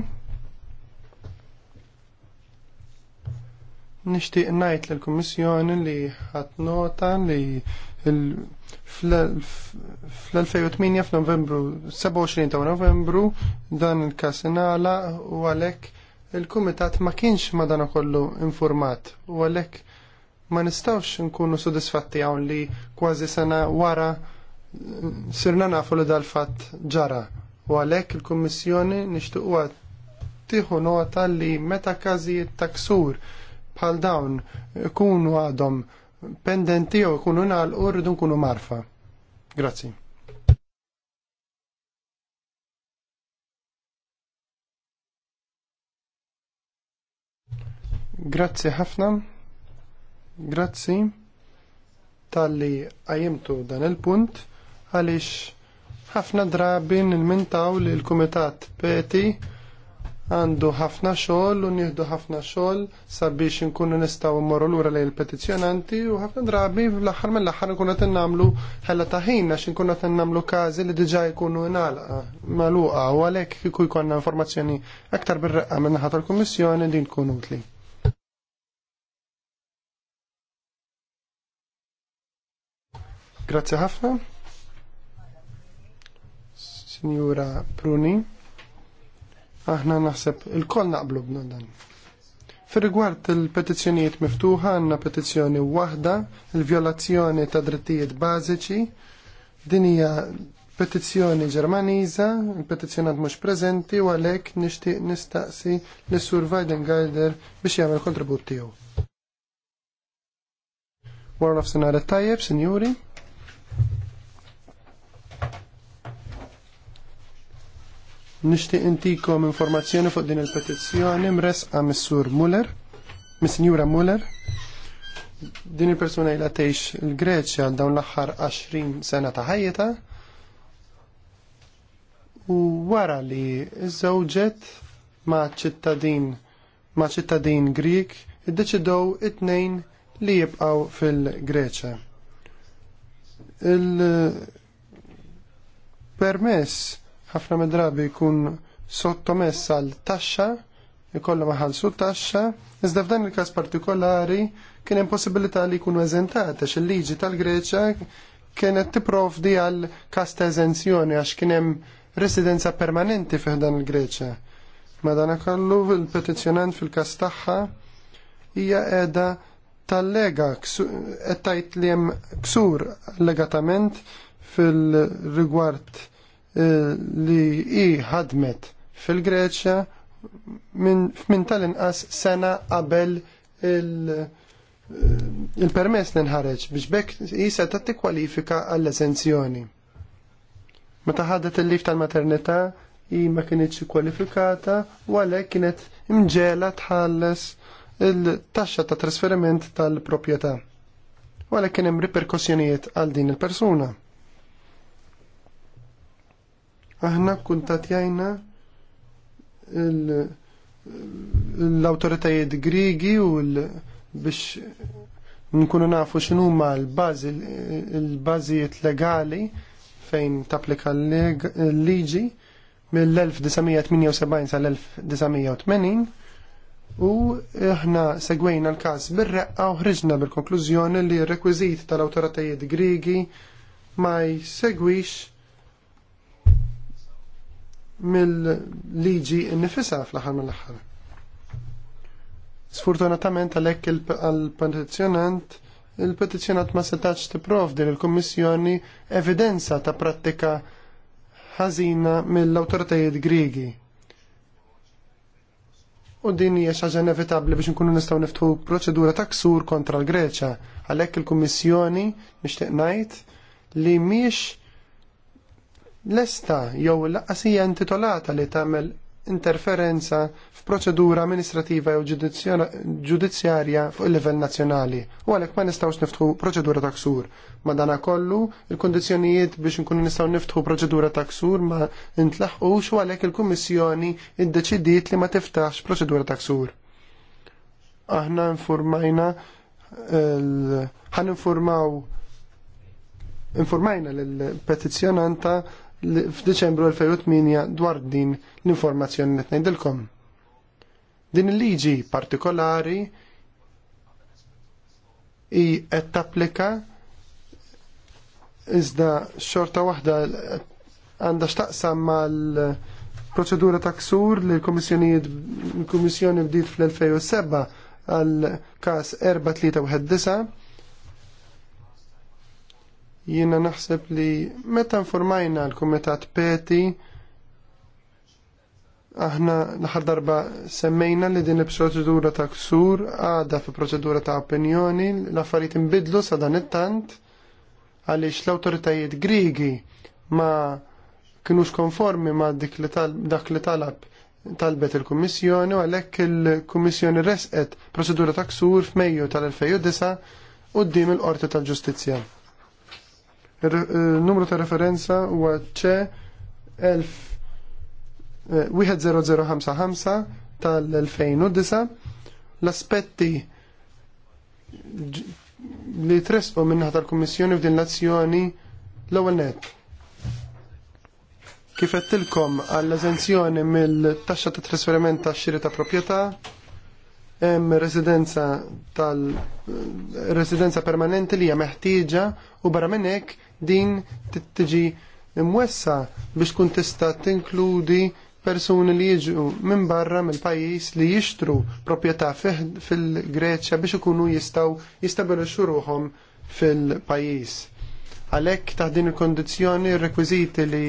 Nixtieq ngħid lill kummissjoni li ħadd nota li fl-2008 f'Novembru 27 ta' Novembru dan il-każ u għalhekk il-kumitat ma kienx madana kollu informat u għalhekk ma nistawx nkunu sodisfatti hawn li kważi sena wara sirna nafu li dal-fatt ġara u għalhekk il-Kummissjoni nixtieqwa tieħu nota li meta każijiet taksur ksur bħal dawn ikunu għadhom pendenti kunu nal nagħlqu rridu nkunu marfa. Grazzi. Grazzi ħafna. Grazzi tal-li għajimtu dan il-punt għaliex ħafna drabi nil-mintaw li l-Kumitat Peti għandu ħafna xogħol u nieħdu ħafna xogħol sabiex inkunu nistgħu mmorru lura lejn il-petizzjonanti u ħafna drabi fl-aħħar mill-aħħar nkunu qed nagħmlu ħella ta' ħin għax inkunu qed nagħmlu każi li diġà jkunu ngħalaqa magħluqa u għalhekk kieku jkollna informazzjoni aktar bir-reqqa minn naħa tal-Kummissjoni din tkun utli. Grazzi ħafna. Signora Pruni. Aħna naħseb il-koll naqblu b'na dan. Fir-rigward il-petizzjonijiet miftuħa għandna petizzjoni waħda, il-vjolazzjoni ta' drittijiet bażiċi, din hija petizzjoni ġermaniża, il-petizzjonat mhux preżenti u għalhekk nixtieq nistaqsi lis sur Weidengarder biex jagħmel kontribut tiegħu. Wara Sinara tajjeb, sinjuri. Nixtieq intikom informazzjoni fuq din il-petizzjoni mresqa mis-sur Muller, mis Muller. Din il-persuna jla tgħix il-Greċja għal dawn l-aħħar 20 sena ta' ħajjeta. U wara li iż-żewġet ma' ċittadin ma' ċittadin Grik iddeċidew it-tnejn li jibqgħu fil-Greċja. Il-permess ħafna mid-drabi jkun sottomess għal taxxa, jkollu maħalsu taxxa, iżda f'dan il-każ partikolari kien hemm possibilità li jkunu eżentati għax il-liġi tal-Greċja kienet tipprovdi għal każ ta' eżenzjoni għax kien hemm residenza permanenti fih dan il-Greċja. Madanakollu il-petizzjonant fil-każ tagħha hija qiegħda tal-lega qed tajt li hemm ksur legatament fil-rigward Eh, li i ħadmet fil-Greċja minn tal-inqas sena qabel eh, il-permess il biex bekk jisa ta' tikkwalifika għall-esenzjoni. Meta ħadet il-lif tal-maternità i ma kienieċ kwalifikata u għalhekk kienet imġela tħalles il-taxxa ta' trasferiment tal-proprjetà. U għalhekk kien hemm riperkussjonijiet għal din il-persuna. Aħna kuntatjajna l-autoritajiet Grigi u biex nkunu nafu x'inhu ma l-bażijiet legali fejn tapplika l-liġi mill-1978 sal-1980 u aħna segwejna l-każ bir-reqqa u ħriġna bil-konklużjoni li r rekwizit tal-awtoritajiet Grigi ma jsegwix mill-liġi n-nifisa fl-aħħar mill-aħħar. Sfortunatament għalhekk il petizzjonant il-petizzjonant ma setax tipprovdi il kummissjoni evidenza ta' prattika ħażina mill-awtoritajiet Griegi. U din hija xi ħaġa inevitabbli biex inkunu nistgħu niftħu proċedura ta' ksur kontra l-Greċja. Għalhekk il-Kummissjoni nixtieq ngħid li mhix lesta jew l-qasija intitolata li tagħmel interferenza f'proċedura amministrativa jew ġudizzjarja fuq il-livell nazzjonali u għalhekk ma nistgħux niftħu proċedura ta' ksur. Madana kollu il-kondizzjonijiet biex nkunu nistgħu niftħu proċedura ta' ksur ma ntlaħqux u għalhekk il-Kummissjoni iddeċidiet li ma tiftax proċedura ta' ksur. Aħna informajna eh, ħan informaw informajna l-petizjonanta f'Diċembru 2008 dwar din l-informazzjoni li tnejdilkom. Din il-liġi partikolari i qed tapplika iżda xorta waħda għandha x'taqsam mal-proċedura ta' ksur li l-Kummissjoni bdiet fl-2007 għal każ 439 Jiena naħseb li meta informajna l-Kumitat Peti aħna l-ħar darba semmejna li din il-proċedura ta' ksur għada fi proċedura ta' opinjoni l-affarijiet imbidlu sa' dan it-tant għaliex l-autoritajiet Grigi ma kienux konformi ma dik li dak li talab talbet il-Kummissjoni u għalhekk il-Kummissjoni resqet proċedura ta' ksur f'Mejju tal-2009 u il-Qorti tal-Ġustizzja. Eh, numru ta' referenza huwa ċe 10055 tal-2009 l-aspetti li tresqu minnaħat tal kummissjoni f'din l-azzjoni l-ewwel net. Kif għettilkom għall-eżenzjoni mill-taxxa ta' trasferiment ta' xiri ta' proprjetà, hemm residenza tal-residenza eh, permanenti li hija meħtieġa u barra minn hekk din tiġi imwessa biex tkun tista' tinkludi persuni li jiġu minn barra mill pajjiż li jixtru proprjetà fil-Greċja biex ikunu jistgħu jistabilu ruhom fil-pajjiż. Għalhekk taħdin din il-kondizzjoni r-rekwiżiti li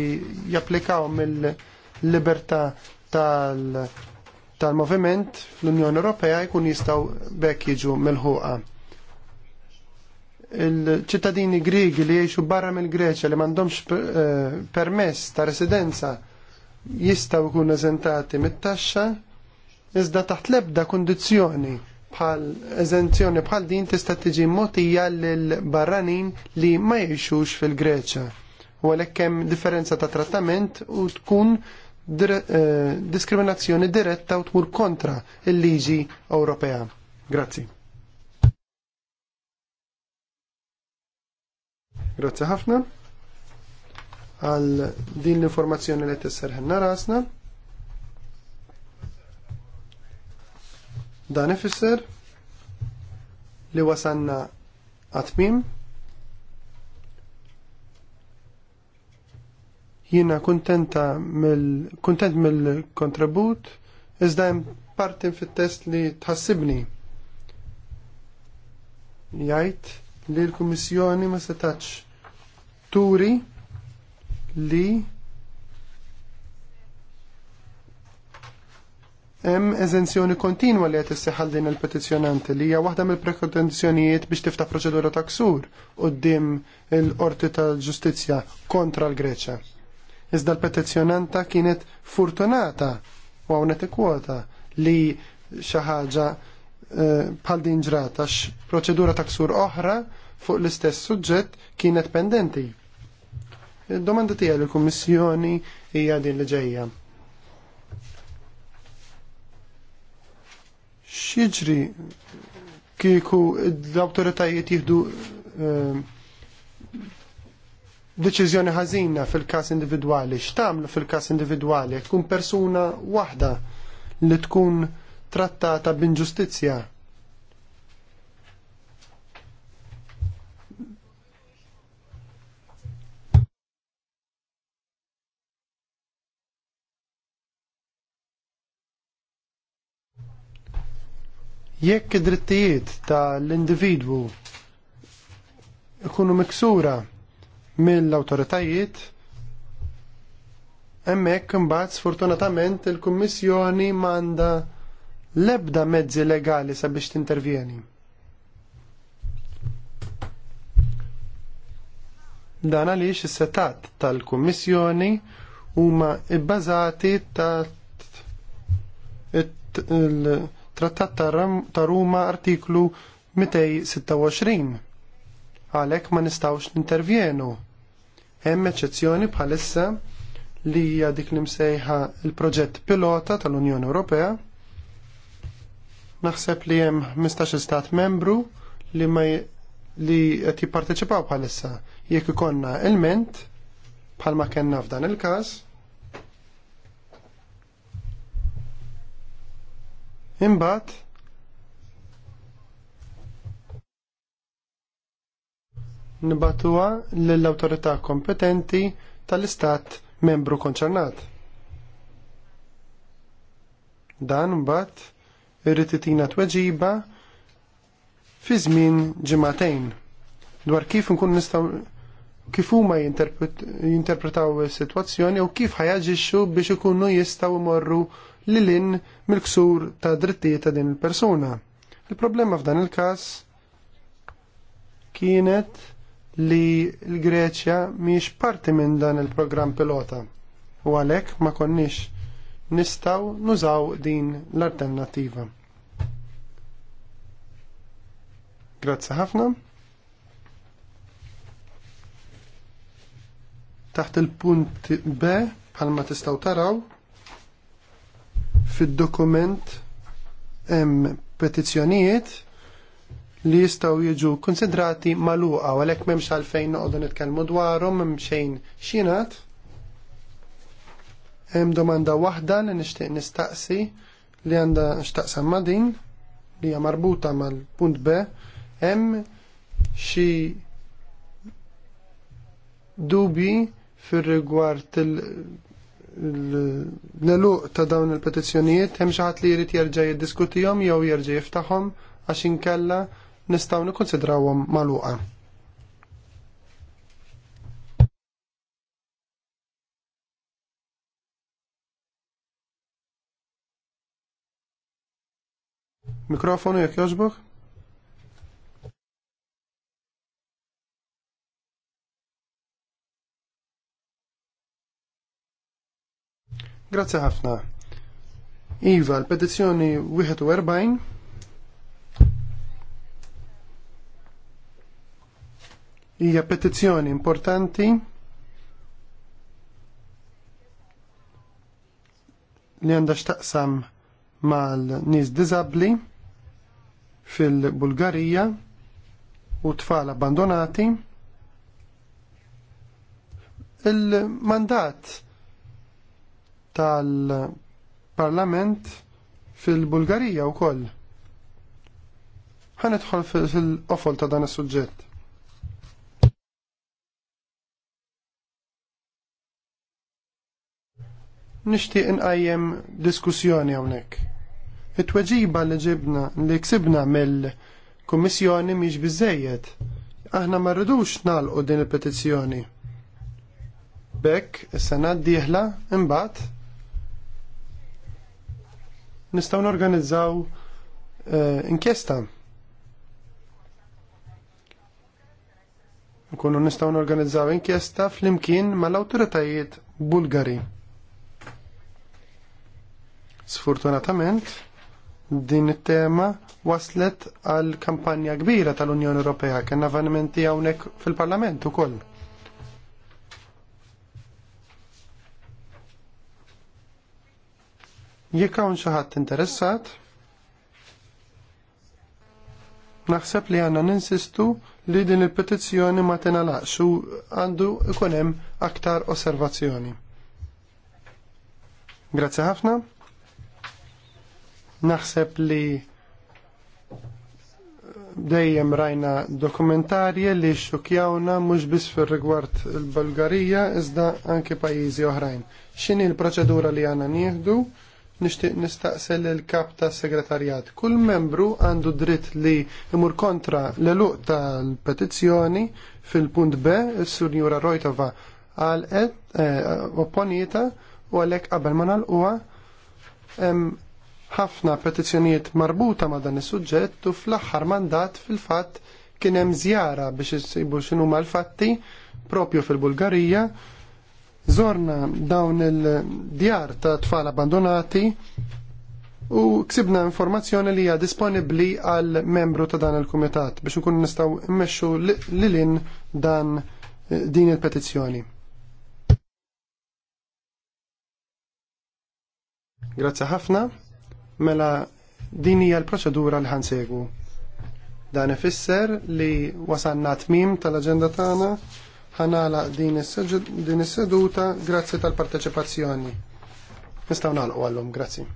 japplikaw mill-libertà tal-moviment fl-Unjoni Ewropea jkun jistgħu bekk jiġu mill-ħuqa il-ċittadini Griegi li jiexu barra mill-Greċja li m'għandhomx eh, permess ta' residenza jistaw ikun eżentati mit-taxxa iżda taħt l-ebda kundizzjoni bħal eżenzjoni bħal din tista' tiġi motija lil barranin li ma jgħixux fil-Greċja. U għalhekk hemm differenza ta' trattament u tkun eh, diskriminazzjoni diretta u tmur kontra il-liġi Ewropea. Grazzi. Grazzi ħafna għal din l-informazzjoni li ħenna rasna. Dan ifisser li wasanna għatmim. Jiena kuntenta mill-kontent mill-kontribut, iżda hemm parti fit-test li tħassibni. Jgħid li l-Kummissjoni ma setax turi li Hemm eżenzjoni kontinwa li qed isseħħal din il-petizzjonanti li hija waħda mill-prekondizzjonijiet biex tiftaħ proċedura ta' ksur quddiem il-Qorti tal-Ġustizzja kontra l-Greċja. Iżda l-petizzjonanta kienet furtunata u hawnet ikwota li xi ħaġa eh, bħal din ġrata x proċedura ta' ksur oħra fuq l-istess suġġett kienet pendenti Domanda tija l-Kommissjoni hija din li ġejja. Xieġri kieku l-autoritajiet jihdu eh, deċiżjoni ħażina fil-każ individwali, x'tagħmlu fil-każ individwali, tkun persuna waħda li tkun trattata b'inġustizzja Jekk id-drittijiet tal-individwu ikunu miksura mill-awtoritajiet, hemmhekk imbagħad sfortunatament il-Kummissjoni m'għandha l-ebda mezzi legali sabiex tintervjeni. Dan għaliex is-setat tal-Kummissjoni huma bbażati ta' Trattat ta' Ruma artiklu 226. Għalek ma nistawx nintervjenu. Hemm eċezzjoni bħalissa li hija dik li msejħa l proġett pilota tal-Unjoni Ewropea. Naħseb li hemm 15 stat membru li ma li qed jipparteċipaw bħalissa jekk ikonna ilment bħalma kellna f'dan il-każ Imbagħad nibatuha lill-awtorità kompetenti tal-istat membru konċernat. Dan mbat irrid itina tweġiba fi żmien ġimagħtejn dwar kif nkun nistgħu kif huma jinterpretaw is-sitwazzjoni u kif ħajaġixxu biex ikunu jistgħu imorru li l-in mill-ksur ta' drittijiet ta' din il-persuna. Il-problema f'dan il-każ kienet li l-Greċja miex parti minn dan il-programm pilota u għalhekk ma konniex nistgħu nużaw din l-alternattiva. Grazzi ħafna. Taħt il-punt B bħalma tistgħu taraw Fid-dokument hemm petizzjonijiet li jistgħu jiġu konsidrati maluqa għalhekk m'hemmx għalfejn noqogħdu nitkellmu dwarhom hemm xejn xinat. Hemm domanda waħda li nixtieq nistaqsi li għandha xtaqsam ma' din li hija marbuta mal-punt B hemm xi dubi fir rigward l-eluq ta' dawn il-petizzjonijiet hemm xi ħadd li jrid jerġa' jiddiskutihom jew jerġa' jiftaħhom għax inkella nistgħu nikkonsidrawhom magħluqa. Mikrofonu jekk jogħġbok? Grazzi ħafna. Iva, l-petizzjoni 41 hija petizzjoni importanti li għandha xtaqsam mal-nies diżabbli fil-Bulgarija u tfal abbandonati. Il-mandat tal-Parlament fil-Bulgarija u koll. Ħanetħol fil-qofol ta' dan is-suġġett. Nixtieq inqajjem diskussjoni hawnhekk. It-tweġiba li ġibna li ksibna mill-Kummissjoni mhix biżejjed. Aħna ma rridux nagħlqu din il-petizzjoni. Bekk, is-sena d-dieħla imbagħad nistgħu norganizzaw uh, inkjesta. Nkunu nistgħu norganizzaw inkjesta flimkien mal-awtoritajiet Bulgari. Sfortunatament, din it-tema waslet għal kampanja kbira tal-Unjoni Ewropea kien avvenimenti hawnhekk fil-Parlament ukoll Jekk hawn xi ħadd interessat, naħseb li għandna ninsistu li din il-petizzjoni ma tingħalaqx u għandu ikun hemm aktar osservazzjoni. Grazzi ħafna. Naħseb li dejjem rajna dokumentarji li xukjawna mhux biss fir-rigward il-Bulgarija iżda anke pajjiżi oħrajn. X'inhi l-proċedura li għandna nieħdu? nixtieq nistaqsel il-kap ta' segretarjat. Kull membru għandu dritt li imur kontra l-eluq tal-petizzjoni fil-punt B, s-Sunjura Rojtova għal eh, opponita u għalek qabel ma nalquha ħafna petizzjonijiet marbuta ma' dan is-suġġett u fl-aħħar mandat fil-fatt kien hemm żjara biex isibu x'inhuma l-fatti propju fil-Bulgarija Zorna dawn il-djar ta' tfal abbandonati u ksibna informazzjoni li hija disponibbli għal membru ta' dan il-kumitat biex nkun nistgħu mmexxu lilin dan eh, din il-petizzjoni. Grazzi ħafna. Mela din hija l-proċedura li ħansegwu. Dan ifisser li wasanna tmim tal-aġenda tagħna ħanala din is-seduta grazzi tal-parteċipazzjoni. Nistgħu nagħlqu għallhom, grazzi.